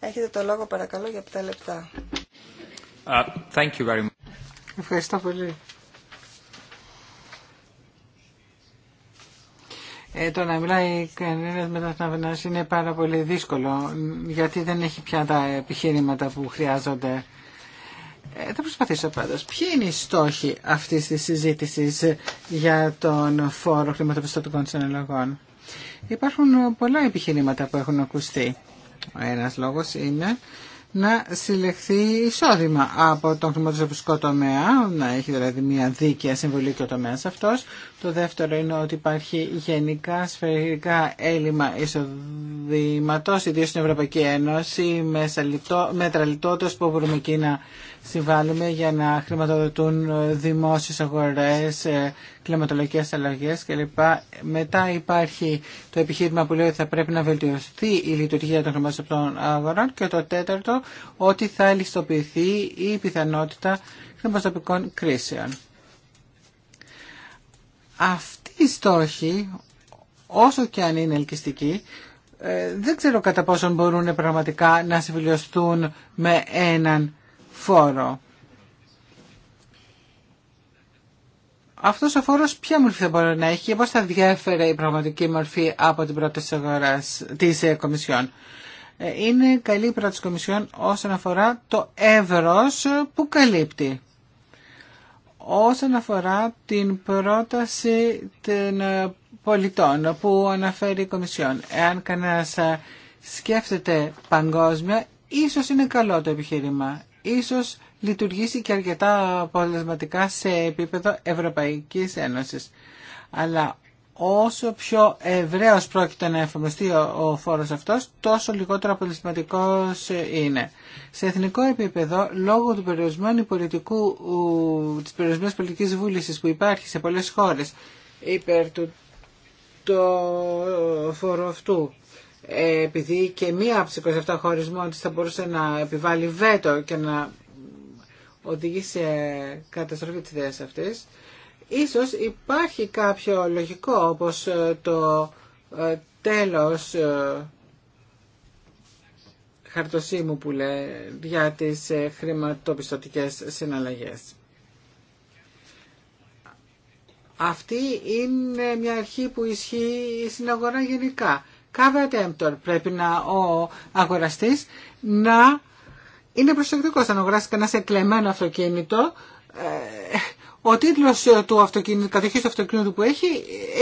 Έχετε το λόγο παρακαλώ για 7 λεπτά.
Uh, thank you very much.
Ευχαριστώ πολύ. Ε, το να μιλάει κανένα μεταναστή είναι πάρα πολύ δύσκολο γιατί δεν έχει πια τα επιχείρηματα που χρειάζονται ε, θα προσπαθήσω πάντω. Ποιοι είναι οι στόχοι αυτή τη συζήτηση για τον φόρο χρηματοπιστωτικών συναλλαγών. Υπάρχουν πολλά επιχειρήματα που έχουν ακουστεί. Ο ένα λόγο είναι να συλλεχθεί εισόδημα από τον χρηματοπιστωτικό τομέα, να έχει δηλαδή μια δίκαια συμβολή και ο τομέα αυτό. Το δεύτερο είναι ότι υπάρχει γενικά σφαιρικά έλλειμμα εισοδήματό ιδίω στην Ευρωπαϊκή Ένωση, με με τραλιτότητε που μπορούμε εκεί να συμβάλλουμε για να χρηματοδοτούν ε, δημόσιες αγορές, ε, κλιματολογικές αλλαγές κλπ. Μετά υπάρχει το επιχείρημα που λέει ότι θα πρέπει να βελτιωθεί η λειτουργία των χρηματοδοτών αγορών και το τέταρτο ότι θα ελιστοποιηθεί η πιθανότητα χρηματοδοτικών κρίσεων. Αυτή η στόχη, όσο και αν είναι ελκυστική, ε, δεν ξέρω κατά πόσον μπορούν πραγματικά να συμβιλιοστούν με έναν φόρο. Αυτός ο φόρος ποια μορφή θα μπορεί να έχει και πώς θα διέφερε η πραγματική μορφή από την πρόταση αγοράς της ε, Κομισιόν. Ε, είναι καλή η πρόταση Κομισιόν όσον αφορά το εύρος που καλύπτει. Όσον αφορά την πρόταση των ε, πολιτών που αναφέρει η Κομισιόν, εάν κανένας σκέφτεται παγκόσμια, ίσως είναι καλό το επιχείρημα ίσως λειτουργήσει και αρκετά αποτελεσματικά σε επίπεδο Ευρωπαϊκής Ένωσης. Αλλά όσο πιο ευρέως πρόκειται να εφαρμοστεί ο, φόρος αυτός, τόσο λιγότερο αποτελεσματικός είναι. Σε εθνικό επίπεδο, λόγω του περιορισμένου πολιτικού, της περιορισμένης πολιτικής βούλησης που υπάρχει σε πολλές χώρες υπέρ του το φόρου αυτού, ε, επειδή και μία από τις 27 θα μπορούσε να επιβάλλει βέτο και να οδηγήσει σε καταστροφή της ιδέας αυτής, ίσως υπάρχει κάποιο λογικό όπως ε, το ε, τέλος χαρτοσύμου που λέει για τις χρηματοπιστωτικές συναλλαγές. Αυτή είναι μια αρχή που ισχύει στην αγορά γενικά. Κάθε temptor. Πρέπει να ο αγοραστής να είναι προσεκτικός. Αν αγοράσει κανένα εκλεμμένο αυτοκίνητο, ε, ο τίτλος του αυτοκίνητου, κατοχής του αυτοκίνητου που έχει,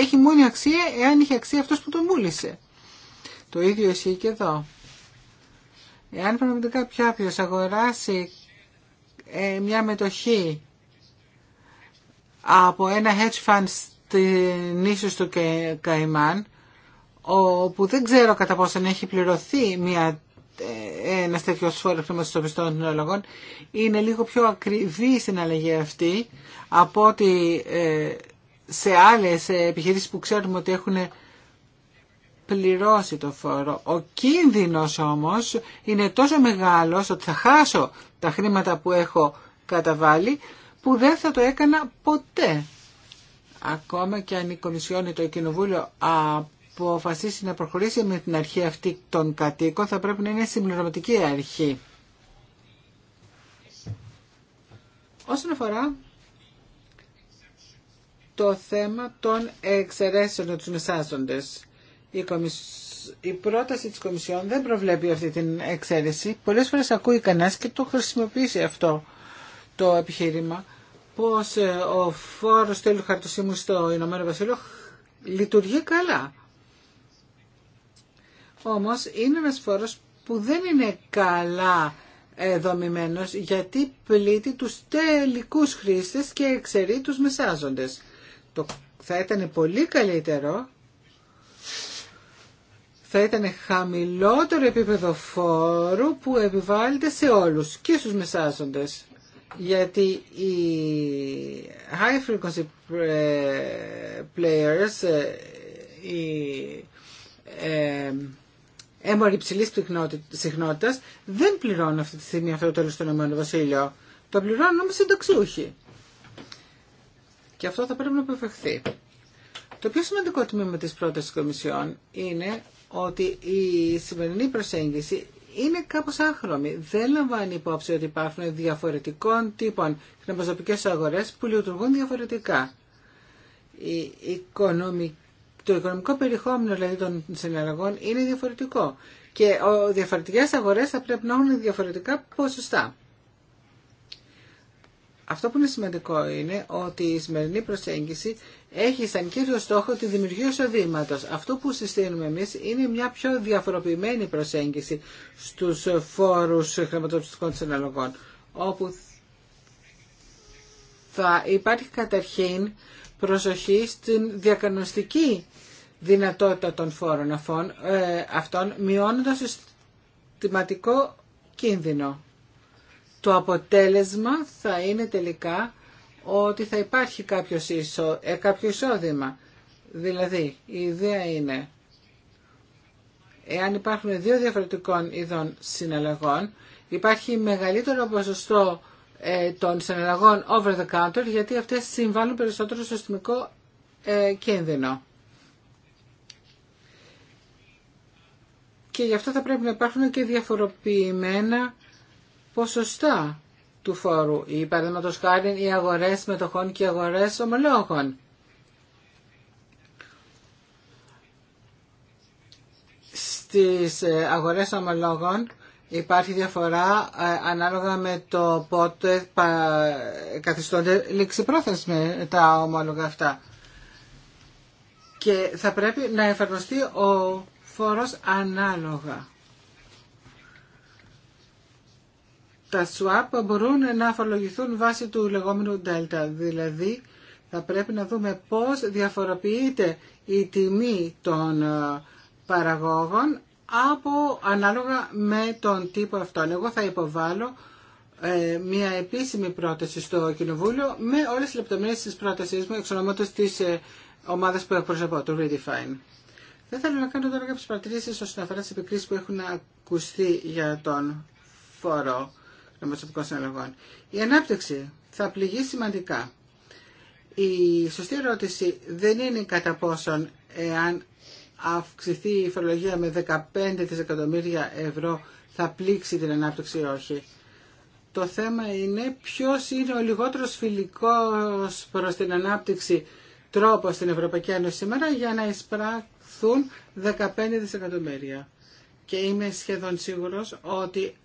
έχει μόνη αξία εάν είχε αξία αυτός που τον πούλησε. Το ίδιο ισχύει και εδώ. Εάν πραγματικά κάποιο αγοράσει ε, μια μετοχή από ένα hedge fund στην ίσως του Καϊμάν, όπου δεν ξέρω κατά πόσο έχει πληρωθεί μια ε, ένα τέτοιο φόρο των συναλλαγών είναι λίγο πιο ακριβή η συναλλαγή αυτή από ότι ε, σε άλλες επιχειρήσεις που ξέρουμε ότι έχουν πληρώσει το φόρο. Ο κίνδυνος όμως είναι τόσο μεγάλος ότι θα χάσω τα χρήματα που έχω καταβάλει που δεν θα το έκανα ποτέ. Ακόμα και αν η Κομισιόν το Κοινοβούλιο που αποφασίσει να προχωρήσει με την αρχή αυτή των κατοίκων θα πρέπει να είναι συμπληρωματική αρχή.
Όσον αφορά
το θέμα των εξαιρέσεων του μεσάζοντες. Η, η πρόταση της Κομισιόν δεν προβλέπει αυτή την εξαίρεση. Πολλές φορές ακούει κανένας και το χρησιμοποιήσει αυτό το επιχείρημα πως ε, ο φόρος τέλου χαρτοσύμου στο Ηνωμένο Βασίλειο λειτουργεί καλά. Όμως είναι ένας φόρος που δεν είναι καλά ε, δομημένος γιατί πλήττει τους τελικούς χρήστες και εξαιρεί τους μεσάζοντες. Το θα ήταν πολύ καλύτερο, θα ήταν χαμηλότερο επίπεδο φόρου που επιβάλλεται σε όλους και στους μεσάζοντες. Γιατί οι high frequency ε, players, ε, οι έμορφη υψηλή συχνότητα δεν πληρώνουν αυτή τη στιγμή αυτό το τέλο στον Βασίλειο. Το πληρώνουν όμω συνταξιούχοι. Και αυτό θα πρέπει να αποφευχθεί. Το πιο σημαντικό τμήμα τη πρόταση της Κομισιόν είναι ότι η σημερινή προσέγγιση είναι κάπω άχρωμη. Δεν λαμβάνει υπόψη ότι υπάρχουν διαφορετικών τύπων προσωπικέ αγορέ που λειτουργούν διαφορετικά. Η οικονομική το οικονομικό περιεχόμενο δηλαδή, των συναλλαγών είναι διαφορετικό και ο, διαφορετικές αγορές θα πρέπει να έχουν διαφορετικά ποσοστά. Αυτό που είναι σημαντικό είναι ότι η σημερινή προσέγγιση έχει σαν κύριο στόχο τη δημιουργία εισοδήματο. Αυτό που συστήνουμε εμεί είναι μια πιο διαφοροποιημένη προσέγγιση στου φόρου χρηματοπιστικών συναλλαγών, όπου θα υπάρχει καταρχήν προσοχή στην διακανοστική δυνατότητα των φόρων αφών, ε, αυτών, μειώνοντας το συστηματικό κίνδυνο. Το αποτέλεσμα θα είναι τελικά ότι θα υπάρχει κάποιος ισο, ε, κάποιο εισόδημα. Δηλαδή, η ιδέα είναι, εάν υπάρχουν δύο διαφορετικών ειδών συναλλαγών, υπάρχει μεγαλύτερο ποσοστό ε, των συναλλαγών over the counter, γιατί αυτές συμβάλλουν περισσότερο στο συστημικό ε, κίνδυνο. και γι' αυτό θα πρέπει να υπάρχουν και διαφοροποιημένα ποσοστά του φόρου ή παραδείγματος χάρη οι αγορές μετοχών και οι αγορές ομολόγων. Στις ε, αγορές ομολόγων υπάρχει διαφορά ε, ανάλογα με το πότε καθιστώνται με τα ομόλογα αυτά. Και θα πρέπει να εφαρμοστεί ο φόρος ανάλογα. Τα swap μπορούν να αφορολογηθούν βάσει του λεγόμενου delta, δηλαδή θα πρέπει να δούμε πώς διαφοροποιείται η τιμή των ε, παραγόγων από ανάλογα με τον τύπο αυτόν. Εγώ θα υποβάλω ε, μια επίσημη πρόταση στο Κοινοβούλιο με όλες τις λεπτομέρειες της πρότασής μου εξ της ε, ομάδας που εκπροσωπώ, του Redefine. Δεν θέλω να κάνω τώρα κάποιε παρατηρήσει όσον αφορά τι επικρίσει που έχουν ακουστεί για τον φόρο νομοσωπικών συναλλαγών. Η ανάπτυξη θα πληγεί σημαντικά. Η σωστή ερώτηση δεν είναι κατά πόσον εάν αυξηθεί η φορολογία με 15 δισεκατομμύρια ευρώ θα πλήξει την ανάπτυξη ή όχι. Το θέμα είναι ποιος είναι ο λιγότερος φιλικός προς την ανάπτυξη τρόπο στην Ευρωπαϊκή Ένωση σήμερα για να εισπράχθουν 15 δισεκατομμύρια. Και είμαι σχεδόν σίγουρος ότι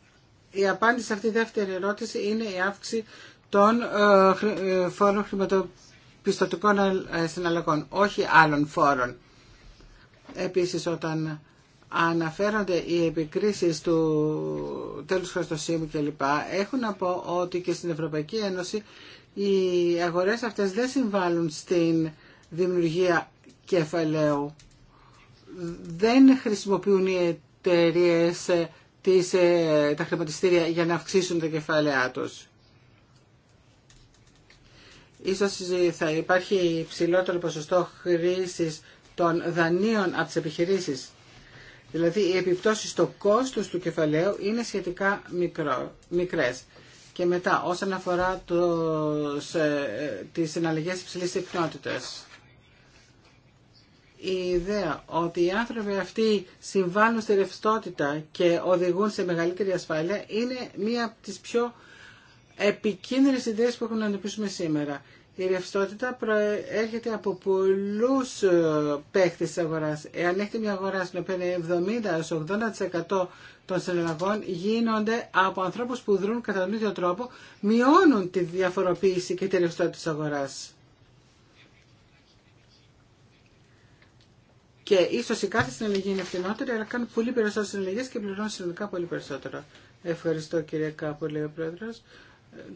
η απάντηση σε αυτή τη δεύτερη ερώτηση είναι η αύξηση των ε, ε, φόρων χρηματοπιστωτικών ε, συναλλαγών, όχι άλλων φόρων. Επίσης, όταν αναφέρονται οι επικρίσεις του τέλους χρωστοσύμου κλπ. Έχουν να πω ότι και στην Ευρωπαϊκή Ένωση οι αγορές αυτές δεν συμβάλλουν στην δημιουργία κεφαλαίου. Δεν χρησιμοποιούν οι εταιρείε ε, ε, τα χρηματιστήρια για να αυξήσουν τα κεφαλαιά τους. Ίσως θα υπάρχει υψηλότερο ποσοστό χρήσης των δανείων από τις επιχειρήσεις. Δηλαδή οι επιπτώσεις στο κόστος του κεφαλαίου είναι σχετικά μικρό, μικρές. Και μετά, όσον αφορά τους, ε, τις συναλλαγές υψηλής συχνότητας. Η ιδέα ότι οι άνθρωποι αυτοί συμβάλλουν στη ρευστότητα και οδηγούν σε μεγαλύτερη ασφάλεια είναι μία από τις πιο επικίνδυνες ιδέες που έχουμε να αντιμετωπίσουμε σήμερα η ρευστότητα προέρχεται από πολλού ε, παίχτες τη αγορά. Εάν έχετε μια αγορά στην οποία 70-80% των συναλλαγών γίνονται από ανθρώπου που δρούν κατά τον ίδιο τρόπο, μειώνουν τη διαφοροποίηση και τη ρευστότητα τη αγορά. Και ίσως η κάθε συναλλαγή είναι φθηνότερη, αλλά κάνουν πολύ περισσότερε συναλλαγέ και πληρώνουν συνολικά πολύ περισσότερο. Ευχαριστώ κύριε Κάπο, ο πρόεδρος.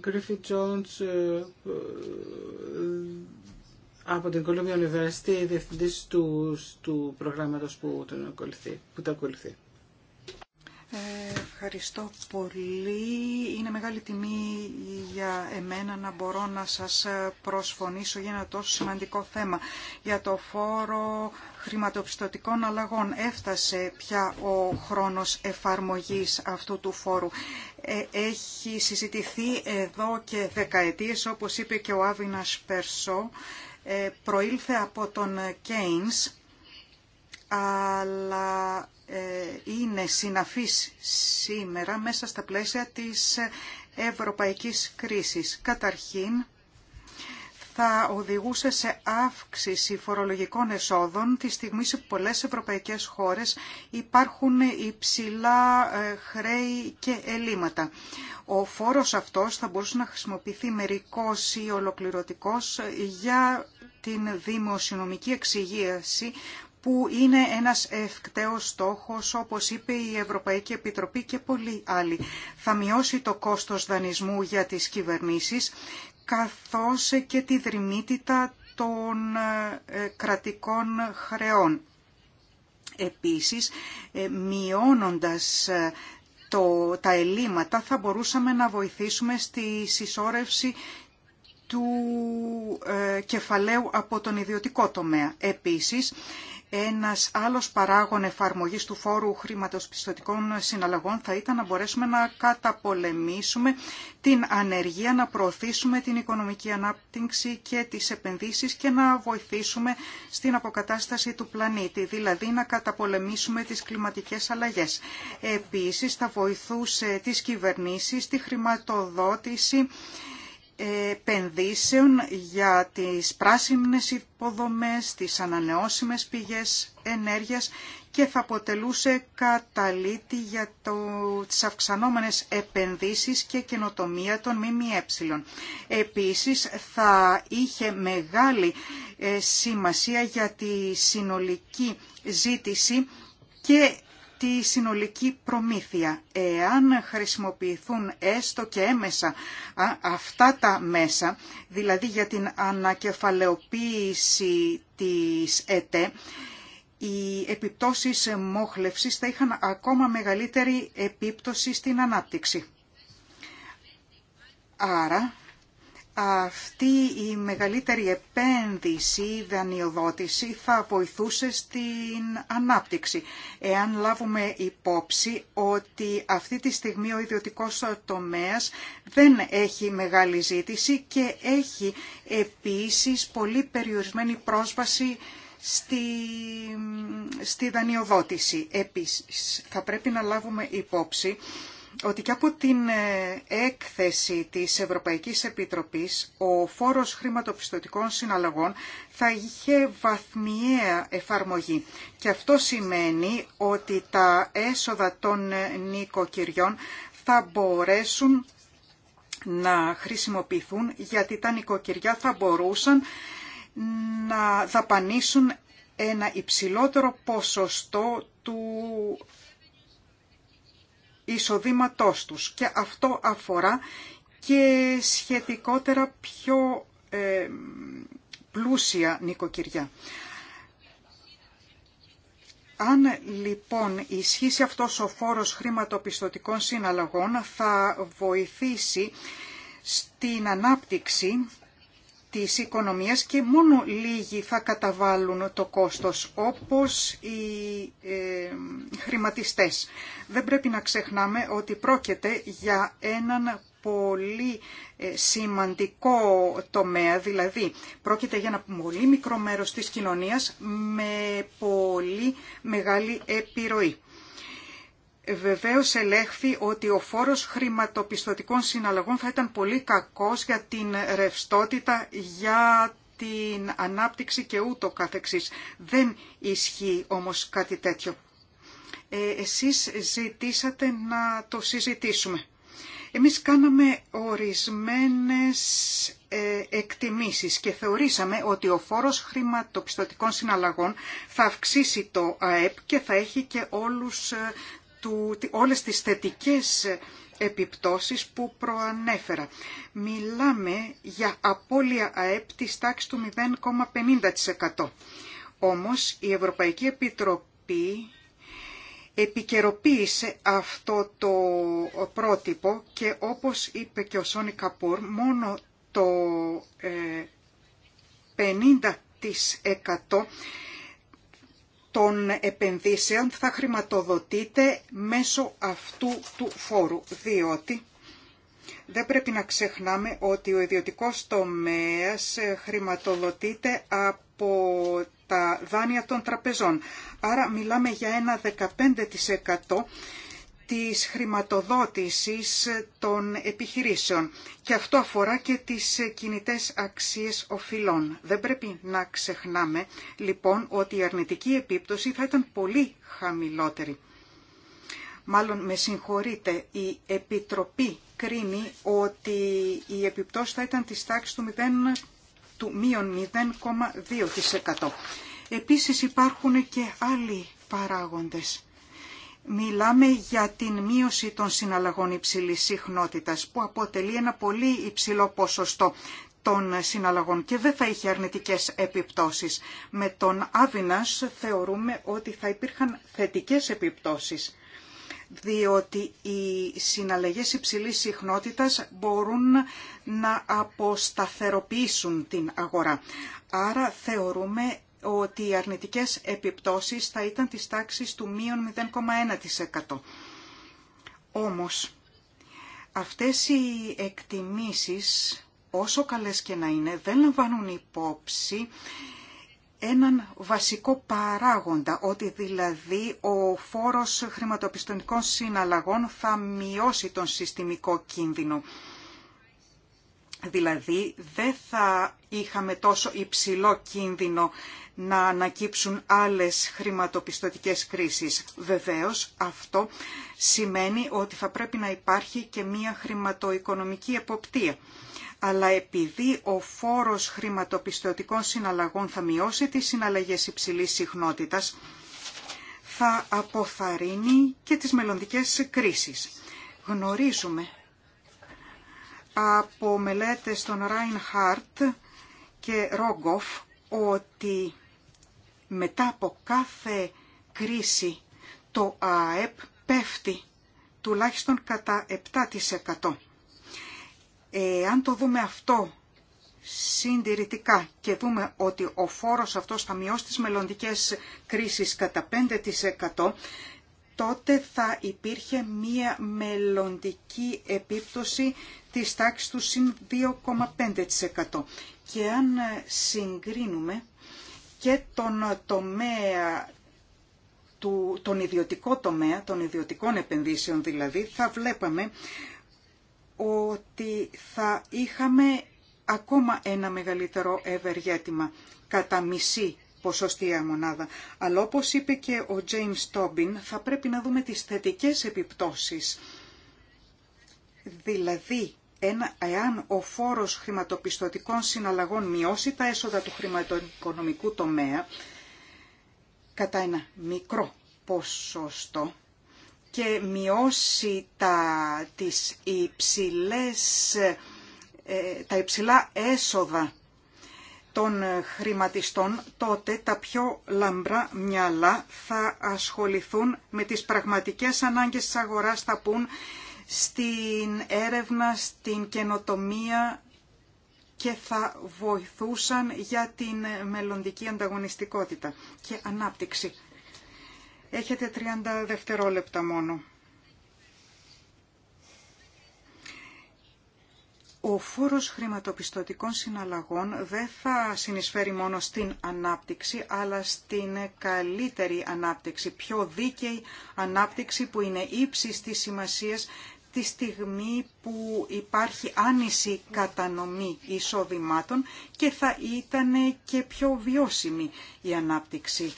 Griffith Jones ε, ε, από την Columbia University, διευθυντής του, του προγράμματος που, τον ακολουθεί, που τα ακολουθεί.
Ευχαριστώ πολύ. Είναι μεγάλη τιμή για εμένα να μπορώ να σας προσφωνήσω για ένα τόσο σημαντικό θέμα. Για το φόρο χρηματοπιστωτικών αλλαγών έφτασε πια ο χρόνος εφαρμογής αυτού του φόρου. Ε, έχει συζητηθεί εδώ και δεκαετίες, όπως είπε και ο Άβινας Περσό, ε, προήλθε από τον Κέινς αλλά ε, είναι συναφής σήμερα μέσα στα πλαίσια της ευρωπαϊκής κρίσης. Καταρχήν, θα οδηγούσε σε αύξηση φορολογικών εσόδων τη στιγμή σε πολλές ευρωπαϊκές χώρες υπάρχουν υψηλά ε, χρέη και ελλείμματα. Ο φόρος αυτός θα μπορούσε να χρησιμοποιηθεί μερικός ή ολοκληρωτικός για την δημοσιονομική εξυγίαση που είναι ένας ευκταίος στόχος, όπως είπε η Ευρωπαϊκή Επιτροπή και πολλοί άλλοι. Θα μειώσει το κόστος δανεισμού για τις κυβερνήσεις, καθώς και τη δρυμύτητα των ε, κρατικών χρεών. Επίσης, ε, μειώνοντας ε, το, τα ελλείμματα, θα μπορούσαμε να βοηθήσουμε στη συσσόρευση του κεφαλαίου από τον ιδιωτικό τομέα. Επίσης, ένας άλλος παράγων εφαρμογής του φόρου χρηματοπιστωτικών συναλλαγών θα ήταν να μπορέσουμε να καταπολεμήσουμε την ανεργία, να προωθήσουμε την οικονομική ανάπτυξη και τις επενδύσεις και να βοηθήσουμε στην αποκατάσταση του πλανήτη, δηλαδή να καταπολεμήσουμε τις κλιματικές αλλαγές. Επίσης θα βοηθούσε τις κυβερνήσεις, τη χρηματοδότηση, επενδύσεων για τις πράσινες υποδομές, τις ανανεώσιμες πηγές ενέργειας και θα αποτελούσε καταλήτη για το, τις αυξανόμενες επενδύσεις και καινοτομία των ΜΜΕ. Επίσης θα είχε μεγάλη ε, σημασία για τη συνολική ζήτηση και τη συνολική προμήθεια. Εάν χρησιμοποιηθούν έστω και έμεσα αυτά τα μέσα, δηλαδή για την ανακεφαλαιοποίηση της ΕΤΕ, οι επιπτώσεις μόχλευσης θα είχαν ακόμα μεγαλύτερη επίπτωση στην ανάπτυξη. Άρα αυτή η μεγαλύτερη επένδυση, δανειοδότηση θα βοηθούσε στην ανάπτυξη. Εάν λάβουμε υπόψη ότι αυτή τη στιγμή ο ιδιωτικός τομέας δεν έχει μεγάλη ζήτηση και έχει επίσης πολύ περιορισμένη πρόσβαση στη, στη δανειοδότηση. Επίσης, θα πρέπει να λάβουμε υπόψη ότι και από την ε, έκθεση της Ευρωπαϊκής Επιτροπής ο φόρος χρηματοπιστωτικών συναλλαγών θα είχε βαθμιαία εφαρμογή. Και αυτό σημαίνει ότι τα έσοδα των ε, νοικοκυριών θα μπορέσουν να χρησιμοποιηθούν γιατί τα νοικοκυριά θα μπορούσαν να δαπανίσουν ένα υψηλότερο ποσοστό του εισοδήματός τους. Και αυτό αφορά και σχετικότερα πιο ε, πλούσια νοικοκυριά. Αν λοιπόν ισχύσει αυτός ο φόρος χρηματοπιστωτικών συναλλαγών θα βοηθήσει στην ανάπτυξη της και μόνο λίγοι θα καταβάλουν το κόστος, όπως οι ε, χρηματιστές. Δεν πρέπει να ξεχνάμε ότι πρόκειται για έναν πολύ ε, σημαντικό τομέα, δηλαδή πρόκειται για ένα πολύ μικρό μέρος της κοινωνίας με πολύ μεγάλη επιρροή. Ε, βεβαίως ελέγχθη ότι ο φόρος χρηματοπιστωτικών συναλλαγών θα ήταν πολύ κακός για την ρευστότητα, για την ανάπτυξη και ούτω καθεξής. Δεν ισχύει όμως κάτι τέτοιο. Ε, εσείς ζητήσατε να το συζητήσουμε. Εμείς κάναμε ορισμένες ε, εκτιμήσεις και θεωρήσαμε ότι ο φόρος χρηματοπιστωτικών συναλλαγών θα αυξήσει το ΑΕΠ και θα έχει και όλους ε, του, όλες τις θετικές επιπτώσεις που προανέφερα. Μιλάμε για απώλεια ΑΕΠ της τάξης του 0,50%. Όμως η Ευρωπαϊκή Επιτροπή επικαιροποίησε αυτό το πρότυπο και όπως είπε και ο Σόνι Καπούρ, μόνο το 50% ε, των επενδύσεων θα χρηματοδοτείται μέσω αυτού του φόρου, διότι δεν πρέπει να ξεχνάμε ότι ο ιδιωτικός τομέας χρηματοδοτείται από τα δάνεια των τραπεζών. Άρα μιλάμε για ένα 15% της χρηματοδότησης των επιχειρήσεων. Και αυτό αφορά και τις κινητές αξίες οφειλών. Δεν πρέπει να ξεχνάμε λοιπόν ότι η αρνητική επίπτωση θα ήταν πολύ χαμηλότερη. Μάλλον με συγχωρείτε, η Επιτροπή κρίνει ότι η επιπτώση θα ήταν της τάξης του, 0, του μείον 0,2%. Επίσης υπάρχουν και άλλοι παράγοντες Μιλάμε για την μείωση των συναλλαγών υψηλής συχνότητας που αποτελεί ένα πολύ υψηλό ποσοστό των συναλλαγών και δεν θα είχε αρνητικές επιπτώσεις. Με τον Άβυνας θεωρούμε ότι θα υπήρχαν θετικές επιπτώσεις διότι οι συναλλαγές υψηλής συχνότητας μπορούν να αποσταθεροποιήσουν την αγορά. Άρα θεωρούμε ότι οι αρνητικές επιπτώσεις θα ήταν της τάξης του μείον 0,1%. Όμως, αυτές οι εκτιμήσεις, όσο καλές και να είναι, δεν λαμβάνουν υπόψη έναν βασικό παράγοντα, ότι δηλαδή ο φόρος χρηματοπιστωτικών συναλλαγών θα μειώσει τον συστημικό κίνδυνο. Δηλαδή δεν θα είχαμε τόσο υψηλό κίνδυνο να ανακύψουν άλλες χρηματοπιστωτικές κρίσεις. Βεβαίως αυτό σημαίνει ότι θα πρέπει να υπάρχει και μία χρηματοοικονομική εποπτεία. Αλλά επειδή ο φόρος χρηματοπιστωτικών συναλλαγών θα μειώσει τις συναλλαγές υψηλής συχνότητας, θα αποθαρρύνει και τις μελλοντικές κρίσεις. Γνωρίζουμε από μελέτες των Reinhardt και Rogoff ότι μετά από κάθε κρίση το ΑΕΠ πέφτει τουλάχιστον κατά 7%. Ε, αν το δούμε αυτό συντηρητικά και δούμε ότι ο φόρος αυτός θα μειώσει τις μελλοντικές κρίσεις κατά 5% τότε θα υπήρχε μία μελλοντική επίπτωση της τάξης του συν 2,5%. Και αν ε, συγκρίνουμε και τον τομέα του, τον ιδιωτικό τομέα, των ιδιωτικών επενδύσεων δηλαδή, θα βλέπαμε ότι θα είχαμε ακόμα ένα μεγαλύτερο ευεργέτημα, κατά μισή ποσοστιαία μονάδα. Αλλά όπως είπε και ο James Tobin, θα πρέπει να δούμε τις θετικές επιπτώσεις. Δηλαδή, ένα, εάν ο φόρος χρηματοπιστωτικών συναλλαγών μειώσει τα έσοδα του χρηματοοικονομικού τομέα κατά ένα μικρό ποσοστό, και μειώσει τα, τις υψηλές, ε, τα υψηλά έσοδα των ε, χρηματιστών, τότε τα πιο λαμπρά μυαλά θα ασχοληθούν με τις πραγματικές ανάγκες της αγοράς, θα πούν στην έρευνα, στην καινοτομία και θα βοηθούσαν για την ε, μελλοντική ανταγωνιστικότητα και ανάπτυξη. Έχετε 30 δευτερόλεπτα μόνο. ο φόρος χρηματοπιστωτικών συναλλαγών δεν θα συνεισφέρει μόνο στην ανάπτυξη, αλλά στην καλύτερη ανάπτυξη, πιο δίκαιη ανάπτυξη που είναι ύψης της σημασίας τη στιγμή που υπάρχει άνηση κατανομή εισόδημάτων και θα ήταν και πιο βιώσιμη η ανάπτυξη.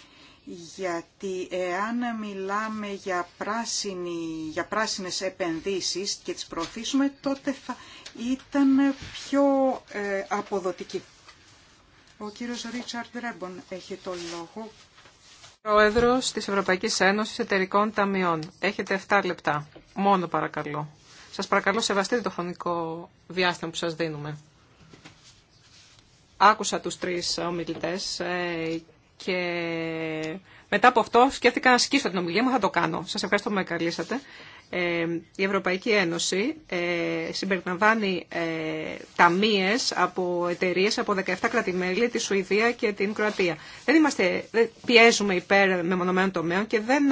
Γιατί εάν μιλάμε για, πράσινη, για πράσινες επενδύσεις και τις προωθήσουμε, τότε θα ήταν πιο ε, αποδοτική. Ο κύριος Ρίτσαρντ Ρέμπον έχει το λόγο.
Πρόεδρος της Ευρωπαϊκής Ένωσης Εταιρικών Ταμείων. Έχετε 7 λεπτά. Μόνο παρακαλώ. Σας παρακαλώ σεβαστείτε το χρονικό διάστημα που σας δίνουμε. Άκουσα τους τρεις ομιλητές ε, και μετά από αυτό σκέφτηκα να σκίσω την ομιλία μου, θα το κάνω. Σας ευχαριστώ που με καλήσατε. Ε, η Ευρωπαϊκή Ένωση ε, συμπεριλαμβάνει ε, ταμείες από εταιρείες από 17 κρατημέλη, τη Σουηδία και την Κροατία. Δεν, είμαστε, δεν πιέζουμε υπέρ μεμονωμένων τομέων και δεν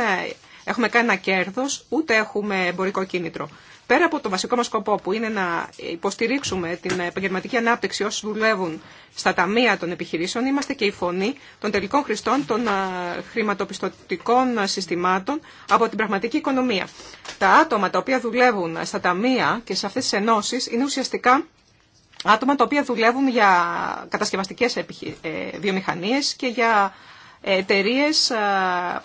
έχουμε κανένα κέρδος, ούτε έχουμε εμπορικό κίνητρο πέρα από το βασικό μα σκοπό που είναι να υποστηρίξουμε την επαγγελματική ανάπτυξη όσου δουλεύουν στα ταμεία των επιχειρήσεων, είμαστε και η φωνή των τελικών χρηστών των χρηματοπιστωτικών συστημάτων από την πραγματική οικονομία. Τα άτομα τα οποία δουλεύουν στα ταμεία και σε αυτέ τι ενώσει είναι ουσιαστικά άτομα τα οποία δουλεύουν για κατασκευαστικές ε, βιομηχανίες και για εταιρείε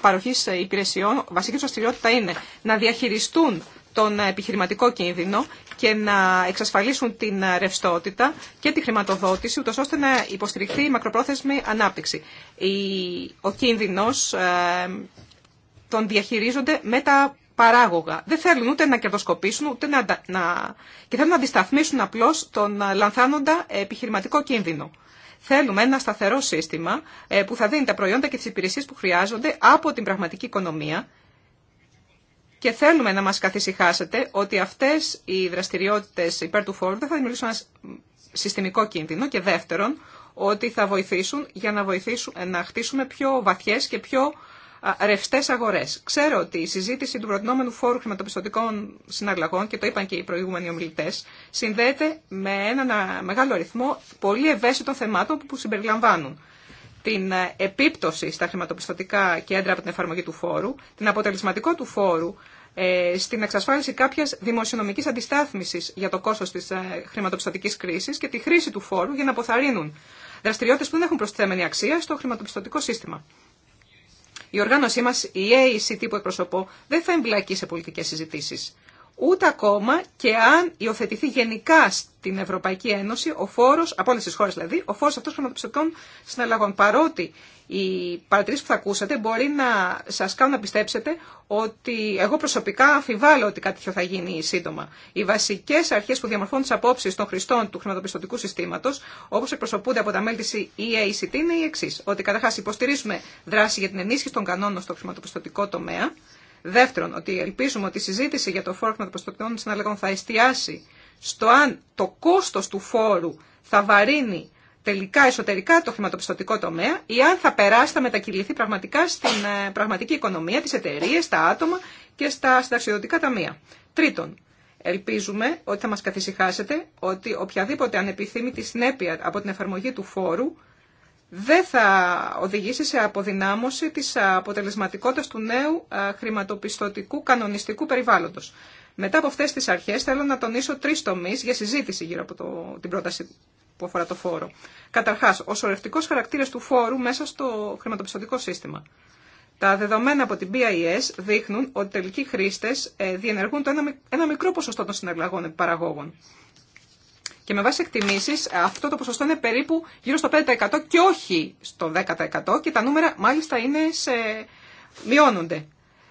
παροχής υπηρεσιών. Βασική τους δραστηριότητα είναι να διαχειριστούν τον επιχειρηματικό κίνδυνο και να εξασφαλίσουν την ρευστότητα και τη χρηματοδότηση, ούτως ώστε να υποστηριχθεί η μακροπρόθεσμη ανάπτυξη. Ο κίνδυνος ε, τον διαχειρίζονται με τα παράγωγα. Δεν θέλουν ούτε να κερδοσκοπήσουν ούτε να... να... και θέλουν να αντισταθμίσουν απλώς τον λανθάνοντα επιχειρηματικό κίνδυνο. Θέλουμε ένα σταθερό σύστημα ε, που θα δίνει τα προϊόντα και τις υπηρεσίες που χρειάζονται από την πραγματική οικονομία και θέλουμε να μας καθησυχάσετε ότι αυτές οι δραστηριότητες υπέρ του φόρου δεν θα δημιουργήσουν ένα συστημικό κίνδυνο και δεύτερον ότι θα βοηθήσουν για να, βοηθήσουν, να χτίσουμε πιο βαθιές και πιο ρευστέ αγορέ. Ξέρω ότι η συζήτηση του προτινόμενου φόρου χρηματοπιστωτικών συναλλαγών, και το είπαν και οι προηγούμενοι ομιλητέ, συνδέεται με ένα μεγάλο αριθμό πολύ ευαίσθητων θεμάτων που συμπεριλαμβάνουν την επίπτωση στα χρηματοπιστωτικά κέντρα από την εφαρμογή του φόρου, την αποτελεσματικό του φόρου ε, στην εξασφάλιση κάποιας δημοσιονομικής αντιστάθμισης για το κόστος της ε, χρηματοπιστωτικής κρίσης και τη χρήση του φόρου για να αποθαρρύνουν δραστηριότητες που δεν έχουν προσθέμενη αξία στο χρηματοπιστωτικό σύστημα. Η οργάνωσή μας, η AECT που εκπροσωπώ, δεν θα εμπλακεί σε πολιτικές συζητήσεις ούτε ακόμα και αν υιοθετηθεί γενικά στην Ευρωπαϊκή Ένωση ο φόρο, από όλε τι χώρε δηλαδή, ο φόρο αυτών των χρηματοπιστωτικών συναλλαγών. Παρότι οι παρατηρήσει που θα ακούσατε μπορεί να σα κάνουν να πιστέψετε ότι εγώ προσωπικά αμφιβάλλω ότι κάτι τέτοιο θα γίνει σύντομα. Οι βασικέ αρχέ που διαμορφώνουν τι απόψει των χρηστών του χρηματοπιστωτικού συστήματο, όπω εκπροσωπούνται από τα μέλη τη EACT, είναι οι εξή. Ότι καταρχά υποστηρίζουμε δράση για την ενίσχυση των κανόνων στο χρηματοπιστωτικό τομέα Δεύτερον, ότι ελπίζουμε ότι η συζήτηση για το φόρο χρηματοπιστωτικών συναλλαγών θα εστιάσει στο αν το κόστο του φόρου θα βαρύνει τελικά εσωτερικά το χρηματοπιστωτικό τομέα ή αν θα περάσει, θα μετακυληθεί πραγματικά στην ε, πραγματική οικονομία, τι εταιρείε, τα άτομα και στα συνταξιδοτικά ταμεία. Τρίτον, ελπίζουμε ότι θα μα καθησυχάσετε ότι οποιαδήποτε ανεπιθύμητη συνέπεια από την εφαρμογή του φόρου δεν θα οδηγήσει σε αποδυνάμωση της αποτελεσματικότητας του νέου χρηματοπιστωτικού κανονιστικού περιβάλλοντος. Μετά από αυτές τις αρχές θέλω να τονίσω τρεις τομείς για συζήτηση γύρω από το, την πρόταση που αφορά το φόρο. Καταρχάς, ο σωρευτικός χαρακτήρας του φόρου μέσα στο χρηματοπιστωτικό σύστημα. Τα δεδομένα από την BIS δείχνουν ότι τελικοί χρήστες ε, διενεργούν το ένα, ένα μικρό ποσοστό των συναλλαγών παραγόγων. Και με βάση εκτιμήσει, αυτό το ποσοστό είναι περίπου γύρω στο 5% και όχι στο 10%. Και τα νούμερα μάλιστα είναι σε... μειώνονται.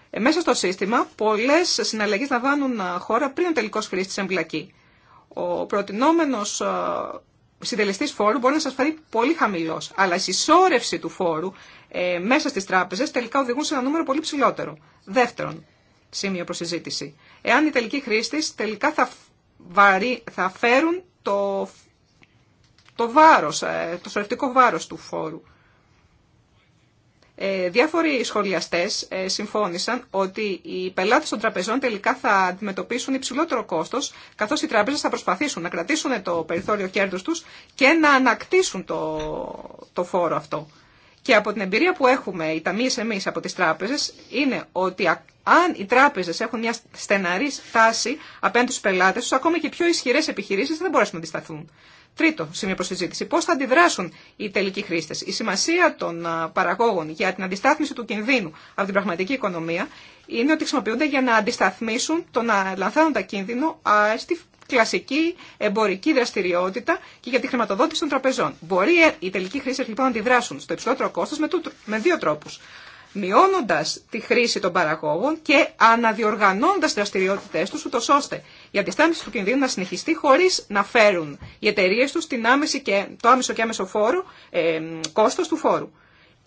Ε, μέσα στο σύστημα, πολλέ συναλλαγέ λαμβάνουν χώρα πριν ο τελικό χρήστη εμπλακεί. Ο προτινόμενο συντελεστή φόρου μπορεί να σα φανεί πολύ χαμηλό, αλλά η συσσόρευση του φόρου ε, μέσα στι τράπεζε τελικά οδηγούν σε ένα νούμερο πολύ ψηλότερο. Δεύτερον, σημείο προ συζήτηση. Εάν οι τελικοί χρήστε τελικά θα, βαρύ, θα φέρουν το, το βάρος, ε, το σωρευτικό βάρος του φόρου. Ε, διάφοροι σχολιαστές ε, συμφώνησαν ότι οι πελάτες των τραπεζών τελικά θα αντιμετωπίσουν υψηλότερο κόστος, καθώς οι τράπεζες θα προσπαθήσουν να κρατήσουν το περιθώριο κέρδους τους και να ανακτήσουν το, το φόρο αυτό. Και από την εμπειρία που έχουμε οι ταμείες εμείς από τις τράπεζες είναι ότι αν οι τράπεζες έχουν μια στεναρή στάση απέναντι στους πελάτες τους, ακόμη και πιο ισχυρές επιχειρήσεις δεν μπορέσουν να αντισταθούν. Τρίτο σημείο προ συζήτηση. Πώ θα αντιδράσουν οι τελικοί χρήστε. Η σημασία των παραγόγων για την αντιστάθμιση του κινδύνου από την πραγματική οικονομία είναι ότι χρησιμοποιούνται για να αντισταθμίσουν το τον λανθάνοντα κίνδυνο στη κλασική εμπορική δραστηριότητα και για τη χρηματοδότηση των τραπεζών. Μπορεί ε, οι τελικοί χρήστε λοιπόν να αντιδράσουν στο υψηλότερο κόστο με δύο τρόπου. Μειώνοντα τη χρήση των παραγόγων και αναδιοργανώντα τι δραστηριότητέ του, ούτω ώστε η αντιστάμιση του κινδύνου να συνεχιστεί χωρί να φέρουν οι εταιρείε του το άμεσο και άμεσο φόρο, ε, κόστο του φόρου.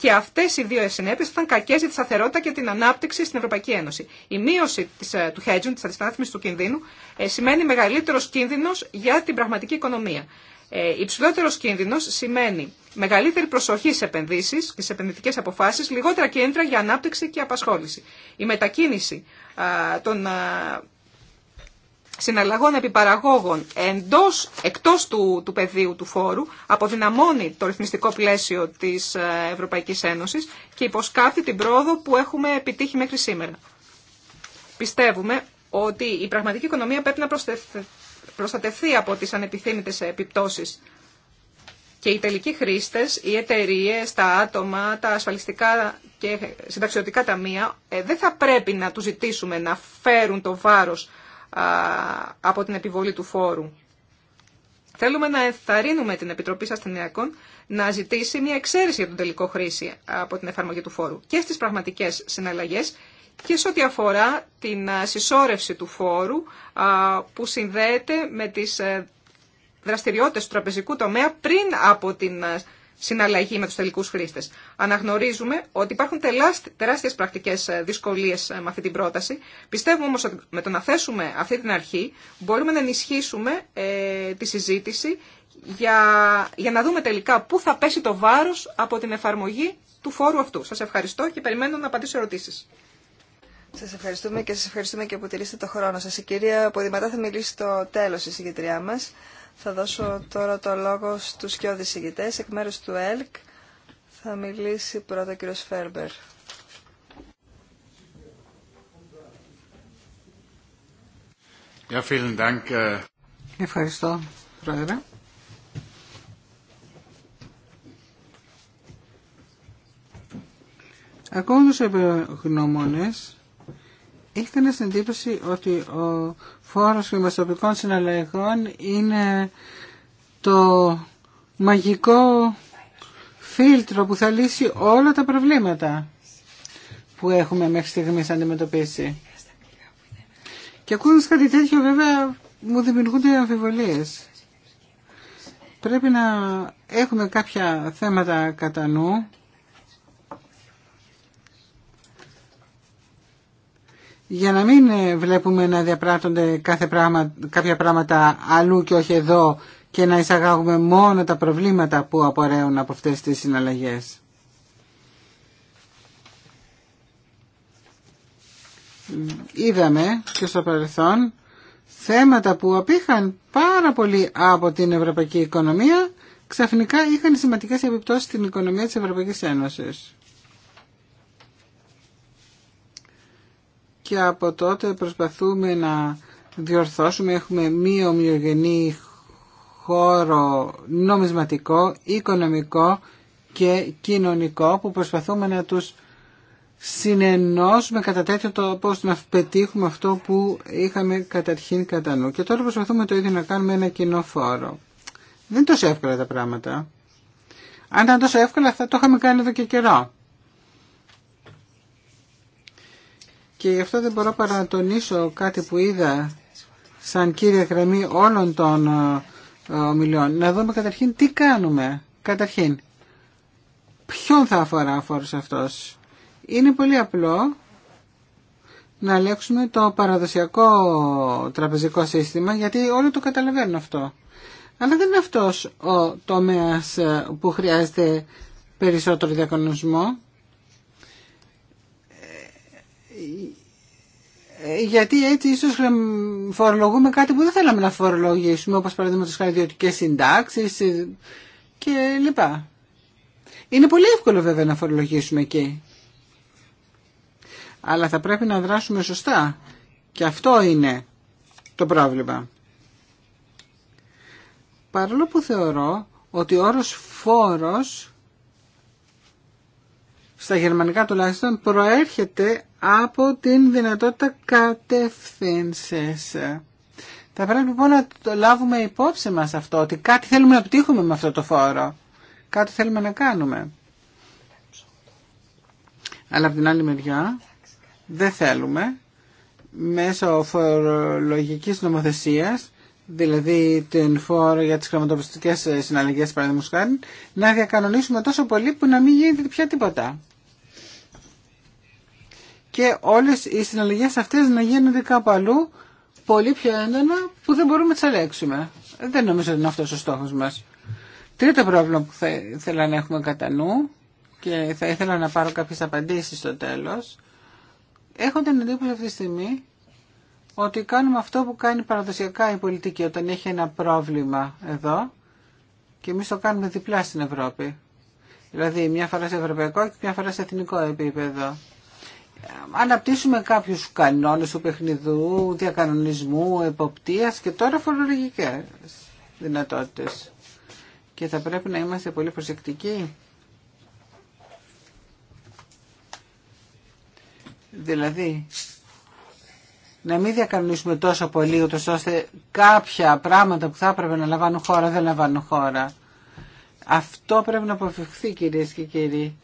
Και αυτέ οι δύο συνέπειε ήταν κακέ για τη σταθερότητα και την ανάπτυξη στην Ευρωπαϊκή Ένωση. Η μείωση ε, του hedging, τη αντιστάθμιση του κινδύνου, ε, σημαίνει μεγαλύτερο κίνδυνο για την πραγματική οικονομία. Ε, Υψηλότερο κίνδυνο σημαίνει μεγαλύτερη προσοχή σε επενδύσει και σε επενδυτικέ αποφάσει, λιγότερα κέντρα για ανάπτυξη και απασχόληση. Η μετακίνηση των συναλλαγών επιπαραγόγων εντός, εκτός του, του πεδίου του φόρου αποδυναμώνει το ρυθμιστικό πλαίσιο της ε, Ευρωπαϊκής Ένωσης και υποσκάφει την πρόοδο που έχουμε επιτύχει μέχρι σήμερα. Πιστεύουμε ότι η πραγματική οικονομία πρέπει να προστατευθεί από τις ανεπιθύμητες επιπτώσεις και οι τελικοί χρήστες, οι εταιρείε, τα άτομα, τα ασφαλιστικά και συνταξιωτικά ταμεία ε, δεν θα πρέπει να τους ζητήσουμε να φέρουν το βάρος από την επιβολή του φόρου. Θέλουμε να ενθαρρύνουμε την Επιτροπή Σαστινιακών να ζητήσει μια εξαίρεση για τον τελικό χρήση από την εφαρμογή του φόρου και στις πραγματικές συναλλαγές και σε ό,τι αφορά την συσσόρευση του φόρου που συνδέεται με τις ε, δραστηριότητες του τραπεζικού τομέα πριν από την συναλλαγή με τους τελικούς χρήστες. Αναγνωρίζουμε ότι υπάρχουν τεράστιες πρακτικές ε, δυσκολίες ε, με αυτή την πρόταση. Πιστεύουμε όμως ότι με το να θέσουμε αυτή την αρχή μπορούμε να ενισχύσουμε ε, τη συζήτηση για, για να δούμε τελικά πού θα πέσει το βάρος από την εφαρμογή του φόρου αυτού. Σας ευχαριστώ και περιμένω να απαντήσω ερωτήσεις.
Σας ευχαριστούμε και σας ευχαριστούμε και που τηρήσετε το χρόνο σας. Η κυρία Ποδηματά θα μιλήσει στο τέλος η συγκεκριά μας. Θα δώσω τώρα το λόγο στους και ηγητές. Εκ μέρους του ΕΛΚ θα μιλήσει πρώτα ο κύριος Φέρμπερ.
Äh,
Ευχαριστώ, Πρόεδρε. Ακόμα τους επιγνώμονε, είχα την εντύπωση ότι ο φόρος χρηματοπικών συναλλαγών είναι το μαγικό φίλτρο που θα λύσει όλα τα προβλήματα που έχουμε μέχρι στιγμής αντιμετωπίσει. Και ακούγοντας κάτι τέτοιο βέβαια μου δημιουργούνται αμφιβολίες. Πρέπει να έχουμε κάποια θέματα κατά νου για να μην ε, βλέπουμε να διαπράττονται κάθε πράγμα, κάποια πράγματα αλλού και όχι εδώ και να εισαγάγουμε μόνο τα προβλήματα που απορρέουν από αυτές τις συναλλαγές. Είδαμε και στο παρελθόν θέματα που απήχαν πάρα πολύ από την ευρωπαϊκή οικονομία ξαφνικά είχαν σημαντικές επιπτώσεις στην οικονομία της Ευρωπαϊκής Ένωσης. και από τότε προσπαθούμε να διορθώσουμε. Έχουμε μη ομοιογενή χώρο νομισματικό, οικονομικό και κοινωνικό που προσπαθούμε να τους συνενώσουμε κατά τέτοιο τρόπο ώστε να πετύχουμε αυτό που είχαμε καταρχήν κατά νου. Και τώρα προσπαθούμε το ίδιο να κάνουμε ένα κοινό φόρο. Δεν είναι τόσο εύκολα τα πράγματα. Αν ήταν τόσο εύκολα θα το είχαμε κάνει εδώ και καιρό. Και γι' αυτό δεν μπορώ παρά να τονίσω κάτι που είδα σαν κύρια γραμμή όλων των ε, ομιλιών. Να δούμε καταρχήν τι κάνουμε. Καταρχήν, ποιον θα αφορά ο φόρος αυτός. Είναι πολύ απλό να αλλάξουμε το παραδοσιακό τραπεζικό σύστημα, γιατί όλοι το καταλαβαίνουν αυτό. Αλλά δεν είναι αυτός ο τομέας ε, που χρειάζεται περισσότερο διακονισμό. γιατί έτσι ίσως φορολογούμε κάτι που δεν θέλαμε να φορολογήσουμε, όπως παραδείγματος χάρη συντάξει συντάξεις ε, και λοιπά. Είναι πολύ εύκολο βέβαια να φορολογήσουμε εκεί. Αλλά θα πρέπει να δράσουμε σωστά. Και αυτό είναι το πρόβλημα. Παρόλο που θεωρώ ότι ο όρος φόρος στα γερμανικά τουλάχιστον, προέρχεται από την δυνατότητα κατευθύνσεις. Θα πρέπει λοιπόν να το λάβουμε υπόψη μας αυτό, ότι κάτι θέλουμε να πετύχουμε με αυτό το φόρο. Κάτι θέλουμε να κάνουμε. Αλλά από την άλλη μεριά δεν θέλουμε μέσω φορολογικής νομοθεσίας, δηλαδή την φόρο για τις χρηματοπιστικές συναλλαγές παραδείγματος να διακανονίσουμε τόσο πολύ που να μην γίνεται πια τίποτα και όλες οι συναλλαγές αυτές να γίνονται κάπου αλλού πολύ πιο έντονα που δεν μπορούμε να τις ελέγξουμε. Δεν νομίζω ότι είναι αυτός ο στόχος μας. Τρίτο πρόβλημα που θα ήθελα να έχουμε κατά νου και θα ήθελα να πάρω κάποιες απαντήσεις στο τέλος. Έχω την εντύπωση αυτή τη στιγμή ότι κάνουμε αυτό που κάνει παραδοσιακά η πολιτική όταν έχει ένα πρόβλημα εδώ και εμεί το κάνουμε διπλά στην Ευρώπη. Δηλαδή μια φορά σε ευρωπαϊκό και μια φορά σε εθνικό επίπεδο αναπτύσσουμε κάποιους κανόνες του παιχνιδού, διακανονισμού, εποπτείας και τώρα φορολογικές δυνατότητες. Και θα πρέπει να είμαστε πολύ προσεκτικοί. Δηλαδή, να μην διακανονίσουμε τόσο πολύ, ούτως ώστε κάποια πράγματα που θα έπρεπε να λαμβάνουν χώρα, δεν λαμβάνουν χώρα. Αυτό πρέπει να αποφευχθεί κυρίες και κύριοι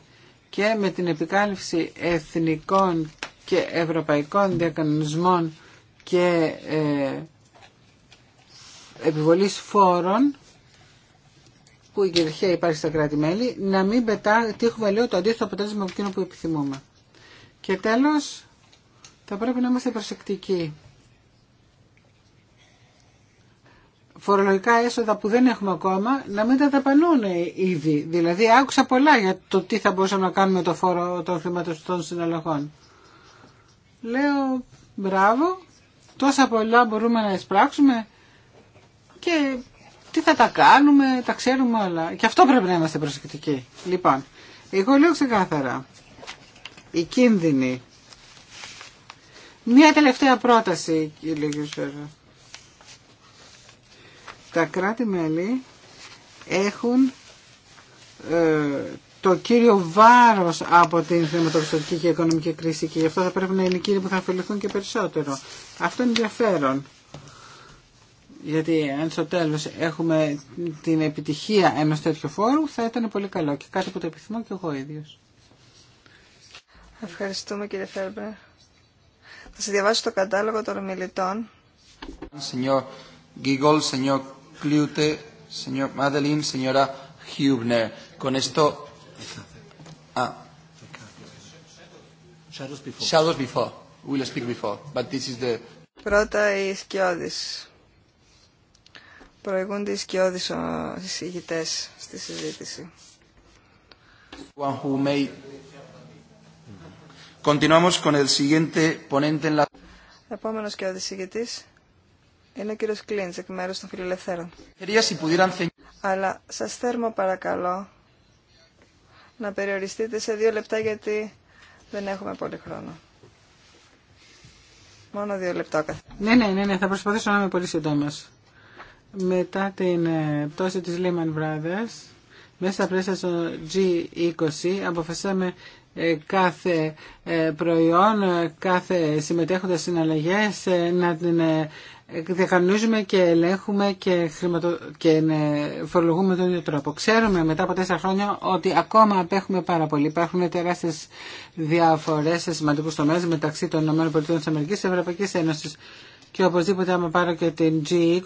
και με την επικάλυψη εθνικών και ευρωπαϊκών διακανονισμών και ε, επιβολής φόρων που η κυριαρχία υπάρχει στα κράτη-μέλη, να μην πετάει λέω το αντίθετο αποτέλεσμα από εκείνο που επιθυμούμε. Και τέλος, θα πρέπει να είμαστε προσεκτικοί φορολογικά έσοδα που δεν έχουμε ακόμα να μην τα δαπανούν ήδη. Δηλαδή άκουσα πολλά για το τι θα μπορούσαμε να κάνουμε το φόρο των χρηματοστών συναλλαγών. Λέω μπράβο, τόσα πολλά μπορούμε να εισπράξουμε και τι θα τα κάνουμε, τα ξέρουμε όλα. Και αυτό πρέπει να είμαστε προσεκτικοί. Λοιπόν, εγώ λέω ξεκάθαρα, η κίνδυνη. Μία τελευταία πρόταση, κύριε Γιουσέρα τα κράτη-μέλη έχουν ε, το κύριο βάρος από την χρηματοπιστωτική και οικονομική κρίση και γι' αυτό θα πρέπει να είναι εκείνοι που θα αφαιρεθούν και περισσότερο. Αυτό είναι ενδιαφέρον. Γιατί αν στο τέλο έχουμε την επιτυχία ενός τέτοιου φόρου θα ήταν πολύ καλό και κάτι που το επιθυμώ και εγώ ίδιος.
Ευχαριστούμε κύριε Φέρμπερ. Θα σας διαβάσω το κατάλογο των ομιλητών.
Γκίγκολ, Clute, señor Madeline, señora Hübner. Con esto... Ah. Shadows before. Shadows before. We'll speak before. But this is the... Πρώτα οι σκιώδεις.
Προηγούνται οι σκιώδεις εισηγητές στη συζήτηση.
One who may... Continuamos con el siguiente ponente en la...
Επόμενος και ο είναι ο κύριο Κλίντ εκ μέρου των Φιλελευθέρων. Αλλά σα θέρμο παρακαλώ να περιοριστείτε σε δύο λεπτά γιατί δεν έχουμε πολύ χρόνο. Μόνο δύο λεπτά καθ'
ναι, ναι, ναι, ναι, θα προσπαθήσω να είμαι πολύ σύντομο. Μετά την ε, πτώση της Lehman Brothers, μέσα στα πλαίσια στο G20, αποφασίσαμε ε, κάθε ε, προϊόν, κάθε συμμετέχοντα συναλλαγές να την δεκανονίζουμε και ελέγχουμε και, χρηματο... και φορολογούμε τον ίδιο τρόπο. Ξέρουμε μετά από τέσσερα χρόνια ότι ακόμα απέχουμε πάρα πολύ. Υπάρχουν τεράστιε διαφορέ σε σημαντικού τομέα μεταξύ των ΗΠΑ και τη Ευρωπαϊκή και οπωσδήποτε άμα πάρω και την G20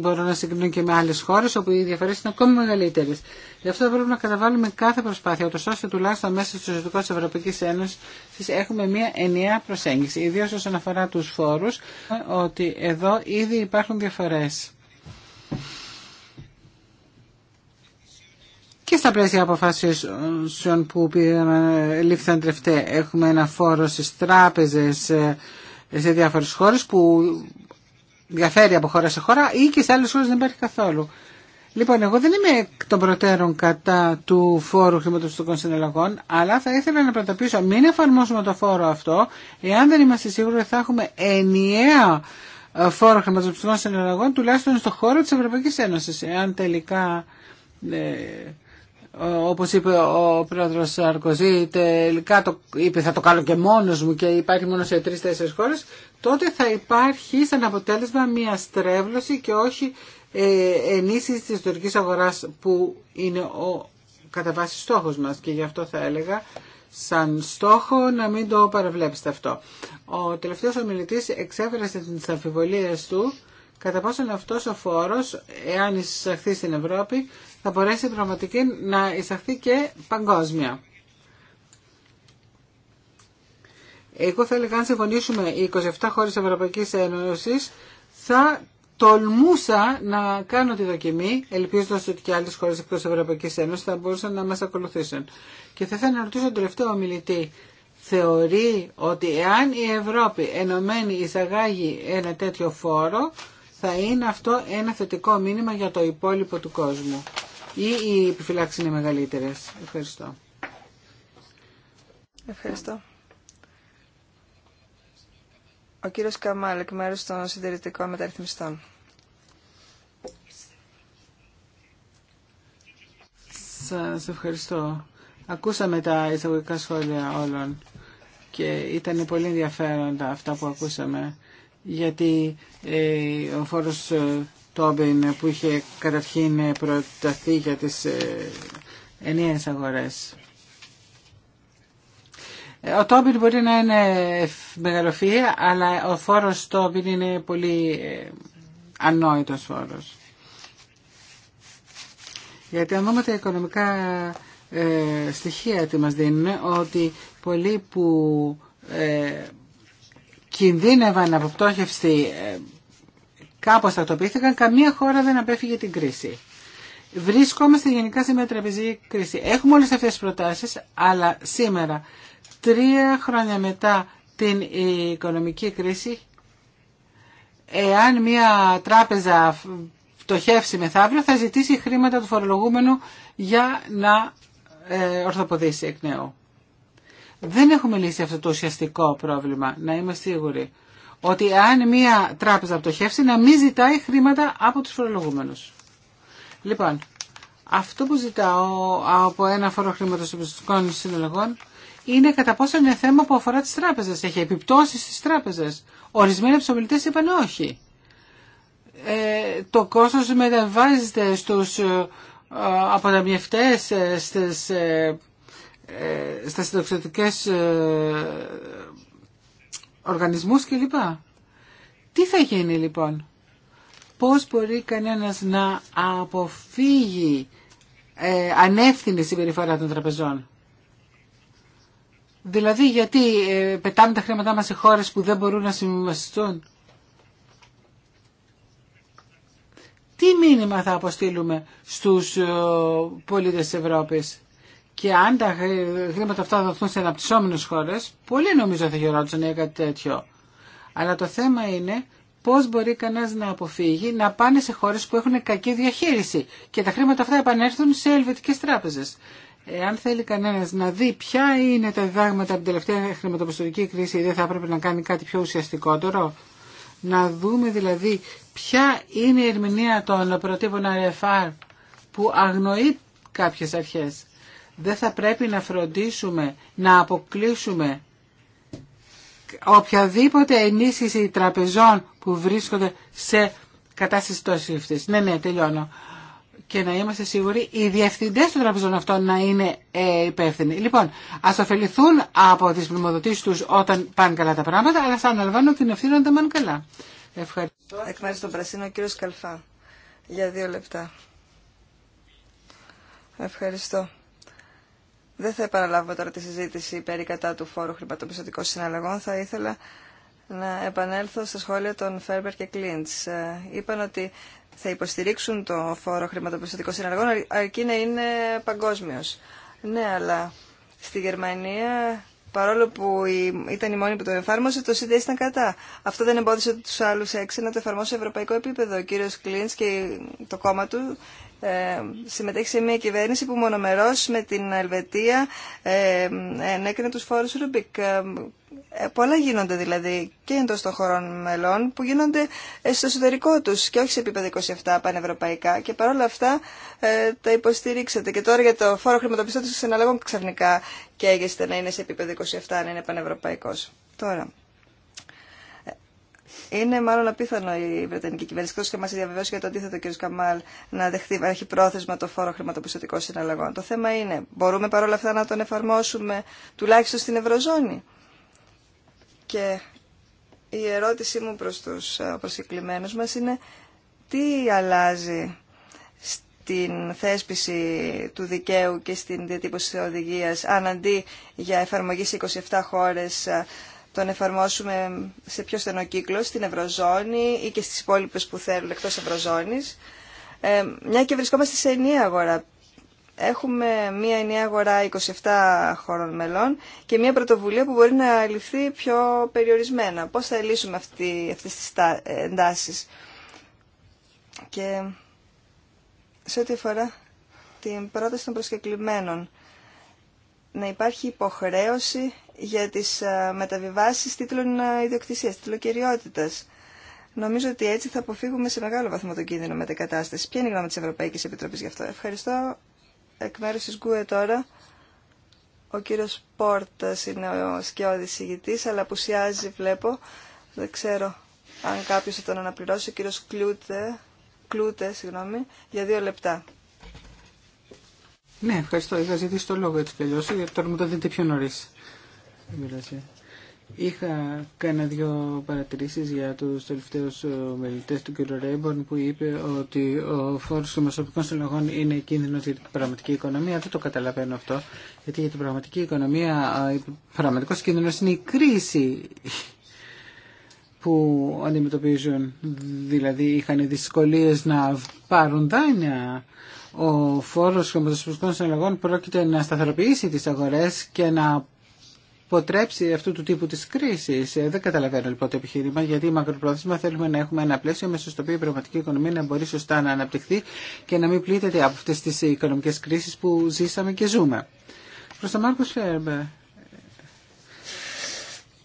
μπορώ να συγκρίνω και με άλλες χώρες όπου οι διαφορές είναι ακόμη μεγαλύτερες. Γι' αυτό πρέπει να καταβάλουμε κάθε προσπάθεια, ούτως ώστε τουλάχιστον μέσα στους εσωτερικό της Ευρωπαϊκής Ένωσης έχουμε μια ενιαία προσέγγιση, ιδίως όσον αφορά τους φόρους, ότι εδώ ήδη υπάρχουν διαφορές. Και στα πλαίσια αποφάσεων που λήφθησαν τελευταία έχουμε ένα φόρο στις τράπεζες, σε διάφορε χώρε που διαφέρει από χώρα σε χώρα ή και σε άλλε χώρε δεν υπάρχει καθόλου. Λοιπόν, εγώ δεν είμαι εκ των προτέρων κατά του φόρου χρηματοπιστωτικών συναλλαγών, αλλά θα ήθελα να πρωτοποιήσω μην εφαρμόσουμε το φόρο αυτό, εάν δεν είμαστε σίγουροι ότι θα έχουμε ενιαία ε, φόρο χρηματοπιστωτικών συναλλαγών, τουλάχιστον στον χώρο τη Ευρωπαϊκή Ένωση. Εάν τελικά ε, όπως είπε ο πρόεδρος Σαρκοζή τελικά το είπε θα το κάνω και μόνος μου και υπάρχει μόνο σε τρεις-τέσσερις χώρες τότε θα υπάρχει σαν αποτέλεσμα μια στρέβλωση και όχι ε, ενίσχυση της τουρκικής αγοράς που είναι ο κατά βάση στόχος μας και γι' αυτό θα έλεγα σαν στόχο να μην το παραβλέψετε αυτό. Ο τελευταίος ομιλητής εξέφερε τις αμφιβολίες του κατά πόσον αυτός ο φόρος, εάν εισαχθεί στην Ευρώπη, θα μπορέσει πραγματικά να εισαχθεί και παγκόσμια. Εγώ θα έλεγα αν συμφωνήσουμε οι 27 χώρες Ευρωπαϊκής Ένωσης θα τολμούσα να κάνω τη δοκιμή, ελπίζοντα ότι και άλλε χώρε εκτό Ευρωπαϊκή Ένωση θα μπορούσαν να μα ακολουθήσουν. Και θα ήθελα να ρωτήσω τον τελευταίο ομιλητή. Θεωρεί ότι εάν η Ευρώπη ενωμένη εισαγάγει ένα τέτοιο φόρο, θα είναι αυτό ένα θετικό μήνυμα για το υπόλοιπο του κόσμου ή οι επιφυλάξει είναι μεγαλύτερε.
Ευχαριστώ. Ευχαριστώ. Ο κύριος Καμάλ, εκ μέρου των συντηρητικών μεταρρυθμιστών. Σα ευχαριστώ.
Ακούσαμε τα εισαγωγικά σχόλια όλων και ήταν πολύ ενδιαφέροντα αυτά που ακούσαμε γιατί ε, ο φόρος ε, που είχε καταρχήν ε, προταθεί για τις ε, ενιαίες αγορές. Ε, ο Τόμπιν μπορεί να είναι μεγαλοφύη, αλλά ο φόρος Τόμπιν είναι πολύ ανόητος φόρος. Γιατί αν δούμε τα οικονομικά στοιχεία τι μας δίνουν, ότι πολλοί που κινδύνευαν από πτώχευση κάπως τακτοποιήθηκαν, καμία χώρα δεν απέφυγε την κρίση. Βρισκόμαστε γενικά σε μια κρίση. Έχουμε όλες αυτές τις προτάσεις, αλλά σήμερα, τρία χρόνια μετά την οικονομική κρίση, εάν μια τράπεζα φτωχεύσει μεθαύριο, θα ζητήσει χρήματα του φορολογούμενου για να ε, ορθοποδήσει εκ νέου. Δεν έχουμε λύσει αυτό το ουσιαστικό πρόβλημα, να είμαστε σίγουροι ότι αν μια τράπεζα πτωχεύσει να μην ζητάει χρήματα από τους φορολογούμενους. Λοιπόν, αυτό που ζητάω από ένα φόρο πιστικών συνολογών είναι κατά πόσο είναι θέμα που αφορά τις τράπεζες. Έχει επιπτώσεις στις τράπεζες. Ορισμένοι ψωμιλητές είπαν όχι. Ε, το κόστος μεταβάζεται στους ε, αποταμιευτές, ε, στις, ε, ε οργανισμούς κλπ. Τι θα γίνει λοιπόν. Πώς μπορεί κανένας να αποφύγει ε, ανεύθυνη συμπεριφορά των τραπεζών. Δηλαδή γιατί ε, πετάμε τα χρήματά μας σε χώρες που δεν μπορούν να συμβιβαστούν. Τι μήνυμα θα αποστείλουμε στους ε, πολίτες της Ευρώπης και αν τα χρήματα αυτά δοθούν σε αναπτυσσόμενε χώρε, πολλοί νομίζω θα χαιρόντουσαν για κάτι τέτοιο. Αλλά το θέμα είναι πώ μπορεί κανένα να αποφύγει να πάνε σε χώρε που έχουν κακή διαχείριση και τα χρήματα αυτά επανέλθουν σε ελβετικέ τράπεζε. Εάν θέλει κανένα να δει ποια είναι τα διδάγματα από την τελευταία χρηματοπιστωτική κρίση, δεν θα έπρεπε να κάνει κάτι πιο ουσιαστικότερο. Να δούμε δηλαδή ποια είναι η ερμηνεία των προτύπων RFR που αγνοεί κάποιες αρχές δεν θα πρέπει να φροντίσουμε να αποκλείσουμε οποιαδήποτε ενίσχυση τραπεζών που βρίσκονται σε κατάσταση τόσο αυτής. Ναι, ναι, τελειώνω. Και να είμαστε σίγουροι οι διευθυντές των τραπεζών αυτών να είναι ε, υπεύθυνοι. Λοιπόν, ας ωφεληθούν από τις πλημμοδοτήσεις τους όταν πάνε καλά τα πράγματα, αλλά θα αναλαμβάνουν την ευθύνη όταν πάνε καλά.
Ευχαριστώ. Εκ μέρους των Πρασίνων, κύριο Καλφά. Για δύο λεπτά. Ευχαριστώ. Δεν θα επαναλάβουμε τώρα τη συζήτηση περί κατά του φόρου χρηματοπιστωτικών συναλλαγών. Θα ήθελα να επανέλθω στα σχόλια των Φέρμπερ και κλιντ ε, Είπαν ότι θα υποστηρίξουν το φόρο χρηματοπιστωτικών συναλλαγών αρκεί να είναι παγκοσμιο Ναι, αλλά στη Γερμανία παρόλο που ήταν η μόνη που το εφάρμοσε, το ΣΥΔΕ ήταν κατά. Αυτό δεν εμπόδισε του άλλου έξι να το εφαρμόσουν σε ευρωπαϊκό επίπεδο. Ο κύριο Κλίντ και το κόμμα του ε, συμμετέχει σε μια κυβέρνηση που μονομερώς με την Ελβετία ε, ενέκρινε τους φόρους Ρούμπικ. Ε, πολλά γίνονται δηλαδή και εντός των χωρών μελών που γίνονται στο εσωτερικό τους και όχι σε επίπεδο 27 πανευρωπαϊκά και παρόλα αυτά ε, τα υποστηρίξατε. Και τώρα για το φόρο χρηματοπιστώτησης συναλλαγών ξαφνικά και να είναι σε επίπεδο 27 αν είναι πανευρωπαϊκός. Τώρα, είναι μάλλον απίθανο η Βρετανική κυβέρνηση, εκτό και μα διαβεβαίωσε για το αντίθετο κ. Καμάλ, να δεχτεί έχει πρόθεσμα το φόρο χρηματοπιστωτικών συναλλαγών. Το θέμα είναι, μπορούμε παρόλα αυτά να τον εφαρμόσουμε τουλάχιστον στην Ευρωζώνη. Και η ερώτησή μου προ του ε, προσκεκλημένου μα είναι τι αλλάζει στην θέσπιση του δικαίου και στην διατύπωση της οδηγίας αν αντί για εφαρμογή σε 27 χώρες ε, τον εφαρμόσουμε σε πιο στενό κύκλο, στην Ευρωζώνη ή και στις υπόλοιπε που θέλουν εκτός Ευρωζώνης. Ε, μια και βρισκόμαστε σε ενιαία αγορά. Έχουμε μια ενιαία αγορά 27 χωρών μελών και μια πρωτοβουλία που μπορεί να ληφθεί πιο περιορισμένα. Πώς θα λύσουμε αυτή, αυτές τις ε, εντάσεις. Και σε ό,τι αφορά την πρόταση των προσκεκλημένων να υπάρχει υποχρέωση για τις ε, μεταβιβάσεις τίτλων ε, ιδιοκτησίας, κυριότητας. Νομίζω ότι έτσι θα αποφύγουμε σε μεγάλο βαθμό τον κίνδυνο μετακατάσταση. Ποια είναι η γνώμη της Ευρωπαϊκής Επιτροπής γι' αυτό. Ευχαριστώ. Εκ μέρους της ΓΚΟΕ τώρα, ο κύριος Πόρτας είναι ο σκιώδης ηγητής, αλλά απουσιάζει βλέπω. Δεν ξέρω αν κάποιος θα τον αναπληρώσει. Ο κύριος Κλούτε, Κλούτε συγγνώμη, για δύο λεπτά.
Ναι, ευχαριστώ. Είχα ζητήσει το λόγο έτσι κι γιατί ε, τώρα μου το δείτε πιο νωρί. Είχα κάνει δύο παρατηρήσεις για τους τελευταίους ε, μελητέ του κ. Ρέμπορν που είπε ότι ο φόρος των προσωπικών συλλογών είναι κίνδυνο για την πραγματική οικονομία. Δεν το καταλαβαίνω αυτό, γιατί για την πραγματική οικονομία ο πραγματικός κίνδυνος είναι η κρίση που αντιμετωπίζουν. Δηλαδή είχαν δυσκολίε να πάρουν δάνεια ο φόρος χρηματοσυμπιστικών συναλλαγών πρόκειται να σταθεροποιήσει τι αγορέ και να αποτρέψει αυτού του τύπου τη κρίση. Ε, δεν καταλαβαίνω λοιπόν το επιχείρημα, γιατί μακροπρόθεσμα θέλουμε να έχουμε ένα πλαίσιο μέσα στο οποίο η πραγματική οικονομία να μπορεί σωστά να αναπτυχθεί και να μην πλήττεται από αυτέ τι οικονομικέ κρίσει που ζήσαμε και ζούμε. Προ τον Μάρκο Φέρμπε.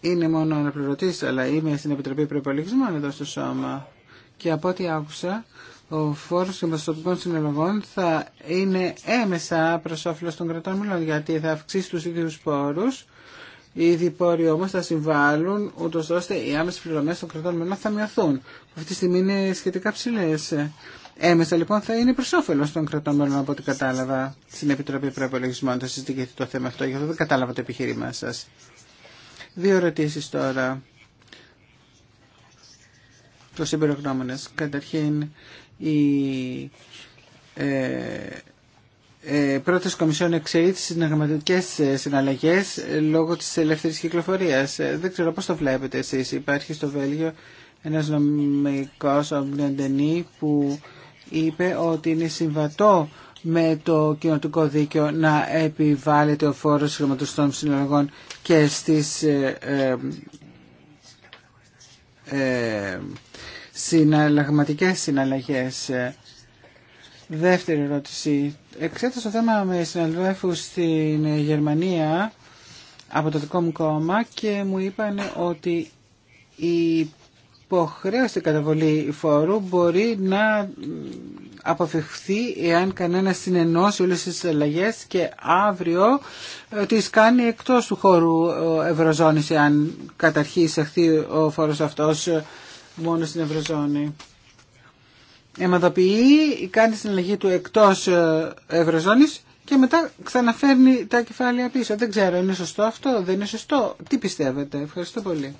Είναι μόνο αναπληρωτή, αλλά είμαι στην Επιτροπή Προπολογισμών εδώ στο Σώμα. Και από ό,τι άκουσα, ο φόρο των προσωπικών συναλλαγών θα είναι έμεσα προ όφελο των κρατών μελών γιατί θα αυξήσει του ίδιου πόρου, Οι ίδιοι πόροι όμως θα συμβάλλουν ούτω ώστε οι άμεσε πληρωμέ των κρατών μελών θα μειωθούν. Αυτή τη στιγμή είναι σχετικά ψηλέ. Έμεσα λοιπόν θα είναι προ όφελο των κρατών μελών από ό,τι κατάλαβα στην Επιτροπή Προεπολογισμών. Θα συζητηθεί το θέμα αυτό, γιατί δεν κατάλαβα το επιχείρημά σα. Δύο ερωτήσει τώρα Καταρχήν, η ε, ε πρόταση κομισιόν εξαιρεί τις ε, συναλλαγές ε, λόγω της ελεύθερης κυκλοφορίας. Δεν ξέρω πώς το βλέπετε εσείς. Υπάρχει στο Βέλγιο ένας νομικός που είπε ότι είναι συμβατό με το κοινοτικό δίκαιο να επιβάλλεται ο φόρος χρηματοστών συναλλαγών και στις ε, ε, συναλλαγματικές συναλλαγές. Δεύτερη ερώτηση. Εξέτασα το θέμα με συναδέλφους στην Γερμανία από το δικό μου κόμμα και μου είπαν ότι η υποχρέωση καταβολή φόρου μπορεί να αποφευχθεί εάν κανένα συνενώσει όλες τις αλλαγέ, και αύριο ε, τις κάνει εκτός του χώρου ε, ευρωζώνης εάν καταρχήσει εισαχθεί ο φόρος αυτός μόνο στην Ευρωζώνη. Αιματοποιεί, κάνει την αλλαγή του εκτός ε, Ευρωζώνης και μετά ξαναφέρνει τα κεφάλαια πίσω. Δεν ξέρω, είναι σωστό αυτό, δεν είναι σωστό. Τι πιστεύετε. Ευχαριστώ πολύ.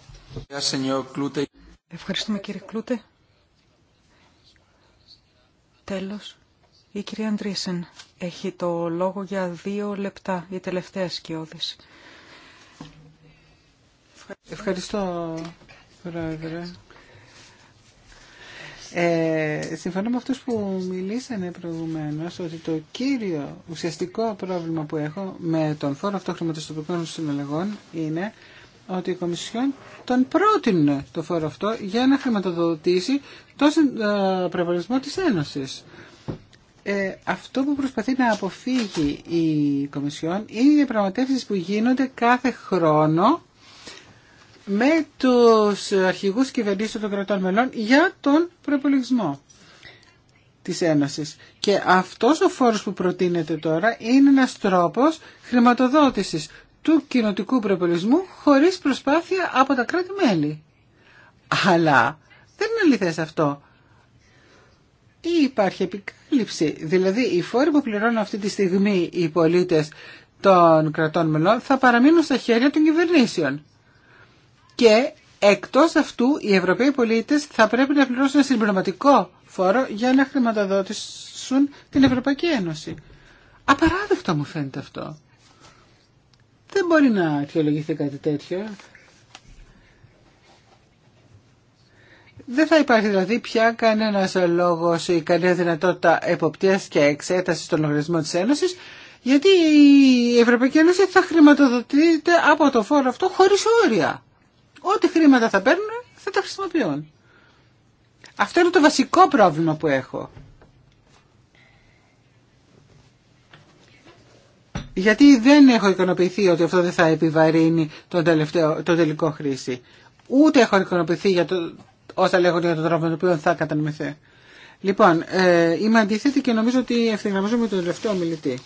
Ευχαριστούμε κύριε Κλούτε.
Τέλος, η κυρία Αντρίσεν έχει το λόγο για δύο λεπτά,
η τελευταία σκιώδηση. Ευχαριστώ, Πρόεδρε. Ε, συμφωνώ με αυτούς που μιλήσανε προηγουμένω ότι το κύριο ουσιαστικό πρόβλημα που έχω με τον φόρο αυτό χρηματοστοπικών συναλλαγών είναι ότι η Κομισιόν τον πρότεινε το φόρο αυτό για να χρηματοδοτήσει τον ε, προπολογισμό της Ένωσης. Ε, αυτό που προσπαθεί να αποφύγει η Κομισιόν είναι οι διαπραγματεύσει που γίνονται κάθε χρόνο με τους αρχηγούς κυβερνήσεων των κρατών μελών για τον προπολογισμό της Ένωσης. Και αυτός ο φόρος που προτείνεται τώρα είναι ένας τρόπος χρηματοδότησης του κοινοτικού προπολογισμού χωρίς προσπάθεια από τα κράτη-μέλη. Αλλά δεν είναι αληθές αυτό. Ή υπάρχει επικάλυψη. Δηλαδή οι φόροι που πληρώνουν αυτή τη στιγμή οι πολίτες των κρατών μελών θα παραμείνουν στα χέρια των κυβερνήσεων και εκτός αυτού οι Ευρωπαίοι πολίτες θα πρέπει να πληρώσουν ένα συμπληρωματικό φόρο για να χρηματοδοτήσουν την Ευρωπαϊκή Ένωση. Απαράδεκτο μου φαίνεται αυτό. Δεν μπορεί να αιτιολογηθεί κάτι τέτοιο. Δεν θα υπάρχει δηλαδή πια κανένα λόγο ή κανένα δυνατότητα εποπτεία και εξέταση στον λογαριασμό τη Ένωση, γιατί η κανενα δυνατοτητα εποπτεια και εξεταση των λογαριασμο Ένωση θα χρηματοδοτείται από το φόρο αυτό χωρί όρια ό,τι χρήματα θα παίρνουν θα τα χρησιμοποιούν. Αυτό είναι το βασικό πρόβλημα που έχω. Γιατί δεν έχω ικανοποιηθεί ότι αυτό δεν θα επιβαρύνει τον, τελευταίο, τον τελικό χρήση. Ούτε έχω ικανοποιηθεί για το, όσα λέγονται για τον τρόπο με τον οποίο θα κατανοηθεί. Λοιπόν, ε, είμαι αντίθετη και νομίζω ότι ευθυγραμμίζομαι τον τελευταίο μιλητή.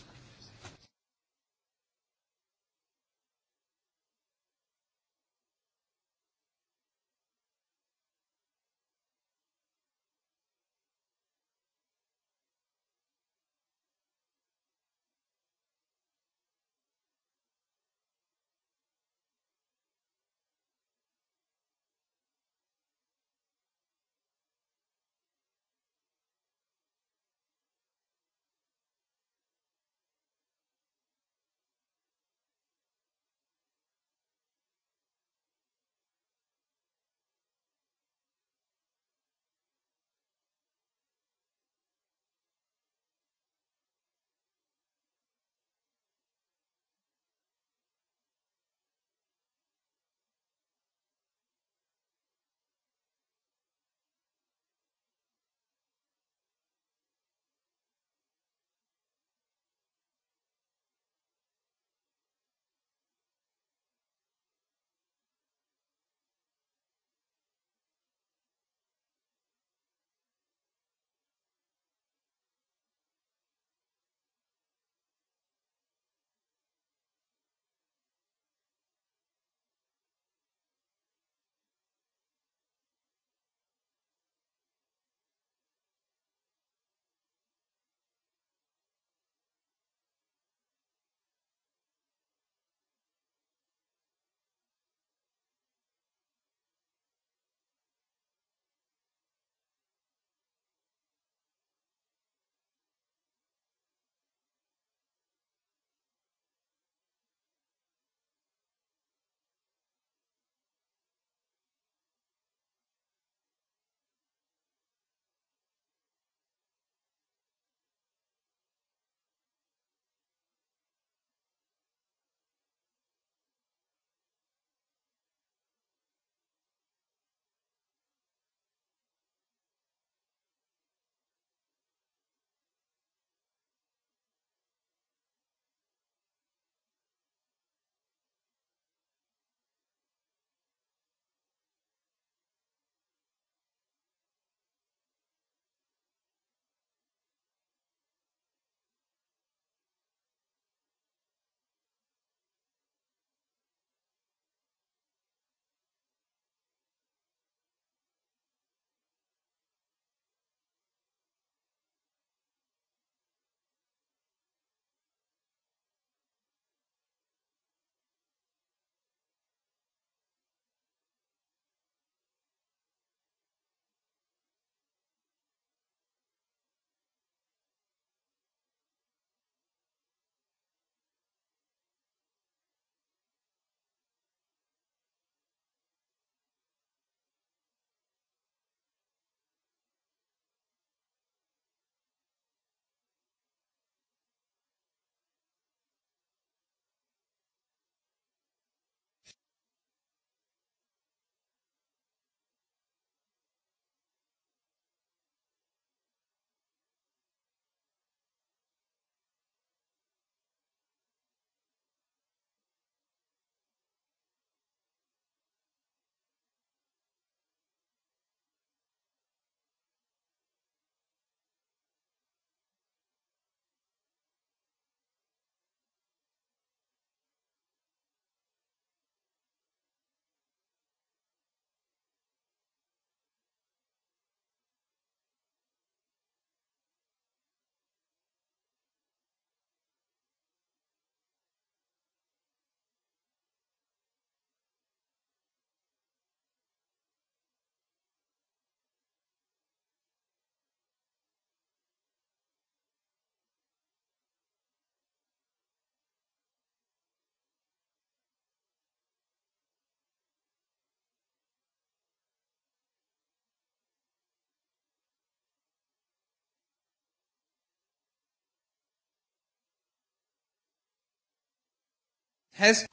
has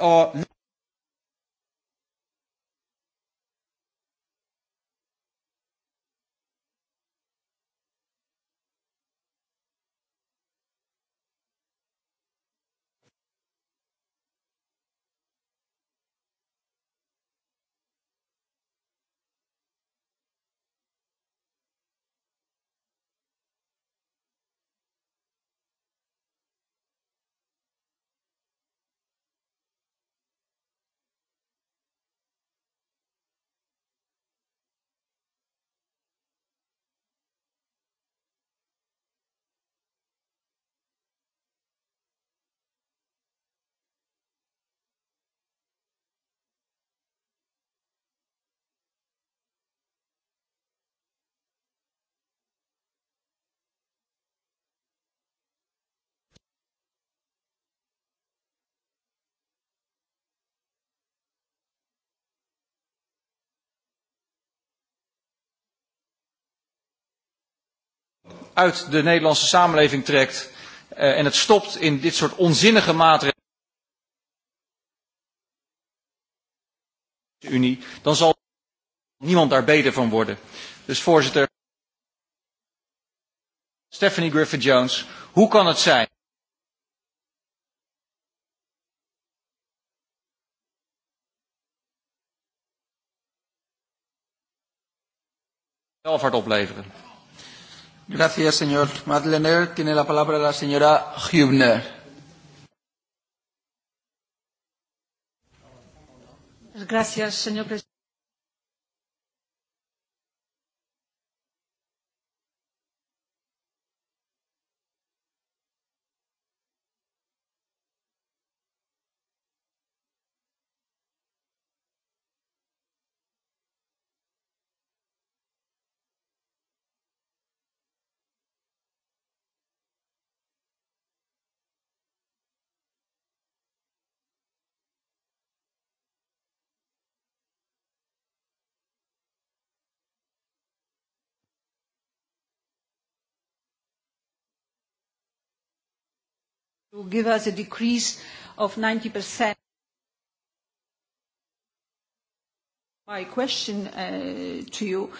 or uit de Nederlandse samenleving trekt en het stopt in dit soort onzinnige maatregelen. Unie, dan zal niemand daar beter van worden. Dus voorzitter, Stephanie Griffith-Jones, hoe kan het zijn? hard opleveren. Gracias, señor Madlener. Tiene la palabra la señora Hübner.
Gracias,
señor presidente.
to give us a decrease of 90%. My question to you,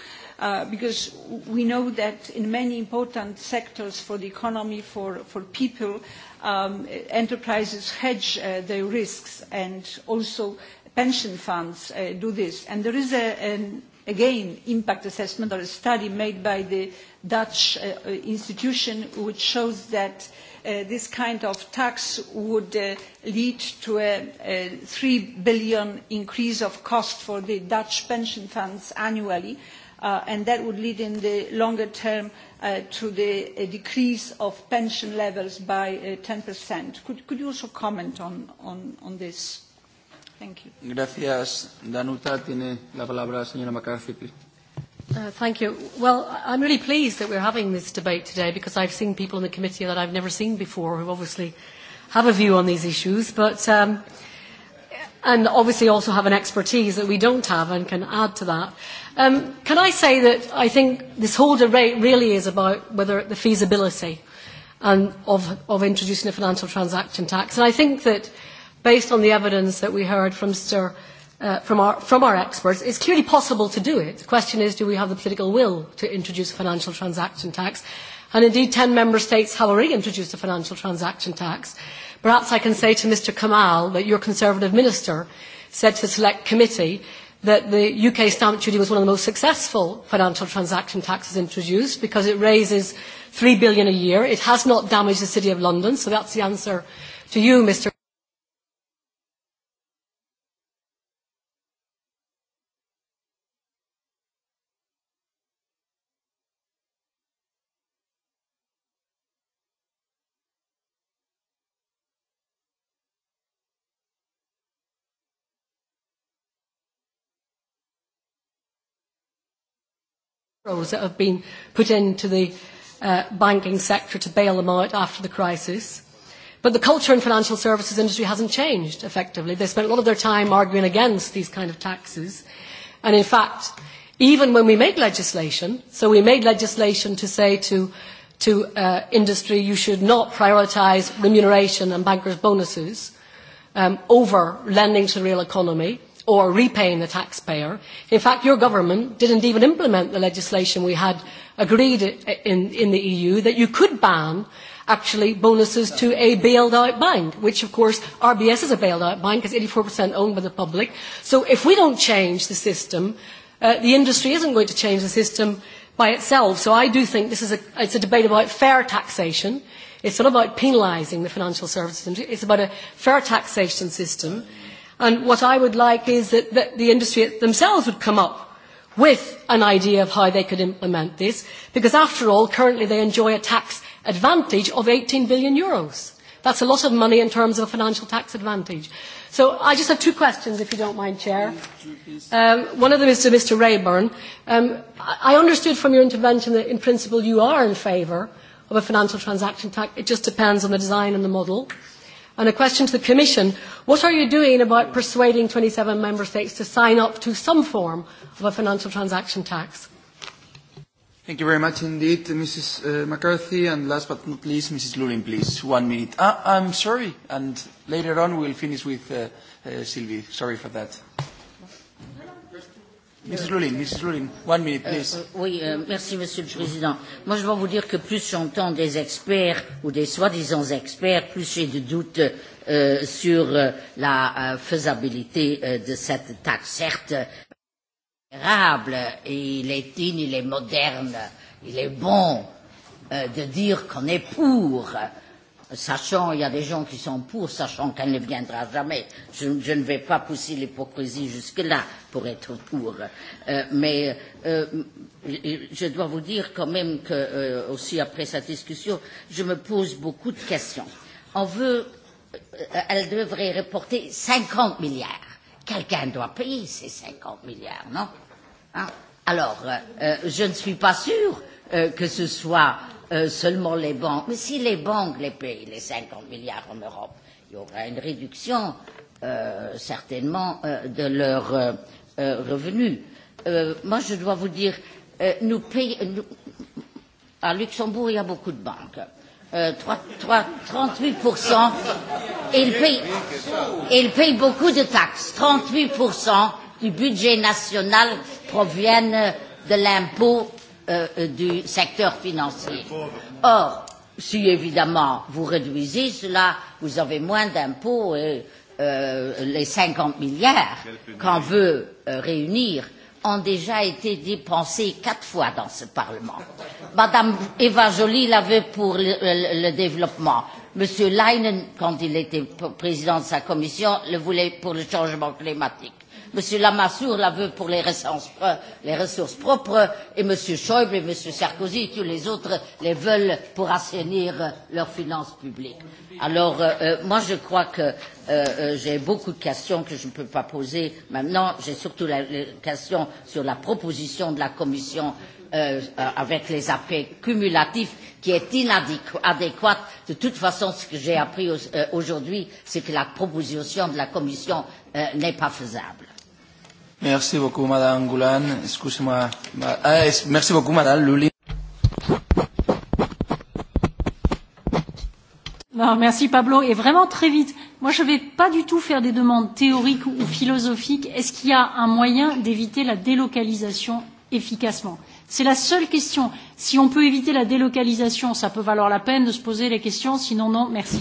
because we know that in many important sectors for the economy, for people, enterprises hedge their risks and also pension funds do this. there is an again impact assessment or a study made by the Dutch institution which shows that this kind of tax would lead to a 3 billion increase of cost for the Dutch pension funds annually and that would lead in the longer term to the decrease of pension levels by 10%. Could you also
comment on this? Thank
you. Gracias, Danuta. Tiene la palabra señora McCarthy.
Thank you. Well, I'm really pleased that we're having this debate today because I've seen people in the committee that I've never seen before who obviously have a view on these issues, but um, and obviously also have an expertise that we don't have and can add to that. Um, can I say that I think this whole debate really is about whether the feasibility and of, of introducing a financial transaction tax. And I think that based on the evidence that we heard from our experts, it's clearly possible to do it. The question is, do we have the political will to introduce a financial transaction tax? And indeed, 10 member states have already introduced a financial transaction tax. Perhaps I can say to Mr. Kamal that your Conservative minister said to the Select Committee that the UK stamp duty was one of the most successful financial transaction taxes introduced because it raises 3 billion a year. It has not damaged the City of London, so that's the answer to you, Mr. euros that have been put into the banking sector to bail them out after the crisis. But the culture in financial services industry hasn't changed effectively. They spent a lot of their time arguing against these kind of taxes. And in fact, even when we make legislation, so we made legislation to say to industry you should not prioritise remuneration and bankers' bonuses over lending to the real economy or repaying the taxpayer. In fact, your government didn't even implement the legislation we had agreed in the EU that you could ban actually bonuses to a bailed out bank, which of course RBS is a bailed out bank, it's 84% owned by the public. So if we don't change the system, the industry isn't going to change the system by itself. So I do think this is a, it's a debate about fair taxation. It's not about penalising the financial services industry. It's about a fair taxation system And what I would like is that the industry themselves would come up with an idea of how they could implement this, because after all, currently they enjoy a tax advantage of 18 billion euros. That's a lot of money in terms of a financial tax advantage. So I just have two questions, if you don't mind, Chair. One of them is to Mr. Rayburn. I understood from your intervention that, in principle, you are in favour of a financial transaction tax. It just depends on the design and the model. And a question to the Commission, what are you doing about persuading 27 Member States to sign up to some form of a financial transaction tax?
Thank you very much indeed, Mrs. McCarthy. And last but not least, Mrs. Lulin, please, one minute. I'm sorry, and later on we'll finish with Sylvie. Sorry for that.
Mrs. Lulin, merci, Monsieur le Président. Moi, je dois vous dire que plus j'entends des experts ou des soi-disant experts, plus j'ai de doutes sur la faisabilité de cette taxe. Certes, vulnérable, il est digne, il est moderne, il est bon de dire qu'on est pour sachant il y a des gens qui sont pour, sachant qu'elle ne viendra jamais. Je, ne vais pas pousser l'hypocrisie jusque-là pour être pour. mais je dois vous dire quand même que, aussi après cette discussion, je me pose beaucoup de questions. On veut, elle devrait reporter 50 milliards. Quelqu'un doit payer ces 50 milliards, non Alors, je ne suis pas sûre que ce soit seulement les banques. Mais si les banques les payent, les 50 milliards en Europe, il y aura une réduction certainement de leurs revenus. Moi, je dois vous dire, nous à Luxembourg, il y a beaucoup de banques. 38%. Ils payent beaucoup de taxes. 38% du budget national proviennent de l'impôt du secteur financier. Or, si évidemment vous réduisez cela, vous avez moins d'impôts et les 50 milliards qu'on veut réunir ont déjà été dépensés quatre fois dans ce Parlement. Madame Eva Joly l'avait pour le développement. Monsieur Leinen, quand il était président de sa commission, le voulait pour le changement climatique. M. Lamassoure la veut pour les ressources, les ressources propres et M. Schäuble et M. Sarkozy et tous les autres les veulent pour assainir leurs finances publiques. Alors, moi, je crois que j'ai beaucoup de questions que je ne peux pas poser maintenant. J'ai surtout la question sur la proposition de la Commission avec les appels cumulatifs qui est inadéquate. De toute façon, ce que j'ai appris aujourd'hui, c'est que la proposition de la Commission n'est pas faisable.
Merci beaucoup, Madame Goulan. Excusez-moi. merci beaucoup, Madame Lully.
Non, merci Pablo. Et vraiment très vite.
Moi, je ne vais pas du tout faire des demandes théoriques ou philosophiques. Est-ce qu'il y a un moyen d'éviter la délocalisation efficacement C'est la seule question. Si on peut éviter la délocalisation, ça peut valoir la peine de se poser les questions. Sinon, non, merci.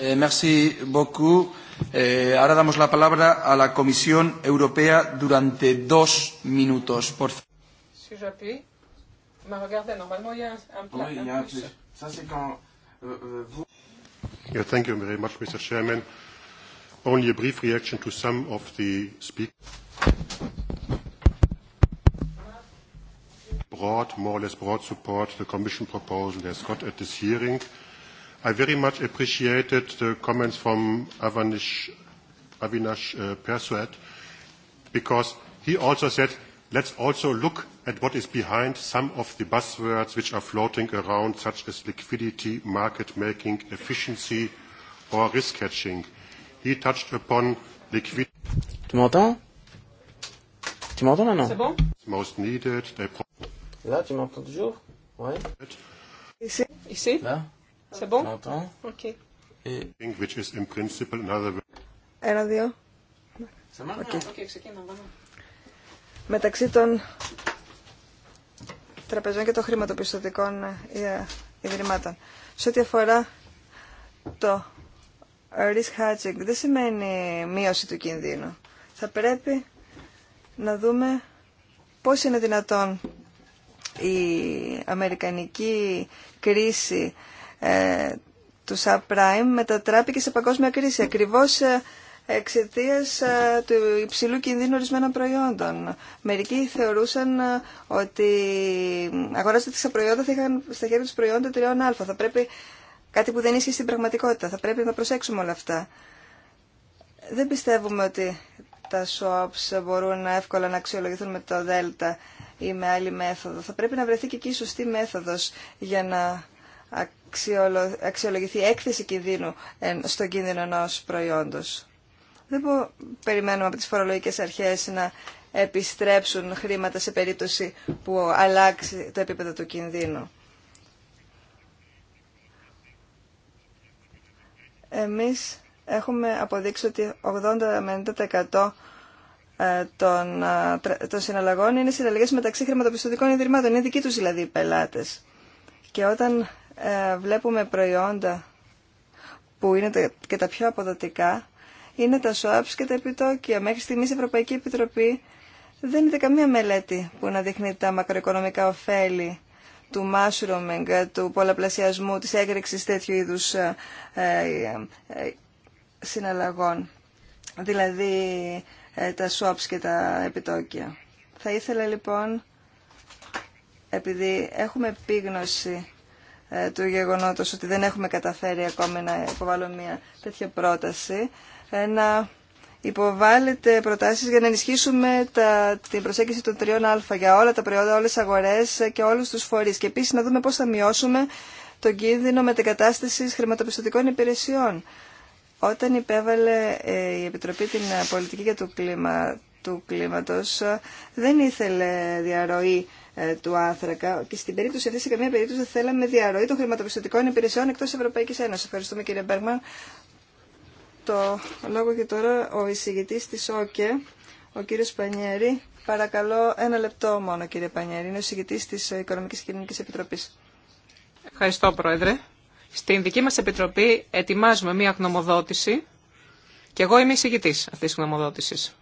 Merci beaucoup. Ahora damos la palabra a la Comisión Europea durante dos minutos. Por Si
j'appuie, me regardez,
normalement il y a un, plan. Oui, il y a Ça c'est quand Yeah, thank you
very
much, Mr. Chairman. Only a brief reaction to some of the speakers. Broad, more or less broad support the Commission proposal has got at this hearing. I very much appreciated the comments from Avinash Persuad, because he also said, let's also look at what is behind some of the buzzwords which are floating around, such as liquidity, market making, efficiency,
or risk catching. He touched upon liquidity. Tu m'entends Tu m'entends non C'est bon Most needed. Là, tu m'entends
toujours Là C'est bon
Ένα, δύο. Ναι. Μεταξύ των τραπεζών και των χρηματοπιστωτικών ε, ιδρυμάτων. Σε ό,τι αφορά το risk hatching, δεν σημαίνει μείωση του κινδύνου. Θα πρέπει να δούμε πώς είναι δυνατόν η αμερικανική κρίση ε, του subprime μετατράπηκε σε παγκόσμια κρίση. Ακριβώς ε, εξαιτία ε, του υψηλού κινδύνου ορισμένων προϊόντων. Μερικοί θεωρούσαν ε, ότι αγοράζοντα τα προϊόντα θα είχαν στα χέρια του προιοντα τριών 3α. Θα πρέπει κάτι που δεν ίσχυε στην πραγματικότητα. Θα πρέπει να προσέξουμε όλα αυτά. Δεν πιστεύουμε ότι τα swaps μπορούν εύκολα να αξιολογηθούν με το δέλτα ή με άλλη μέθοδο. Θα πρέπει να βρεθεί και εκεί η σωστή μέθοδος για να αξιολογηθεί έκθεση κινδύνου στον κίνδυνο ενό προϊόντο. Δεν περιμένουμε από τι φορολογικέ αρχέ να επιστρέψουν χρήματα σε περίπτωση που αλλάξει το επίπεδο του κινδύνου. Εμείς έχουμε αποδείξει ότι 80 με 90% ε, των, ε, των συναλλαγών είναι συναλλαγές μεταξύ χρηματοπιστωτικών ιδρυμάτων. Είναι δικοί τους δηλαδή οι πελάτες. Και όταν ε, βλέπουμε προϊόντα που είναι και τα πιο αποδοτικά είναι τα SOAPs και τα επιτόκια. Μέχρι στιγμής η Ευρωπαϊκή Επιτροπή δεν είδε καμία μελέτη που να δείχνει τα μακροοικονομικά ωφέλη του mushrooming, ε, του πολλαπλασιασμού, της έγκριξης τέτοιου είδους ε, συναλλαγών, δηλαδή τα swaps και τα επιτόκια. Θα ήθελα λοιπόν, επειδή έχουμε επίγνωση ε, του γεγονότος ότι δεν έχουμε καταφέρει ακόμη να υποβάλουμε μια τέτοια πρόταση, ε, να υποβάλλετε προτάσεις για να ενισχύσουμε τα, την προσέγγιση των τριών α για όλα τα προϊόντα, όλες τις αγορές και όλους τους φορείς. Και επίσης να δούμε πώς θα μειώσουμε τον κίνδυνο μετεγκατάστασης χρηματοπιστωτικών υπηρεσιών. Όταν υπέβαλε ε, η Επιτροπή την πολιτική για το κλίμα του κλίματος, δεν ήθελε διαρροή ε, του άνθρακα και στην περίπτωση αυτή σε καμία περίπτωση δεν θέλαμε διαρροή των χρηματοπιστωτικών υπηρεσιών εκτός Ευρωπαϊκής Ένωσης. Ευχαριστούμε κύριε Μπέργμαν. Το λόγο και τώρα ο εισηγητής τη ΟΚΕ, ο κύριος Πανιέρη. Παρακαλώ ένα λεπτό μόνο κύριε Πανιέρη. Είναι ο εισηγητής τη Οικονομική και κοινωνική Επιτροπής.
Ευχαριστώ Πρόεδρε. Στην δική μας Επιτροπή ετοιμάζουμε μία γνωμοδότηση και εγώ είμαι εισηγητή αυτή τη γνωμοδότηση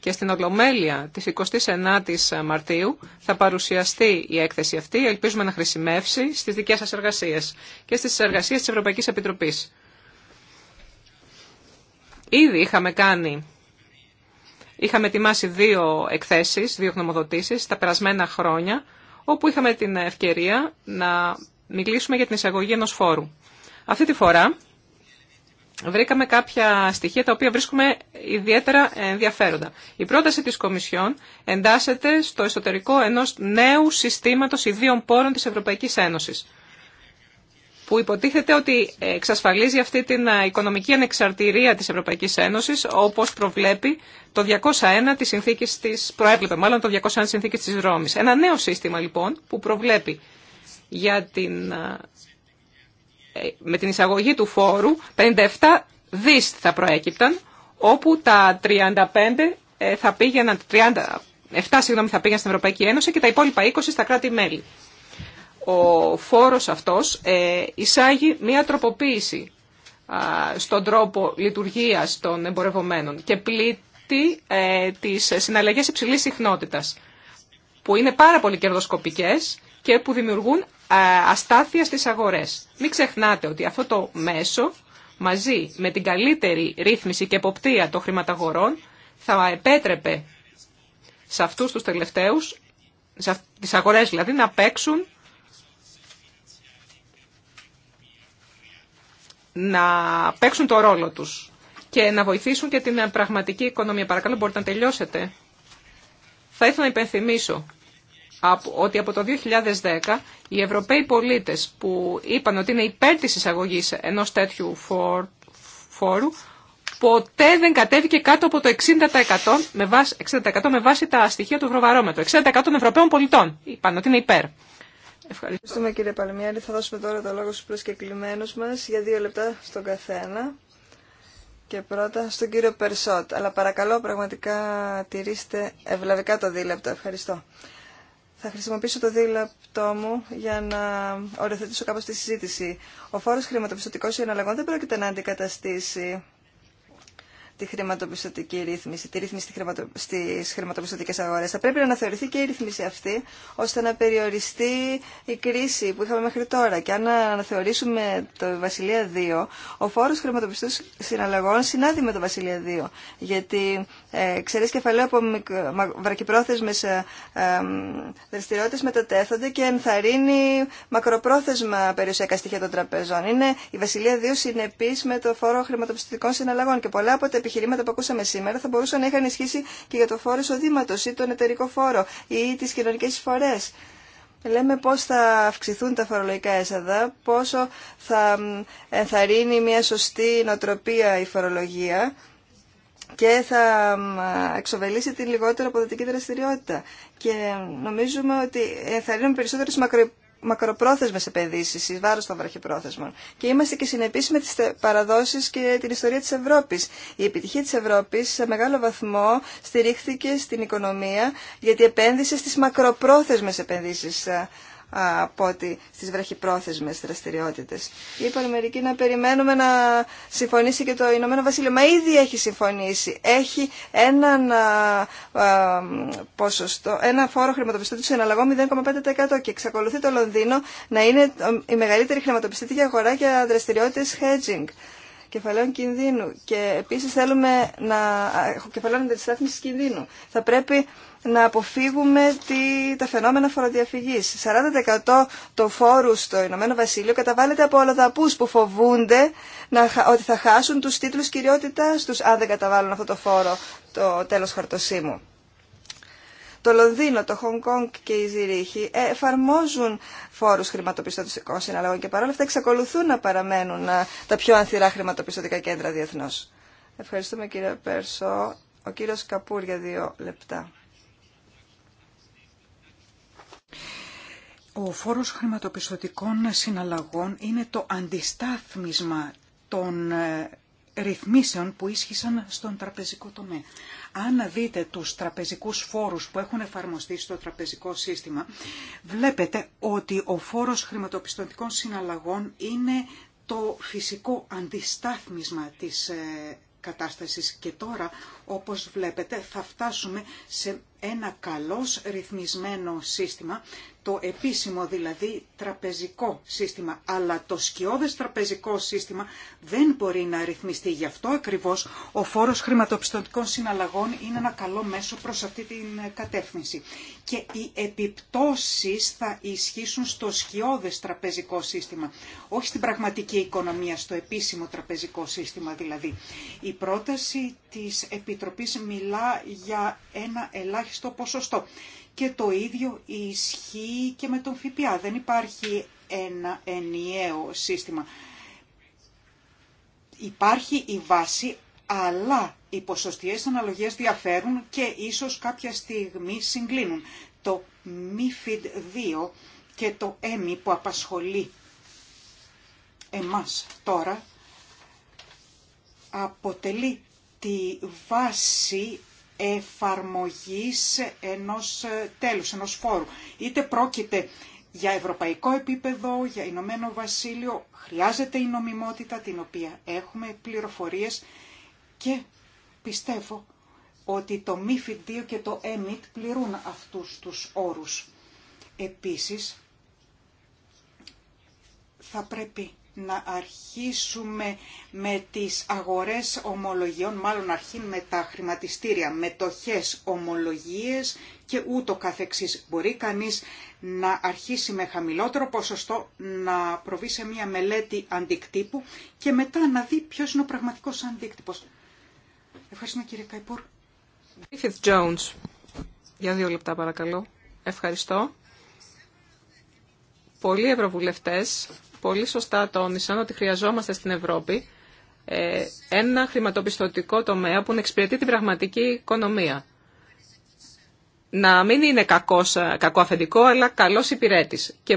και στην Ολομέλεια της 29ης Μαρτίου θα παρουσιαστεί η έκθεση αυτή. Ελπίζουμε να χρησιμεύσει στις δικές σας εργασίες και στις εργασίες της Ευρωπαϊκής Επιτροπής. Ήδη είχαμε κάνει, είχαμε ετοιμάσει δύο εκθέσεις, δύο γνωμοδοτήσεις τα περασμένα χρόνια, όπου είχαμε την ευκαιρία να μιλήσουμε για την εισαγωγή ενός φόρου. Αυτή τη φορά βρήκαμε κάποια στοιχεία τα οποία βρίσκουμε ιδιαίτερα ενδιαφέροντα. Η πρόταση της Κομισιόν εντάσσεται στο εσωτερικό ενός νέου συστήματος ιδίων πόρων της Ευρωπαϊκής Ένωσης που υποτίθεται ότι εξασφαλίζει αυτή την οικονομική ανεξαρτηρία της Ευρωπαϊκής Ένωσης, όπως προβλέπει το 201 της συνθήκης της, προέβλεπε μάλλον το 201 της Ρώμης. Ένα νέο σύστημα λοιπόν που προβλέπει για την ε, με την εισαγωγή του φόρου 57 δις θα προέκυπταν, όπου τα 35 ε, θα πήγαιναν, 37 συγγνώμη, θα πήγαιναν στην Ευρωπαϊκή Ένωση και τα υπόλοιπα 20 στα κράτη-μέλη. Ο φόρος αυτός ε, εισάγει μία τροποποίηση στον τρόπο λειτουργίας των εμπορευομένων και πλήττει τις συναλλαγές υψηλής συχνότητας, που είναι πάρα πολύ κερδοσκοπικές και που δημιουργούν ε, αστάθεια στις αγορές. Μην ξεχνάτε ότι αυτό το μέσο μαζί με την καλύτερη ρύθμιση και εποπτεία των χρηματαγορών θα επέτρεπε σε αυτούς τους τελευταίους, σε τις αγορές δηλαδή, να παίξουν να παίξουν το ρόλο τους και να βοηθήσουν και την πραγματική οικονομία. Παρακαλώ, μπορείτε να τελειώσετε. Θα ήθελα να υπενθυμίσω ότι από το 2010 οι Ευρωπαίοι πολίτες που είπαν ότι είναι υπέρ της εισαγωγής ενός τέτοιου φόρου ποτέ δεν κατέβηκε κάτω από το 60% με βάση, τα στοιχεία του Ευρωβαρόμετρου. 60% των Ευρωπαίων πολιτών είπαν ότι είναι υπέρ. Ευχαριστούμε
κύριε Παλμιάρη. Θα δώσουμε τώρα το λόγο στους προσκεκλημένους μας για δύο λεπτά στον καθένα. Και πρώτα στον κύριο Περσότ. Αλλά παρακαλώ πραγματικά τηρήστε ευλαβικά το δίλεπτο. Ευχαριστώ. Θα χρησιμοποιήσω το δίλεπτό μου για να οριοθετήσω κάπως τη συζήτηση. Ο φόρος χρηματοπιστωτικός συναλλαγών δεν πρόκειται να αντικαταστήσει τη χρηματοπιστωτική ρύθμιση, τη ρύθμιση στις χρηματοπιστωτικές αγορές. Θα πρέπει να αναθεωρηθεί και η ρύθμιση αυτή, ώστε να περιοριστεί η κρίση που είχαμε μέχρι τώρα. Και αν αναθεωρήσουμε το Βασιλεία 2, ο φόρος χρηματοπιστωτικών συναλλαγών συνάδει με το Βασιλεία 2. Γιατί ε, ξέρεις κεφαλαίο από βρακυπρόθεσμες ε, ε, δραστηριότητες μετατέθονται και ενθαρρύνει μακροπρόθεσμα περιουσιακά στοιχεία των τραπεζών. Είναι η Βασιλεία 2 συνεπής με το φόρο χρηματοπιστωτικών συναλλαγών και πολλά από τα επιχειρήματα που ακούσαμε σήμερα θα μπορούσαν να είχαν ισχύσει και για το φόρο εισοδήματο ή τον εταιρικό φόρο ή τι κοινωνικέ εισφορέ. Λέμε πώς θα αυξηθούν τα φορολογικά έσοδα, πόσο θα ενθαρρύνει μια σωστή νοτροπία η τον εταιρικο φορο η τι κοινωνικε εισφορε λεμε πω θα αυξηθουν τα φορολογικα εσοδα ποσο θα ενθαρρυνει μια σωστη νοοτροπια η φορολογια και θα εξοβελήσει την λιγότερη αποδοτική δραστηριότητα. Και νομίζουμε ότι ενθαρρύνουμε περισσότερο τις μακρο μακροπρόθεσμες επενδύσεις εις βάρος των βραχυπρόθεσμων. Και είμαστε και συνεπείς με τις παραδόσεις και την ιστορία της Ευρώπης. Η επιτυχία της Ευρώπης σε μεγάλο βαθμό στηρίχθηκε στην οικονομία γιατί επένδυσε στις μακροπρόθεσμες επενδύσεις ε, από ότι στις βραχυπρόθεσμες δραστηριότητες. Είπαν μερικοί να περιμένουμε να συμφωνήσει και το Ηνωμένο Βασίλειο. Μα ήδη έχει συμφωνήσει. Έχει έναν ποσοστό, ένα φόρο σε εναλλαγό 0,5% και εξακολουθεί το Λονδίνο να είναι η μεγαλύτερη χρηματοπιστωτική αγορά για δραστηριότητε hedging κεφαλαίων κινδύνου και επίσης θέλουμε να κεφαλαίων αντιστάθμισης κινδύνου. Θα πρέπει να αποφύγουμε τη, τα φαινόμενα φοροδιαφυγής. 40% των φόρου στο Ηνωμένο Βασίλειο καταβάλλεται από ολοδαπούς που φοβούνται να, ότι θα χάσουν τους τίτλους κυριότητάς τους αν δεν καταβάλουν αυτό το φόρο το τέλος χαρτοσύμου. Το Λονδίνο, το Χονγκ Κονγκ και η Ζηρίχη εφαρμόζουν φόρους χρηματοπιστωτικών συναλλαγών και παρόλα αυτά εξακολουθούν να παραμένουν ε, τα πιο ανθυρά χρηματοπιστωτικά κέντρα διεθνώς. Ευχαριστούμε κύριε Πέρσο. Ο κύριος Καπούρ για δύο λεπτά.
Ο φόρος χρηματοπιστωτικών συναλλαγών είναι το αντιστάθμισμα των ε, ρυθμίσεων που ίσχυσαν στον τραπεζικό τομέα. Αν δείτε τους τραπεζικούς φόρους που έχουν εφαρμοστεί στο τραπεζικό σύστημα, βλέπετε ότι ο φόρος χρηματοπιστωτικών συναλλαγών είναι το φυσικό αντιστάθμισμα της ε, κατάστασης και τώρα όπως βλέπετε θα φτάσουμε σε ένα καλώς ρυθμισμένο σύστημα το επίσημο δηλαδή τραπεζικό σύστημα. Αλλά το σκιώδες τραπεζικό σύστημα δεν μπορεί να ρυθμιστεί. Γι' αυτό ακριβώς ο φόρος χρηματοπιστωτικών συναλλαγών είναι ένα καλό μέσο προς αυτή την κατεύθυνση. Και οι επιπτώσεις θα ισχύσουν στο σκιώδες τραπεζικό σύστημα. Όχι στην πραγματική οικονομία, στο επίσημο τραπεζικό σύστημα δηλαδή. Η πρόταση της Επιτροπής μιλά για ένα ελάχιστο ποσοστό. Και το ίδιο ισχύει και με τον ΦΠΑ. Δεν υπάρχει ένα ενιαίο σύστημα. Υπάρχει η βάση, αλλά οι ποσοστιαίες αναλογίες διαφέρουν και ίσως κάποια στιγμή συγκλίνουν. Το MIFID 2 και το ΕΜΙ που απασχολεί εμάς τώρα αποτελεί τη βάση εφαρμογής ενός τέλους, ενός φόρου. Είτε πρόκειται για ευρωπαϊκό επίπεδο, για Ηνωμένο Βασίλειο, χρειάζεται η νομιμότητα την οποία έχουμε, πληροφορίες και πιστεύω ότι το MIFID 2 και το EMIT πληρούν αυτούς τους όρους. Επίσης, θα πρέπει να αρχίσουμε με τις αγορές ομολογιών, μάλλον αρχήν με τα χρηματιστήρια, με τοχές ομολογίες και ούτω καθεξής. Μπορεί κανείς να αρχίσει με χαμηλότερο ποσοστό, να προβεί σε μια μελέτη αντικτύπου και μετά να δει ποιος είναι ο πραγματικός αντίκτυπος. Ευχαριστούμε κύριε Καϊπούρ.
Griffith Jones. Για δύο λεπτά παρακαλώ. Ευχαριστώ. Πολλοί ευρωβουλευτές πολύ σωστά τόνισαν ότι χρειαζόμαστε στην Ευρώπη ε, ένα χρηματοπιστωτικό τομέα που να εξυπηρετεί την πραγματική οικονομία. Να μην είναι κακός, ε, κακό αφεντικό, αλλά καλός υπηρέτης. Και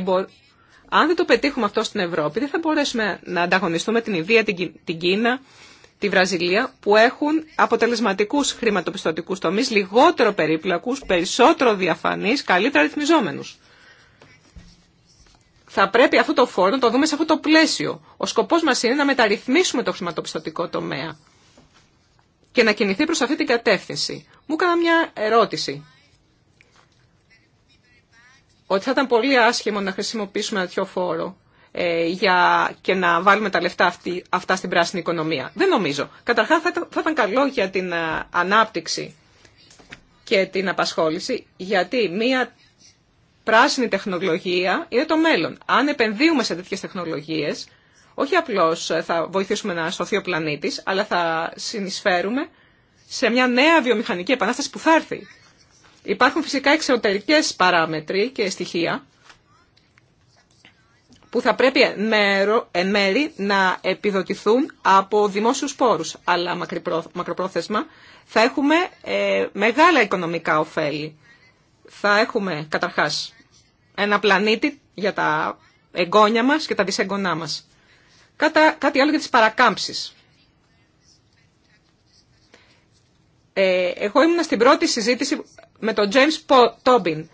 Αν δεν το πετύχουμε αυτό στην Ευρώπη, δεν θα μπορέσουμε να ανταγωνιστούμε την Ινδία, την Κίνα, τη Βραζιλία, που έχουν αποτελεσματικούς χρηματοπιστωτικούς τομείς, λιγότερο περίπλακους, περισσότερο διαφανείς, καλύτερα ρυθμιζόμενους θα πρέπει αυτό το φόρο να το δούμε σε αυτό το πλαίσιο. Ο σκοπός μας είναι να μεταρρυθμίσουμε το χρηματοπιστωτικό τομέα και να κινηθεί προς αυτή την κατεύθυνση. Μου έκανα μια ερώτηση. Ότι θα ήταν πολύ άσχημο να χρησιμοποιήσουμε ένα τέτοιο φόρο ε, για, και να βάλουμε τα λεφτά αυτή, αυτά στην πράσινη οικονομία. Δεν νομίζω. Καταρχά θα, θα ήταν καλό για την ε, ανάπτυξη και την απασχόληση, γιατί μία πράσινη τεχνολογία είναι το μέλλον. Αν επενδύουμε σε τέτοιε τεχνολογίες, όχι απλώς ε, θα βοηθήσουμε να σωθεί ο πλανήτη, αλλά θα συνεισφέρουμε σε μια νέα βιομηχανική επανάσταση που θα έρθει. Υπάρχουν φυσικά εξωτερικές παράμετροι και στοιχεία που θα πρέπει εν μέρη να επιδοτηθούν από δημόσιους πόρους. Αλλά μακροπρόθεσμα θα έχουμε ε, μεγάλα οικονομικά ωφέλη θα έχουμε καταρχάς ένα πλανήτη για τα εγγόνια μας και τα δυσεγγονά μας. Κάτα, κάτι άλλο για τις παρακάμψεις. Ε, εγώ ήμουν στην πρώτη συζήτηση με τον James Tobin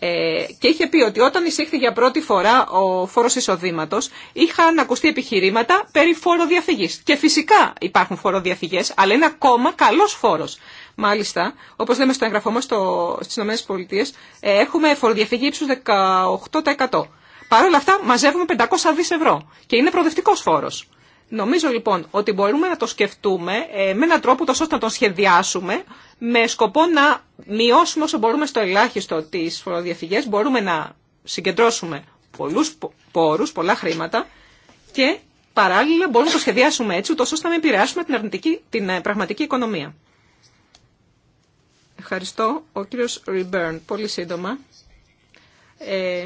ε, και είχε πει ότι όταν εισήχθη για πρώτη φορά ο φόρος εισοδήματος είχαν ακουστεί επιχειρήματα περί φόροδιαφυγής. Και φυσικά υπάρχουν φοροδιαφυγές, αλλά είναι ακόμα καλός φόρος. Μάλιστα, όπω λέμε στο εγγραφό μα στι ΗΠΑ, έχουμε φοροδιαφυγή ύψου 18%. Παρ' όλα αυτά, μαζεύουμε 500 δι ευρώ και είναι προοδευτικό φόρο. Νομίζω λοιπόν ότι μπορούμε να το σκεφτούμε ε, με έναν τρόπο τόσο ώστε να τον σχεδιάσουμε με σκοπό να μειώσουμε όσο μπορούμε στο ελάχιστο τι φοροδιαφυγέ. Μπορούμε να συγκεντρώσουμε πολλού πόρου, πολλά χρήματα και παράλληλα μπορούμε να το σχεδιάσουμε έτσι ούτως ώστε να μην επηρεάσουμε την, αρνητική, την ε, πραγματική οικονομία. Ευχαριστώ. Ο κύριος Ριμπέρν, πολύ σύντομα. Ε,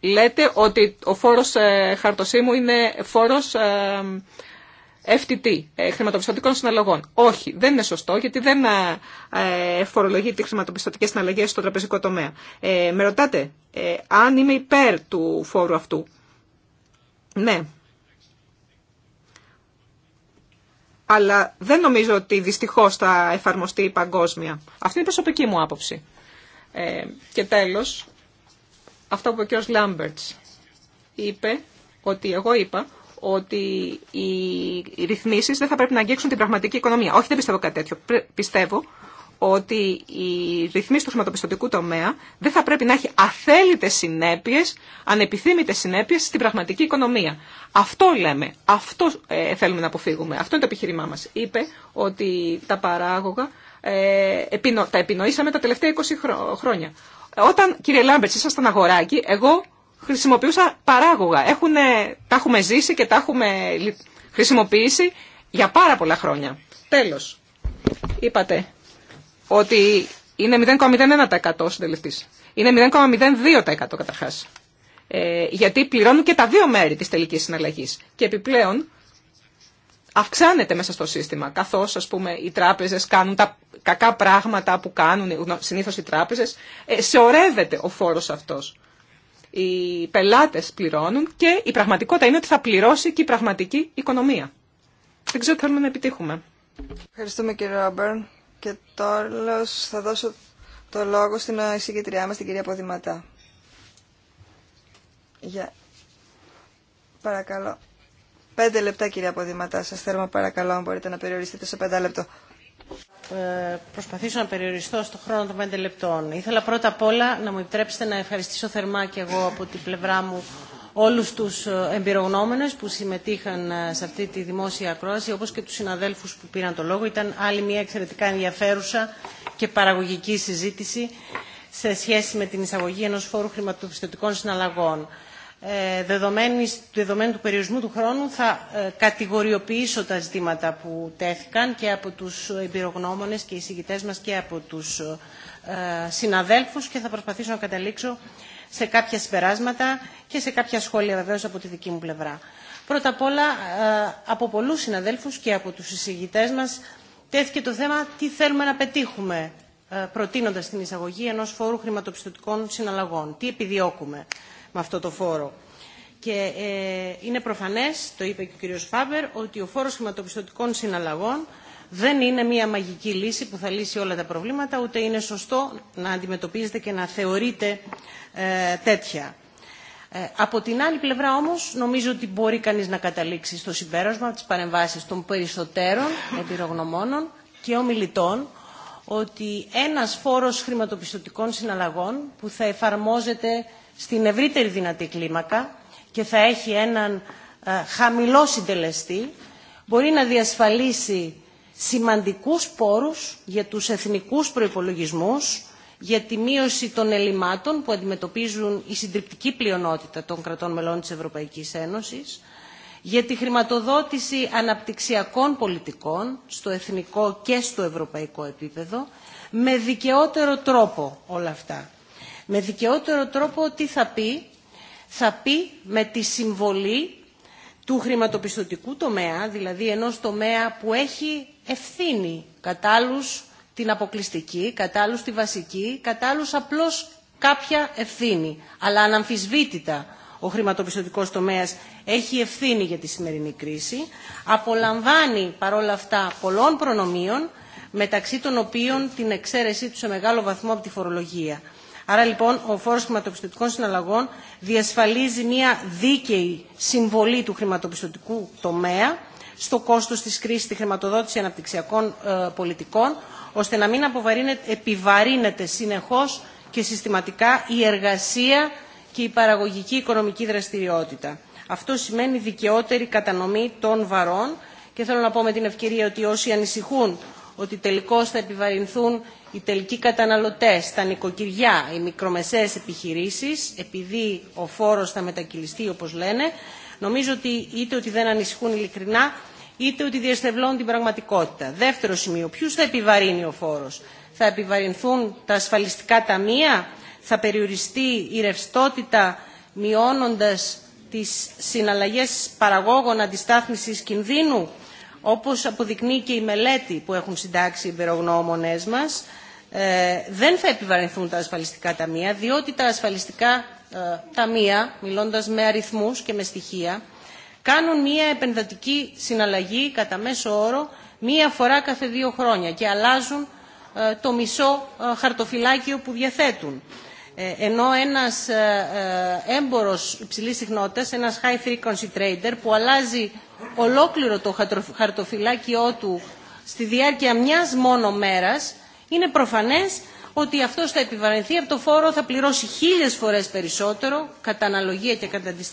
λέτε ότι ο φόρος ε, χαρτοσύμου είναι φόρος ε, FTT, ε, χρηματοπιστωτικών συναλλαγών. Όχι, δεν είναι σωστό, γιατί δεν ε, ε, φορολογεί τι χρηματοπιστωτικέ συναλλαγέ στο τραπεζικό τομέα. Ε, με ρωτάτε, ε, αν είμαι υπέρ του φόρου αυτού. Ναι, αλλά δεν νομίζω ότι δυστυχώς θα εφαρμοστεί παγκόσμια. Αυτή είναι η προσωπική μου άποψη. Ε, και τέλος, αυτό που ο κ. Λάμπερτς είπε, ότι εγώ είπα, ότι οι ρυθμίσεις δεν θα πρέπει να αγγίξουν την πραγματική οικονομία. Όχι, δεν πιστεύω κάτι τέτοιο. Πιστεύω ότι η ρυθμίση του χρηματοπιστωτικού τομέα δεν θα πρέπει να έχει αθέλητες συνέπειες, ανεπιθύμητες συνέπειες στην πραγματική οικονομία. Αυτό λέμε, αυτό ε, θέλουμε να αποφύγουμε, αυτό είναι το επιχείρημά μας. Είπε ότι τα παράγωγα ε, τα επινοήσαμε τα τελευταία 20 χρόνια. Όταν, κύριε Λάμπερτς, ήσασταν αγοράκι, εγώ χρησιμοποιούσα παράγωγα. τα έχουμε ζήσει και τα έχουμε χρησιμοποιήσει για πάρα πολλά χρόνια. Τέλος, είπατε ότι είναι 0,01% συντελεστής. Είναι 0,02% καταρχά. Ε, γιατί πληρώνουν και τα δύο μέρη της τελικής συναλλαγής. Και επιπλέον αυξάνεται μέσα στο σύστημα, καθώς ας πούμε οι τράπεζες κάνουν τα κακά πράγματα που κάνουν συνήθως οι τράπεζες, ε, σεωρεύεται ο φόρος αυτός. Οι πελάτες πληρώνουν και η πραγματικότητα είναι ότι θα πληρώσει και η πραγματική οικονομία. Δεν ξέρω τι θέλουμε να επιτύχουμε.
Ευχαριστούμε κύριε Ράμπερν. Και τώρα θα δώσω το λόγο στην εισηγητριά μας, την κυρία Ποδηματά. Για... Παρακαλώ. Πέντε λεπτά κυρία Ποδηματά. Σας θέλω παρακαλώ αν μπορείτε να περιοριστείτε σε πέντε λεπτό. Ε, προσπαθήσω
να περιοριστώ στο χρόνο των πέντε λεπτών. Ήθελα πρώτα απ' όλα να μου επιτρέψετε να ευχαριστήσω θερμά και εγώ από την πλευρά μου όλους τους ε, εμπειρογνώμενες που συμμετείχαν ε, σε αυτή τη δημόσια ακρόαση, όπως και τους συναδέλφους που πήραν το λόγο. Ήταν άλλη μια εξαιρετικά ενδιαφέρουσα και παραγωγική συζήτηση σε σχέση με την εισαγωγή ενός φόρου χρηματοπιστωτικών συναλλαγών. Ε, δεδομένου του περιορισμού του χρόνου θα κατηγοριοποιήσω τα ζητήματα που τέθηκαν και από τους εμπειρογνώμονες και οι εισηγητές μας και από τους συναδέλφους και θα προσπαθήσω να καταλήξω σε κάποια συμπεράσματα και σε κάποια σχόλια βεβαίως από τη δική μου πλευρά. Πρώτα απ' όλα, ε, από πολλούς συναδέλφους και από τους συζητητέ μας τέθηκε το θέμα τι θέλουμε να πετύχουμε ε, προτείνοντας την εισαγωγή ενός φόρου χρηματοπιστωτικών συναλλαγών. Τι επιδιώκουμε με αυτό το φόρο. Και ε, είναι προφανές, το είπε και ο κ. Φάμπερ, ότι ο φόρος χρηματοπιστωτικών συναλλαγών δεν είναι μια μαγική λύση που θα λύσει όλα τα προβλήματα, ούτε είναι σωστό να αντιμετωπίζετε και να θεωρείτε ε, τέτοια. Ε, από την άλλη πλευρά όμως νομίζω ότι μπορεί κανείς να καταλήξει στο συμπέρασμα από τις παρεμβάσεις των περισσότερων επιρρογνωμόνων και ομιλητών ότι ένας φόρος χρηματοπιστωτικών συναλλαγών που θα εφαρμόζεται στην ευρύτερη δυνατή κλίμακα και θα έχει έναν ε, χαμηλό συντελεστή μπορεί να διασφαλίσει σημαντικούς πόρους για τους εθνικούς προϋπολογισμούς, για τη μείωση των ελλημάτων που αντιμετωπίζουν η συντριπτική πλειονότητα των κρατών μελών της Ευρωπαϊκής Ένωσης, για τη χρηματοδότηση αναπτυξιακών πολιτικών στο εθνικό και στο ευρωπαϊκό επίπεδο, με δικαιότερο τρόπο όλα αυτά. Με δικαιότερο τρόπο τι θα πει, θα πει με τη συμβολή του χρηματοπιστωτικού τομέα, δηλαδή ενός τομέα που έχει ευθύνη, κατά την αποκλειστική, κατά τη βασική, κατά απλώς κάποια ευθύνη. Αλλά αναμφισβήτητα ο χρηματοπιστωτικός τομέας έχει ευθύνη για τη σημερινή κρίση, απολαμβάνει παρόλα αυτά πολλών προνομίων, μεταξύ των οποίων την εξαίρεσή του σε μεγάλο βαθμό από τη φορολογία. Άρα λοιπόν ο φόρος χρηματοπιστωτικών συναλλαγών διασφαλίζει μια δίκαιη συμβολή του χρηματοπιστωτικού τομέα στο κόστο τη κρίση τη χρηματοδότηση αναπτυξιακών ε, πολιτικών, ώστε να μην επιβαρύνεται συνεχώ και συστηματικά η εργασία και η παραγωγική οικονομική δραστηριότητα. Αυτό σημαίνει δικαιότερη κατανομή των βαρών και θέλω να πω με την ευκαιρία ότι όσοι ανησυχούν ότι τελικώς θα επιβαρυνθούν οι τελικοί καταναλωτές, τα νοικοκυριά, οι μικρομεσαίες επιχειρήσεις, επειδή ο φόρος θα μετακυλιστεί όπως λένε, νομίζω ότι είτε ότι δεν ανησυχούν ειλικρινά, είτε ότι διαστευλώνουν την πραγματικότητα. Δεύτερο σημείο, ποιους θα επιβαρύνει ο φόρος. Θα επιβαρυνθούν τα ασφαλιστικά ταμεία, θα περιοριστεί η ρευστότητα μειώνοντας τις συναλλαγές παραγόγων αντιστάθμισης κινδύνου, όπως αποδεικνύει και η μελέτη που έχουν συντάξει οι υπερογνώμονέ μας. Ε, δεν θα επιβαρυνθούν τα ασφαλιστικά ταμεία, διότι τα ασφαλιστικά ε, ταμεία, μιλώντας με αριθμούς και με στοιχεία, κάνουν μία επενδυτική συναλλαγή κατά μέσο όρο μία φορά κάθε δύο χρόνια και αλλάζουν ε, το μισό ε, χαρτοφυλάκιο που διαθέτουν. Ε, ενώ ένας έμπορος υψηλής συχνότητας, ένας high frequency trader που αλλάζει ολόκληρο το χαρτοφυλάκιό του στη διάρκεια μιας μόνο μέρας, είναι προφανές ότι αυτό θα επιβαρυνθεί από το φόρο, θα πληρώσει χίλιε φορέ περισσότερο κατά αναλογία και κατά τη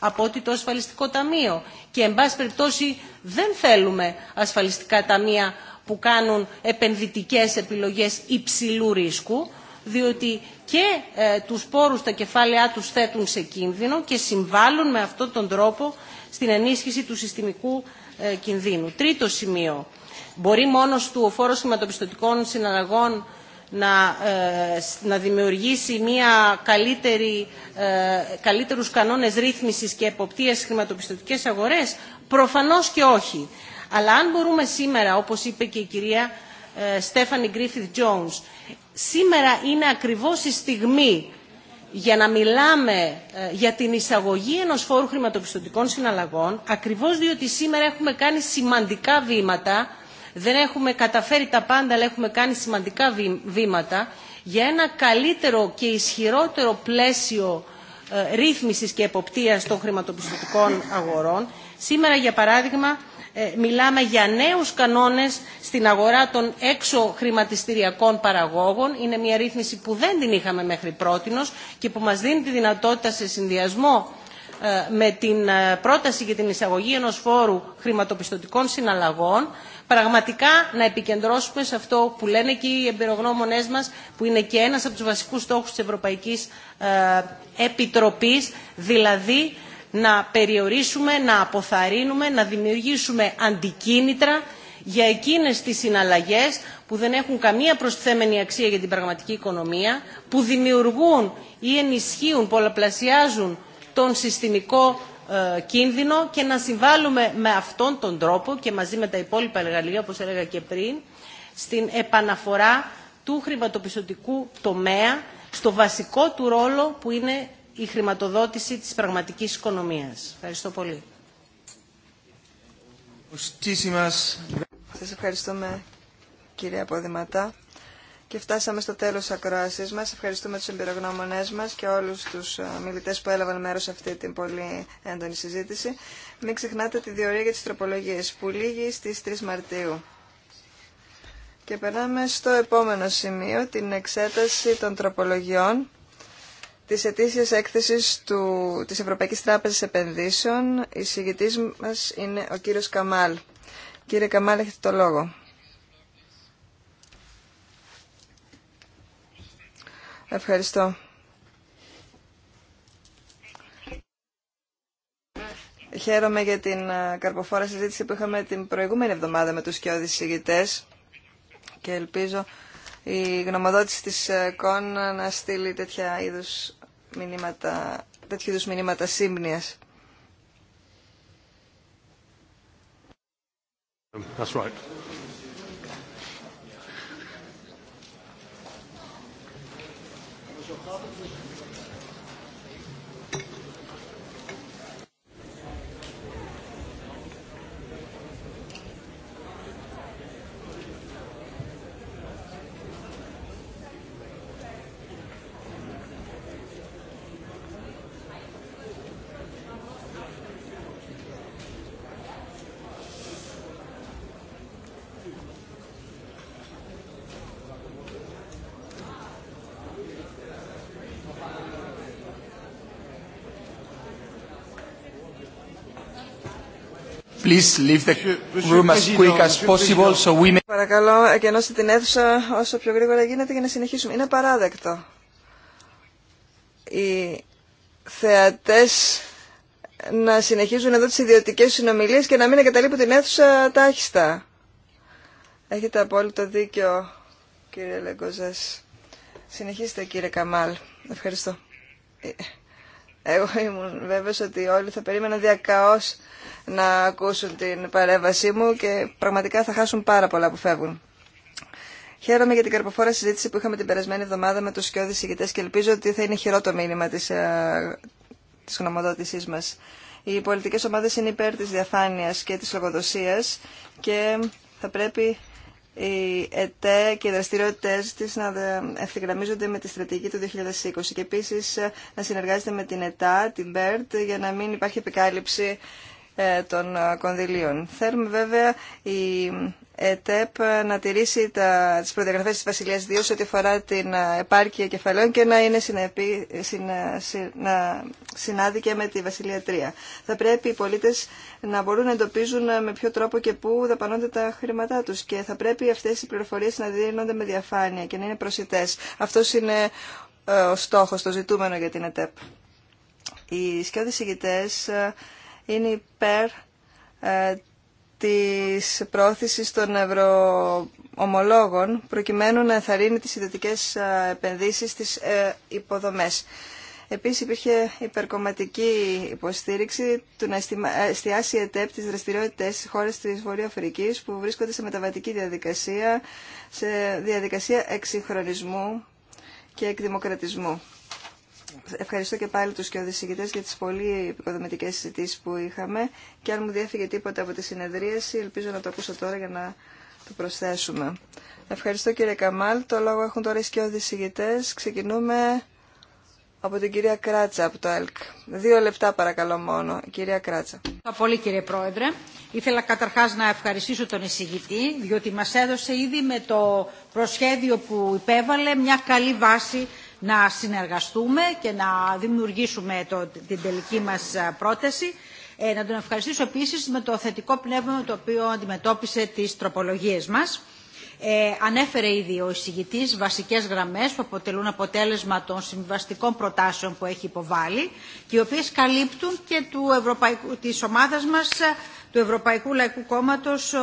από ότι το ασφαλιστικό ταμείο. Και εν πάση περιπτώσει δεν θέλουμε ασφαλιστικά ταμεία που κάνουν επενδυτικές επιλογές υψηλού ρίσκου, διότι και ε, τους πόρους τα κεφάλαιά τους θέτουν σε κίνδυνο και συμβάλλουν με αυτόν τον τρόπο στην ενίσχυση του συστημικού ε, κινδύνου. Τρίτο σημείο. Μπορεί μόνος του ο φόρος χρηματοπιστωτικών συναλλαγών να, ε, να δημιουργήσει μια καλύτερη, ε, καλύτερους κανόνες ρύθμισης και εποπτείας στις χρηματοπιστωτικές αγορές. Προφανώς και όχι. Αλλά αν μπορούμε σήμερα, όπως είπε και η κυρία Στέφανη ε, Γκρίφιθ Griffith-Jones σήμερα είναι ακριβώς η στιγμή για να μιλάμε για την εισαγωγή ενός φόρου χρηματοπιστωτικών συναλλαγών, ακριβώς διότι σήμερα έχουμε κάνει σημαντικά βήματα δεν έχουμε καταφέρει τα πάντα, αλλά έχουμε κάνει σημαντικά βήματα για ένα καλύτερο και ισχυρότερο πλαίσιο ε, ρύθμισης και εποπτείας των χρηματοπιστωτικών αγορών. Σήμερα, για παράδειγμα, ε, μιλάμε για νέους κανόνες στην αγορά των έξω χρηματιστηριακών παραγόγων. Είναι μια ρύθμιση που δεν την είχαμε μέχρι πρότινος και που μας δίνει τη δυνατότητα σε συνδυασμό ε, με την πρόταση για την εισαγωγή ενός φόρου χρηματοπιστωτικών συναλλαγών πραγματικά να επικεντρώσουμε σε αυτό που λένε και οι εμπειρογνώμονές μας, που είναι και ένας από τους βασικούς στόχους της Ευρωπαϊκής ε, Επιτροπής, δηλαδή να περιορίσουμε, να αποθαρρύνουμε, να δημιουργήσουμε αντικίνητρα για εκείνες τις συναλλαγές που δεν έχουν καμία προσθέμενη αξία για την πραγματική οικονομία, που δημιουργούν ή ενισχύουν, πολλαπλασιάζουν τον συστημικό ε, κίνδυνο και να συμβάλλουμε με αυτόν τον τρόπο και μαζί με τα υπόλοιπα εργαλεία, όπως έλεγα και πριν, στην επαναφορά του χρηματοπιστωτικού τομέα στο βασικό του ρόλο που είναι η χρηματοδότηση της πραγματικής οικονομίας. Ευχαριστώ πολύ.
Σας ευχαριστούμε και φτάσαμε στο τέλος της ακροάσης μας. Ευχαριστούμε τους εμπειρογνώμονές μας και όλους τους ε, μιλητές που έλαβαν μέρος σε αυτή την πολύ έντονη συζήτηση. Μην ξεχνάτε τη διορία για τις τροπολογίες που λύγει στις 3 Μαρτίου. Και περνάμε στο επόμενο σημείο, την εξέταση των τροπολογιών της ετήσιας έκθεσης του, της Ευρωπαϊκής Τράπεζας Επενδύσεων. Η συγητής μας είναι ο κύριος Καμάλ. Κύριε Καμάλ, έχετε το λόγο. Ευχαριστώ. Χαίρομαι για την καρποφόρα συζήτηση που είχαμε την προηγούμενη εβδομάδα με τους κοιόδης συγητές και ελπίζω η γνωμοδότηση της ε, ΚΟΝ να στείλει τέτοια είδους μηνύματα, τέτοιου είδους μηνύματα σύμπνοιας. That's right. Παρακαλώ, εκενώστε την αίθουσα όσο πιο γρήγορα γίνεται για να συνεχίσουμε. Είναι παράδεκτο. Οι θεατές να συνεχίζουν εδώ τις ιδιωτικές συνομιλίες και να μην εγκαταλείπουν την αίθουσα τάχιστα. Έχετε απόλυτο δίκιο, κύριε Λεγκοζές. Συνεχίστε, κύριε Καμάλ. Ευχαριστώ. Ε, εγώ ήμουν βέβαιος ότι όλοι θα περίμεναν διακαώς να ακούσουν την παρέμβασή μου και πραγματικά θα χάσουν πάρα πολλά που φεύγουν. Χαίρομαι για την καρποφόρα συζήτηση που είχαμε την περασμένη εβδομάδα με τους σκιώδεις ηγητές και ελπίζω ότι θα είναι χειρό το μήνυμα της, ε, της γνωμοδότησής μας. Οι πολιτικές ομάδες είναι υπέρ της διαφάνειας και της λογοδοσίας και θα πρέπει οι ΕΤΕ και οι δραστηριότητε τη να ευθυγραμμίζονται με τη στρατηγική του 2020 και επίση ε, να συνεργάζεται με την ΕΤΑ, την BERT για να μην υπάρχει επικάλυψη ε, των ε, κονδυλίων. Θέλουμε βέβαια η ΕΤΕΠ να τηρήσει τα, τις προδιαγραφές της Βασιλείας 2 σε ό,τι αφορά την ε, επάρκεια κεφαλαίων και να είναι συνεπή, συν, ε, και με τη Βασιλεία 3. Θα πρέπει οι πολίτες να μπορούν να εντοπίζουν με ποιο τρόπο και πού δαπανώνται τα χρήματά τους και θα πρέπει αυτές οι πληροφορίες να δίνονται με διαφάνεια και να είναι προσιτές. Αυτός είναι ε, ο στόχος, το ζητούμενο για την ΕΤΕΠ. Οι σκιώδεις ηγητές είναι υπέρ της πρόθεσης των ευρωομολόγων προκειμένου να ενθαρρύνει τις ιδιωτικές ε, επενδύσεις στις ε, υποδομές. Επίσης υπήρχε υπερκομματική υποστήριξη του να ε, εστιάσει η ΕΤΕΠ τις δραστηριότητες στις χώρες της Βορειοαφρικής που βρίσκονται σε μεταβατική διαδικασία, σε διαδικασία εξυγχρονισμού και εκδημοκρατισμού. Ευχαριστώ και πάλι τους και οδησηγητές για τις πολύ επικοδομητικές συζητήσεις που είχαμε και αν μου διέφυγε τίποτα από τη συνεδρίαση ελπίζω να το ακούσω τώρα για να το προσθέσουμε. Ευχαριστώ κύριε Καμάλ. Το λόγο έχουν τώρα οι σκιώδεις Ξεκινούμε από την κυρία Κράτσα από το ΕΛΚ. Δύο λεπτά παρακαλώ μόνο. Κυρία Κράτσα.
Ευχαριστώ πολύ κύριε Πρόεδρε. Ήθελα καταρχάς να ευχαριστήσω τον εισηγητή διότι μας έδωσε ήδη με το προσχέδιο που υπέβαλε μια καλή βάση να συνεργαστούμε και να δημιουργήσουμε την τελική μας ε, πρόταση. Ε, να τον ευχαριστήσω επίσης με το θετικό πνεύμα το οποίο αντιμετώπισε τις τροπολογίες μας. Ε, ανέφερε ήδη ο εισηγητής βασικές γραμμές που αποτελούν αποτέλεσμα των συμβαστικών προτάσεων που έχει υποβάλει και οι οποίες καλύπτουν και του ομάδα της ομάδας μας του Ευρωπαϊκού Λαϊκού Κόμματος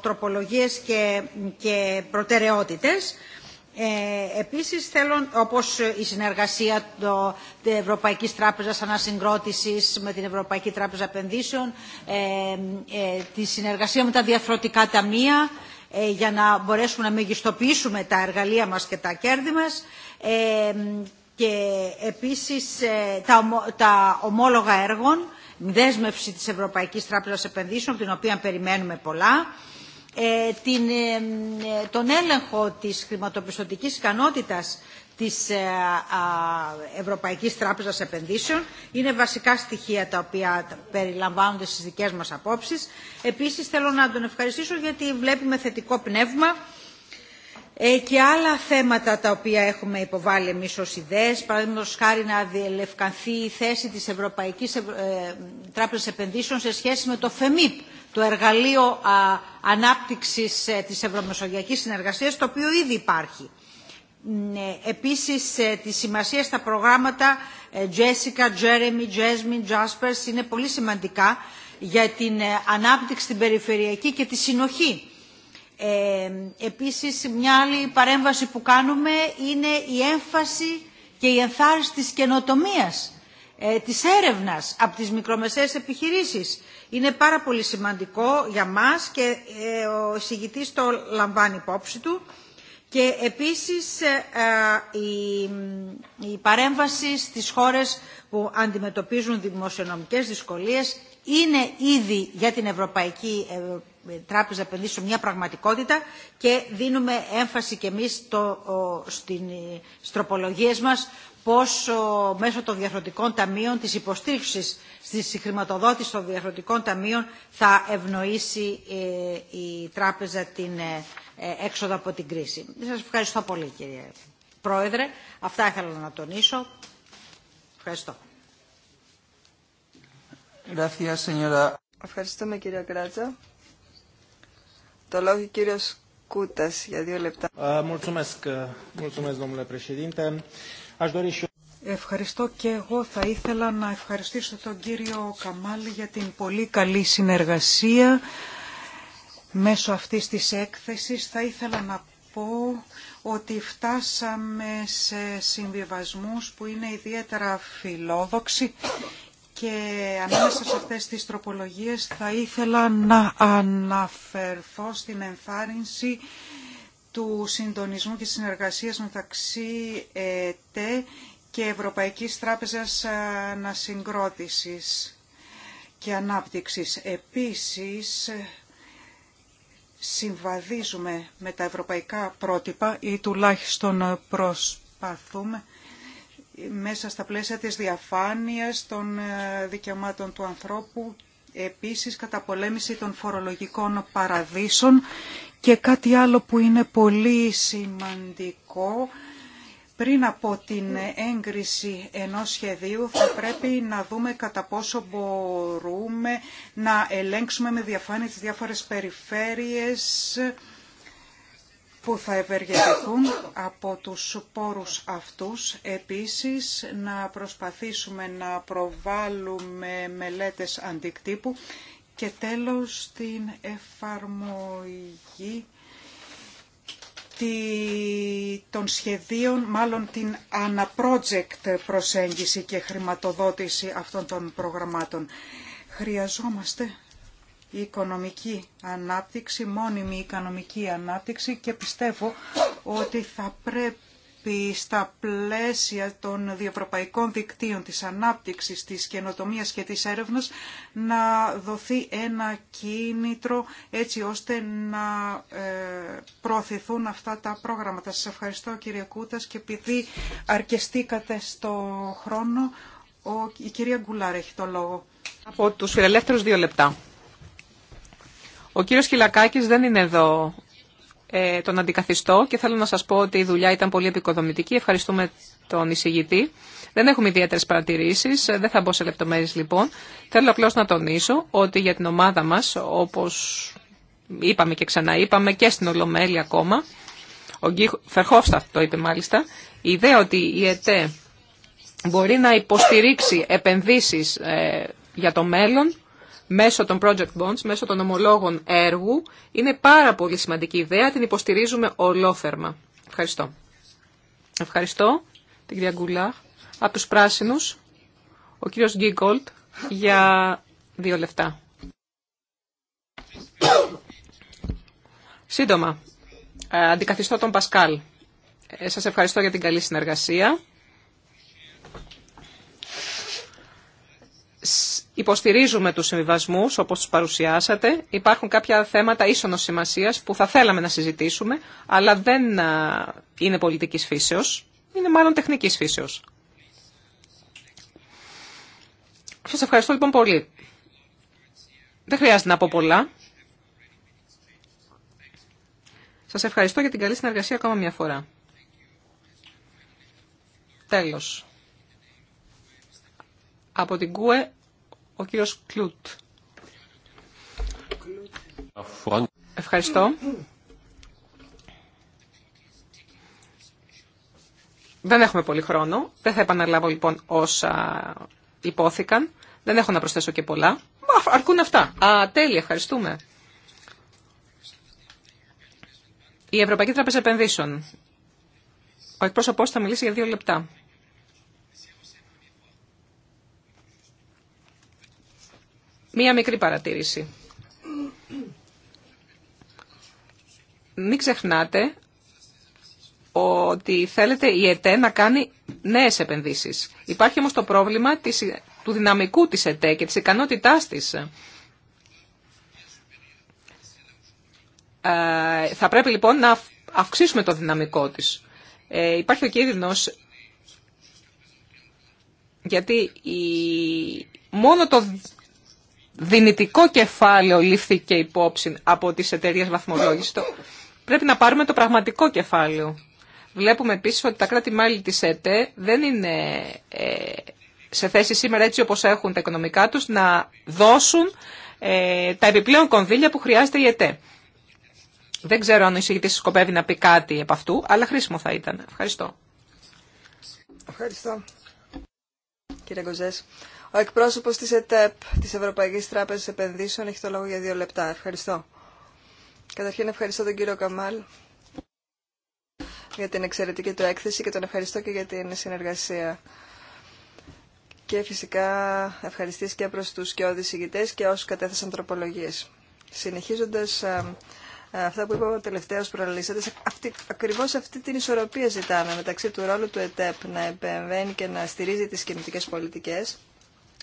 Τροπολογίε και, και προτεραιότητες. Ε, επίσης θέλω, όπως η συνεργασία της Ευρωπαϊκής Τράπεζας Ανασυγκρότησης με την Ευρωπαϊκή Τράπεζα Επενδύσεων, ε, ε τη συνεργασία με τα διαφορετικά ταμεία ε, για να μπορέσουμε να μεγιστοποιήσουμε τα εργαλεία μας και τα κέρδη μας ε, και επίσης τα, τα ομόλογα έργων, δέσμευση της Ευρωπαϊκής Τράπεζας Επενδύσεων, από την οποία περιμένουμε πολλά ε, ε, ε, τον έλεγχο της χρηματοπιστωτικής ικανότητας της Ευρωπαϊκής Τράπεζας Επενδύσεων. Είναι βασικά στοιχεία τα οποία περιλαμβάνονται στις δικές μας απόψεις. Επίσης θέλω να τον ευχαριστήσω γιατί βλέπει θετικό πνεύμα ε, και άλλα θέματα τα οποία έχουμε υποβάλει εμεί ως ιδέες, παραδείγματο χάρη να διελευκανθεί η θέση της Ευρωπαϊκής ε, Τράπεζας Επενδύσεων σε σχέση με το ΦΕΜΙΠ, το εργαλείο Ανάπτυξης ε, της Ευρωμεσογειακής Συνεργασίας, το οποίο ήδη υπάρχει. Επίσης, τη σημασία στα προγράμματα Jessica, Jeremy, Jasmine, Jaspers είναι πολύ σημαντικά για την ανάπτυξη, την περιφερειακή και τη συνοχή επίσης, μια άλλη παρέμβαση που κάνουμε είναι η έμφαση και η ενθάρρυνση της καινοτομίας, ε, της έρευνας από τις μικρομεσαίες επιχειρήσεις. Είναι πάρα πολύ σημαντικό για μας και ε, ο εισηγητής το λαμβάνει υπόψη του. Και επίσης ε, η, η παρέμβαση στις χώρες που αντιμετωπίζουν δημοσιονομικές δυσκολίες είναι ήδη για την Ευρωπαϊκή ε, Τράπεζα Επενδύσεων μια πραγματικότητα και δίνουμε έμφαση και εμείς στο, στην, στις τροπολογίες μας πως μέσω των διαχρονικών ταμείων, της υποστήριξης στη χρηματοδότηση των διαφορετικών ταμείων θα ευνοήσει ε, η τράπεζα την ε, ε, έξοδο από την κρίση. Σας ευχαριστώ πολύ κύριε Πρόεδρε. Αυτά ήθελα να τονίσω. Ευχαριστώ.
Ευχαριστούμε κύριε Κράτσα. Το λόγο κύριος για δύο λεπτά. Ε, ε, Ευχαριστώ και εγώ θα
ήθελα να ευχαριστήσω τον κύριο Καμάλη για την πολύ καλή συνεργασία μέσω αυτής της έκθεσης. Θα ήθελα να πω ότι φτάσαμε σε συμβιβασμούς που είναι ιδιαίτερα φιλόδοξοι και ανάμεσα σε αυτές τις τροπολογίες θα ήθελα να αναφερθώ στην ενθάρρυνση του συντονισμού και συνεργασίας μεταξύ ΕΤΕ και Ευρωπαϊκής Τράπεζας ε, Ανασυγκρότησης και Ανάπτυξης. Επίσης, ε, συμβαδίζουμε με τα ευρωπαϊκά πρότυπα ή τουλάχιστον προσπαθούμε μέσα στα πλαίσια της διαφάνειας των ε, δικαιωμάτων του ανθρώπου, επίσης πολέμηση των φορολογικών παραδείσων και κάτι άλλο που είναι πολύ σημαντικό, πριν από την έγκριση ενός σχεδίου θα πρέπει να δούμε κατά πόσο μπορούμε να ελέγξουμε με διαφάνεια τις διάφορες περιφέρειες που θα ευεργετηθούν από τους πόρους αυτούς. Επίσης, να προσπαθήσουμε να προβάλλουμε μελέτες αντικτύπου και τέλος την εφαρμογή των σχεδίων, μάλλον την αναπρότζεκτ προσέγγιση και χρηματοδότηση αυτών των προγραμμάτων. Χρειαζόμαστε η οικονομική ανάπτυξη, μόνιμη οικονομική ανάπτυξη και πιστεύω ότι θα πρέπει στα πλαίσια των διευρωπαϊκών δικτύων της ανάπτυξης, της καινοτομίας και της έρευνας να δοθεί ένα κίνητρο έτσι ώστε να ε, προωθηθούν αυτά τα πρόγραμματα. Σας ευχαριστώ κύριε Κούτας και επειδή αρκεστήκατε στο χρόνο, η κυρία Γκουλάρ έχει το λόγο.
Από τους φιλελεύθερους δύο λεπτά. Ο κύριος Χιλακάκης δεν είναι εδώ ε, τον αντικαθιστώ και θέλω να σας πω ότι η δουλειά ήταν πολύ επικοδομητική. Ευχαριστούμε τον εισηγητή. Δεν έχουμε ιδιαίτερε παρατηρήσει, ε, δεν θα μπω σε λεπτομέρειε λοιπόν. Θέλω απλώ να τονίσω ότι για την ομάδα μα, όπω είπαμε και ξαναείπαμε και στην Ολομέλη ακόμα, ο Γκί το είπε μάλιστα, η ιδέα ότι η ΕΤΕ μπορεί να υποστηρίξει επενδύσεις ε, για το μέλλον μέσω των project bonds, μέσω των ομολόγων έργου, είναι πάρα πολύ σημαντική ιδέα, την υποστηρίζουμε ολόθερμα. Ευχαριστώ. Ευχαριστώ την κυρία Γκουλά. Από τους πράσινους, ο κύριος Γκίγκολτ για δύο λεπτά. Σύντομα, ε, αντικαθιστώ τον Πασκάλ. Ε, σας ευχαριστώ για την καλή συνεργασία. Υποστηρίζουμε τους συμβιβασμού όπως τους παρουσιάσατε. Υπάρχουν κάποια θέματα ίσονος σημασίας που θα θέλαμε να συζητήσουμε, αλλά δεν είναι πολιτικής φύσεως, είναι μάλλον τεχνικής φύσεως. Σας ευχαριστώ λοιπόν πολύ. Δεν χρειάζεται να πω πολλά. Σας ευχαριστώ για την καλή συνεργασία ακόμα μια φορά. Τέλος. Από την ΚΟΕ ο κύριος Κλούτ. Ευχαριστώ. Δεν έχουμε πολύ χρόνο. Δεν θα επαναλάβω λοιπόν όσα υπόθηκαν. Δεν έχω να προσθέσω και πολλά. Αρκούν αυτά. Α, τέλεια, ευχαριστούμε. Η Ευρωπαϊκή Τράπεζα Επενδύσεων. Ο εκπρόσωπός θα μιλήσει για δύο λεπτά. Μία μικρή παρατήρηση. Μην ξεχνάτε ότι θέλετε η ΕΤΕ να κάνει νέες επενδύσεις. Υπάρχει όμως το πρόβλημα της, του δυναμικού της ΕΤΕ και της ικανότητάς της. Ε, θα πρέπει λοιπόν να αυξήσουμε το δυναμικό της. Ε, υπάρχει ο κίνδυνος γιατί η, μόνο το δυνητικό κεφάλαιο λήφθηκε υπόψη από τις εταιρείες βαθμολόγησης. Πρέπει να πάρουμε το πραγματικό κεφάλαιο. Βλέπουμε επίσης ότι τα κράτη-μέλη της ΕΤΕ δεν είναι ε, σε θέση σήμερα έτσι όπως έχουν τα οικονομικά τους να δώσουν ε, τα επιπλέον κονδύλια που χρειάζεται η ΕΤΕ. Δεν ξέρω αν ο εισηγητής σκοπεύει να πει κάτι από αυτού, αλλά χρήσιμο θα ήταν. Ευχαριστώ.
Ευχαριστώ. Κύριε ο εκπρόσωπο τη ΕΤΕΠ, τη Ευρωπαϊκή Τράπεζα Επενδύσεων, έχει το λόγο για δύο λεπτά. Ευχαριστώ. Καταρχήν ευχαριστώ τον κύριο Καμάλ για την εξαιρετική του έκθεση και τον ευχαριστώ και για την συνεργασία. Και φυσικά ευχαριστήσει και προς τους και ηγητές και όσους κατέθεσαν τροπολογίες. Συνεχίζοντας ε, ε, αυτά που είπαμε τελευταίως προαλήσατες, αυτή, ακριβώς αυτή την ισορροπία ζητάμε μεταξύ του ρόλου του ΕΤΕΠ να επεμβαίνει και να στηρίζει τις κινητικές πολιτικές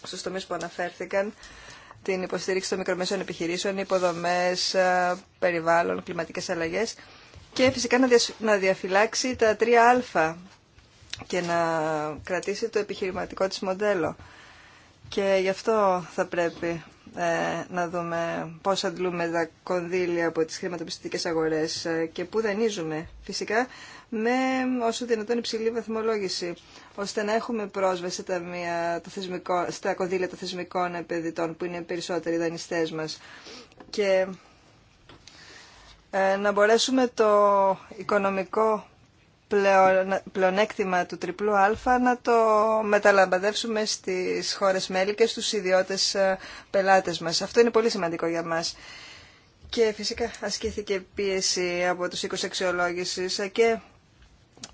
στους τομείς που αναφέρθηκαν, την υποστήριξη των μικρομεσαίων επιχειρήσεων, υποδομές, ε, περιβάλλον, κλιματικές αλλαγές και φυσικά να διαφυλάξει τα τρία αλφα και να κρατήσει το επιχειρηματικό της μοντέλο. Και γι' αυτό θα πρέπει ε, να δούμε πώς αντλούμε τα κονδύλια από τις χρηματοπιστωτικές αγορές ε, και πού δανείζουμε φυσικά με όσο δυνατόν υψηλή βαθμολόγηση ώστε να έχουμε πρόσβαση τα μία, το θεσμικό, στα κονδύλια των θεσμικών επενδυτών που είναι περισσότεροι δανειστές μας και ε, να μπορέσουμε το οικονομικό πλεονέκτημα του τριπλού α να το μεταλαμπαδεύσουμε στις χώρες μέλη και στους ιδιώτες ε, πελάτες μας. Αυτό είναι πολύ σημαντικό για μας. Και φυσικά ασκήθηκε πίεση από τους οίκου αξιολόγηση και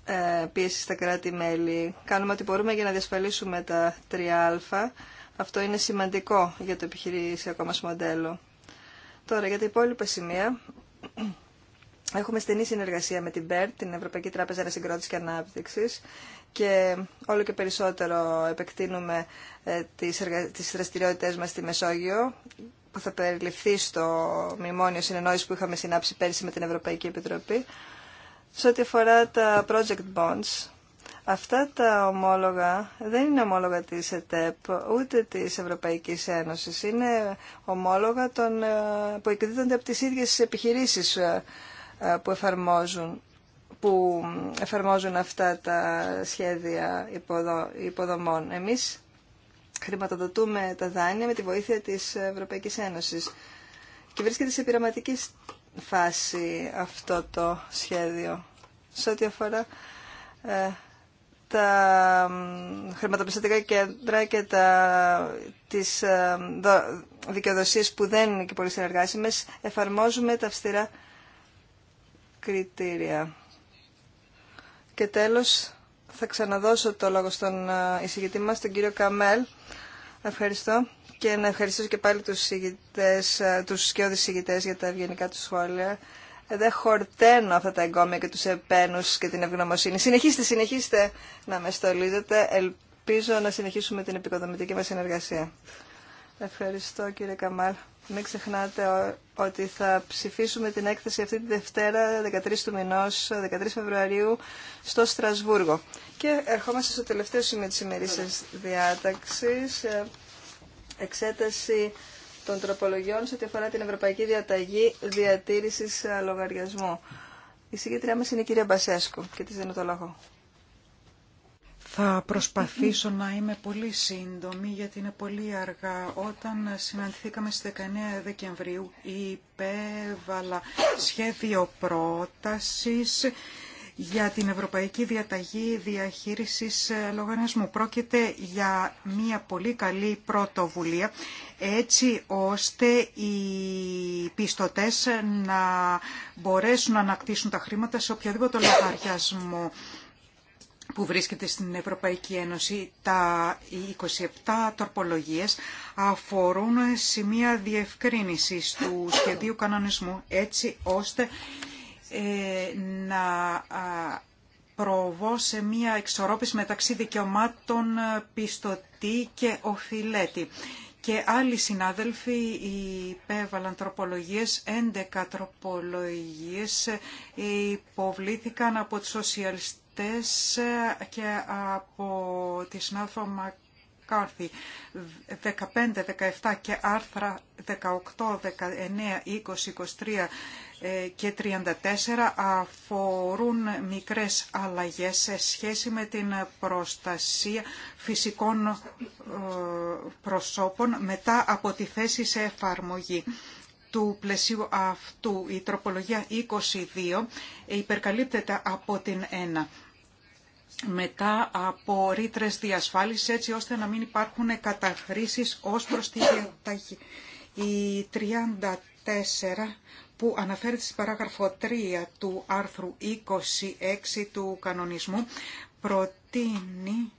ε, πίεση στα κράτη-μέλη. Κάνουμε ό,τι μπορούμε για να διασφαλίσουμε τα τρία α Αυτό είναι σημαντικό για το επιχειρησιακό μας μοντέλο. Τώρα για τα υπόλοιπα σημεία Έχουμε στενή συνεργασία με την BERT, την Ευρωπαϊκή Τράπεζα Ανασυγκρότησης και Ανάπτυξης και όλο και περισσότερο επεκτείνουμε ε, τις, δραστηριότητε τις δραστηριότητες μας στη Μεσόγειο που θα περιληφθεί στο μνημόνιο συνεννόηση που είχαμε συνάψει πέρσι με την Ευρωπαϊκή Επιτροπή. Σε ό,τι αφορά τα project bonds, αυτά τα ομόλογα δεν είναι ομόλογα της ΕΤΕΠ ούτε της Ευρωπαϊκής Ένωσης. Είναι ομόλογα των, ε, που εκδίδονται από τις ίδιες επιχειρήσεις ε, ε, που εφαρμόζουν, που εφαρμόζουν αυτά τα σχέδια υποδομών. Εμείς χρηματοδοτούμε τα δάνεια με τη βοήθεια της Ευρωπαϊκής Ένωσης και βρίσκεται σε πειραματική φάση αυτό το σχέδιο σε ό,τι αφορά ε, τα χρηματοπιστωτικά κέντρα και τα, τις ε, δικαιοδοσίες που δεν είναι και πολύ συνεργάσιμες εφαρμόζουμε τα αυστηρά κριτήρια. Και τέλος θα ξαναδώσω το λόγο στον ε, εισηγητή μας, τον κύριο Καμέλ. Ευχαριστώ και να ευχαριστήσω και πάλι τους, συγητές, ε, τους για τα ευγενικά του σχόλια. Ε, δεν χορταίνω αυτά τα εγκόμια και τους επένους και την ευγνωμοσύνη. Συνεχίστε, συνεχίστε να με στολίζετε. Ελπίζω να συνεχίσουμε την επικοδομητική μας συνεργασία. Ευχαριστώ κύριε Καμάλ. Μην ξεχνάτε ότι θα ψηφίσουμε την έκθεση αυτή τη Δευτέρα, 13 του μηνός, 13 Φεβρουαρίου, στο Στρασβούργο. Και ερχόμαστε στο τελευταίο σημείο της ημερήσια διάταξη ε, εξέταση των τροπολογιών σε ό,τι αφορά την Ευρωπαϊκή Διαταγή Διατήρησης Λογαριασμού. Η συγκεκριά μας είναι η κυρία Μπασέσκου και της δίνω το λόγο.
Θα προσπαθήσω να είμαι πολύ σύντομη γιατί είναι πολύ αργά. Όταν συναντηθήκαμε στις 19 Δεκεμβρίου υπέβαλα σχέδιο πρότασης για την Ευρωπαϊκή Διαταγή Διαχείρισης Λογαριασμού. Πρόκειται για μια πολύ καλή πρωτοβουλία έτσι ώστε οι πιστωτές να μπορέσουν να ανακτήσουν τα χρήματα σε οποιοδήποτε λογαριασμό που βρίσκεται στην Ευρωπαϊκή Ένωση. Τα 27 τροπολογίες αφορούν σημεία διευκρίνηση του σχεδίου κανονισμού έτσι ώστε ε, να προβώ σε μία εξορρόπηση μεταξύ δικαιωμάτων ε, πιστωτή και οφειλέτη. Και άλλοι συνάδελφοι υπέβαλαν τροπολογίες, 11 τροπολογίες ε, υποβλήθηκαν από τους σοσιαλιστές ε, και από τη συνάδελφο Μακάρθη 15, 17 και άρθρα 18, 19, 20, 23 και 34 αφορούν μικρές αλλαγές σε σχέση με την προστασία φυσικών ε, προσώπων μετά από τη θέση σε εφαρμογή του πλαισίου αυτού. Η τροπολογία 22 ε, υπερκαλύπτεται από την 1 μετά από ρήτρε διασφάλισης έτσι ώστε να μην υπάρχουν καταχρήσεις ως προς τη διαταγή. Η 34 που αναφέρεται στην παράγραφο 3 του άρθρου 26 του κανονισμού προτείνει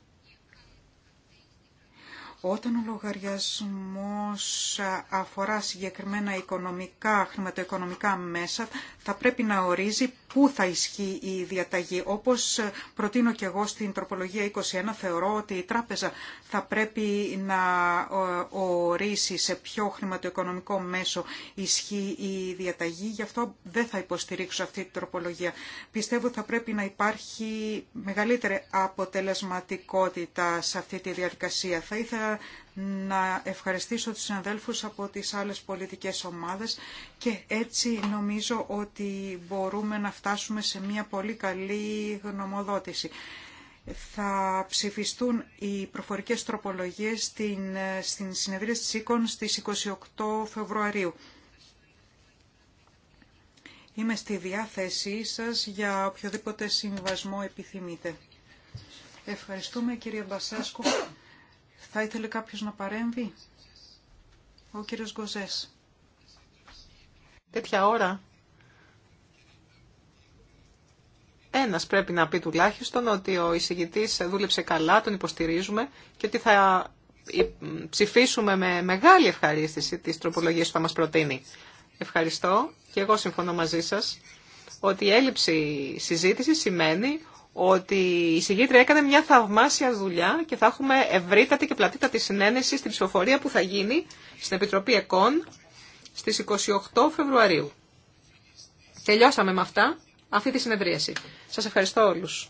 όταν ο λογαριασμός αφορά συγκεκριμένα οικονομικά, χρηματοοικονομικά μέσα, θα πρέπει να ορίζει πού θα ισχύει η διαταγή. Όπως προτείνω και εγώ στην τροπολογία 21, θεωρώ ότι η τράπεζα θα πρέπει να ε, ορίσει σε ποιο χρηματοοικονομικό μέσο ισχύει η διαταγή. Γι' αυτό δεν θα υποστηρίξω αυτή την τροπολογία. Πιστεύω θα πρέπει να υπάρχει μεγαλύτερη αποτελεσματικότητα σε αυτή τη διαδικασία. Θα να ευχαριστήσω τους συναδέλφους από τις άλλες πολιτικές ομάδες και έτσι νομίζω ότι μπορούμε να φτάσουμε σε μια πολύ καλή γνωμοδότηση. Θα ψηφιστούν οι προφορικές τροπολογίες στην, στην συνεδρία της ΕΚΟΝ στις 28 Φεβρουαρίου. Είμαι στη διάθεσή σας για οποιοδήποτε συμβασμό επιθυμείτε. Ευχαριστούμε κύριε Μπασάσκου. Θα ήθελε κάποιος να παρέμβει. Ο κύριος Γκοζές.
Τέτοια ώρα. Ένας πρέπει να πει τουλάχιστον ότι ο εισηγητής δούλεψε καλά, τον υποστηρίζουμε και ότι θα ε, ψηφίσουμε με μεγάλη ευχαρίστηση τις τροπολογίες που θα μας προτείνει. Ευχαριστώ και εγώ συμφωνώ μαζί σας ότι η έλλειψη συζήτηση σημαίνει ότι η συγγήτρια έκανε μια θαυμάσια δουλειά και θα έχουμε ευρύτατη και πλατήτατη συνένεση στην ψηφοφορία που θα γίνει στην Επιτροπή ΕΚΟΝ στις 28 Φεβρουαρίου. Τελειώσαμε με αυτά αυτή τη συνεδρίαση. Σας ευχαριστώ όλους.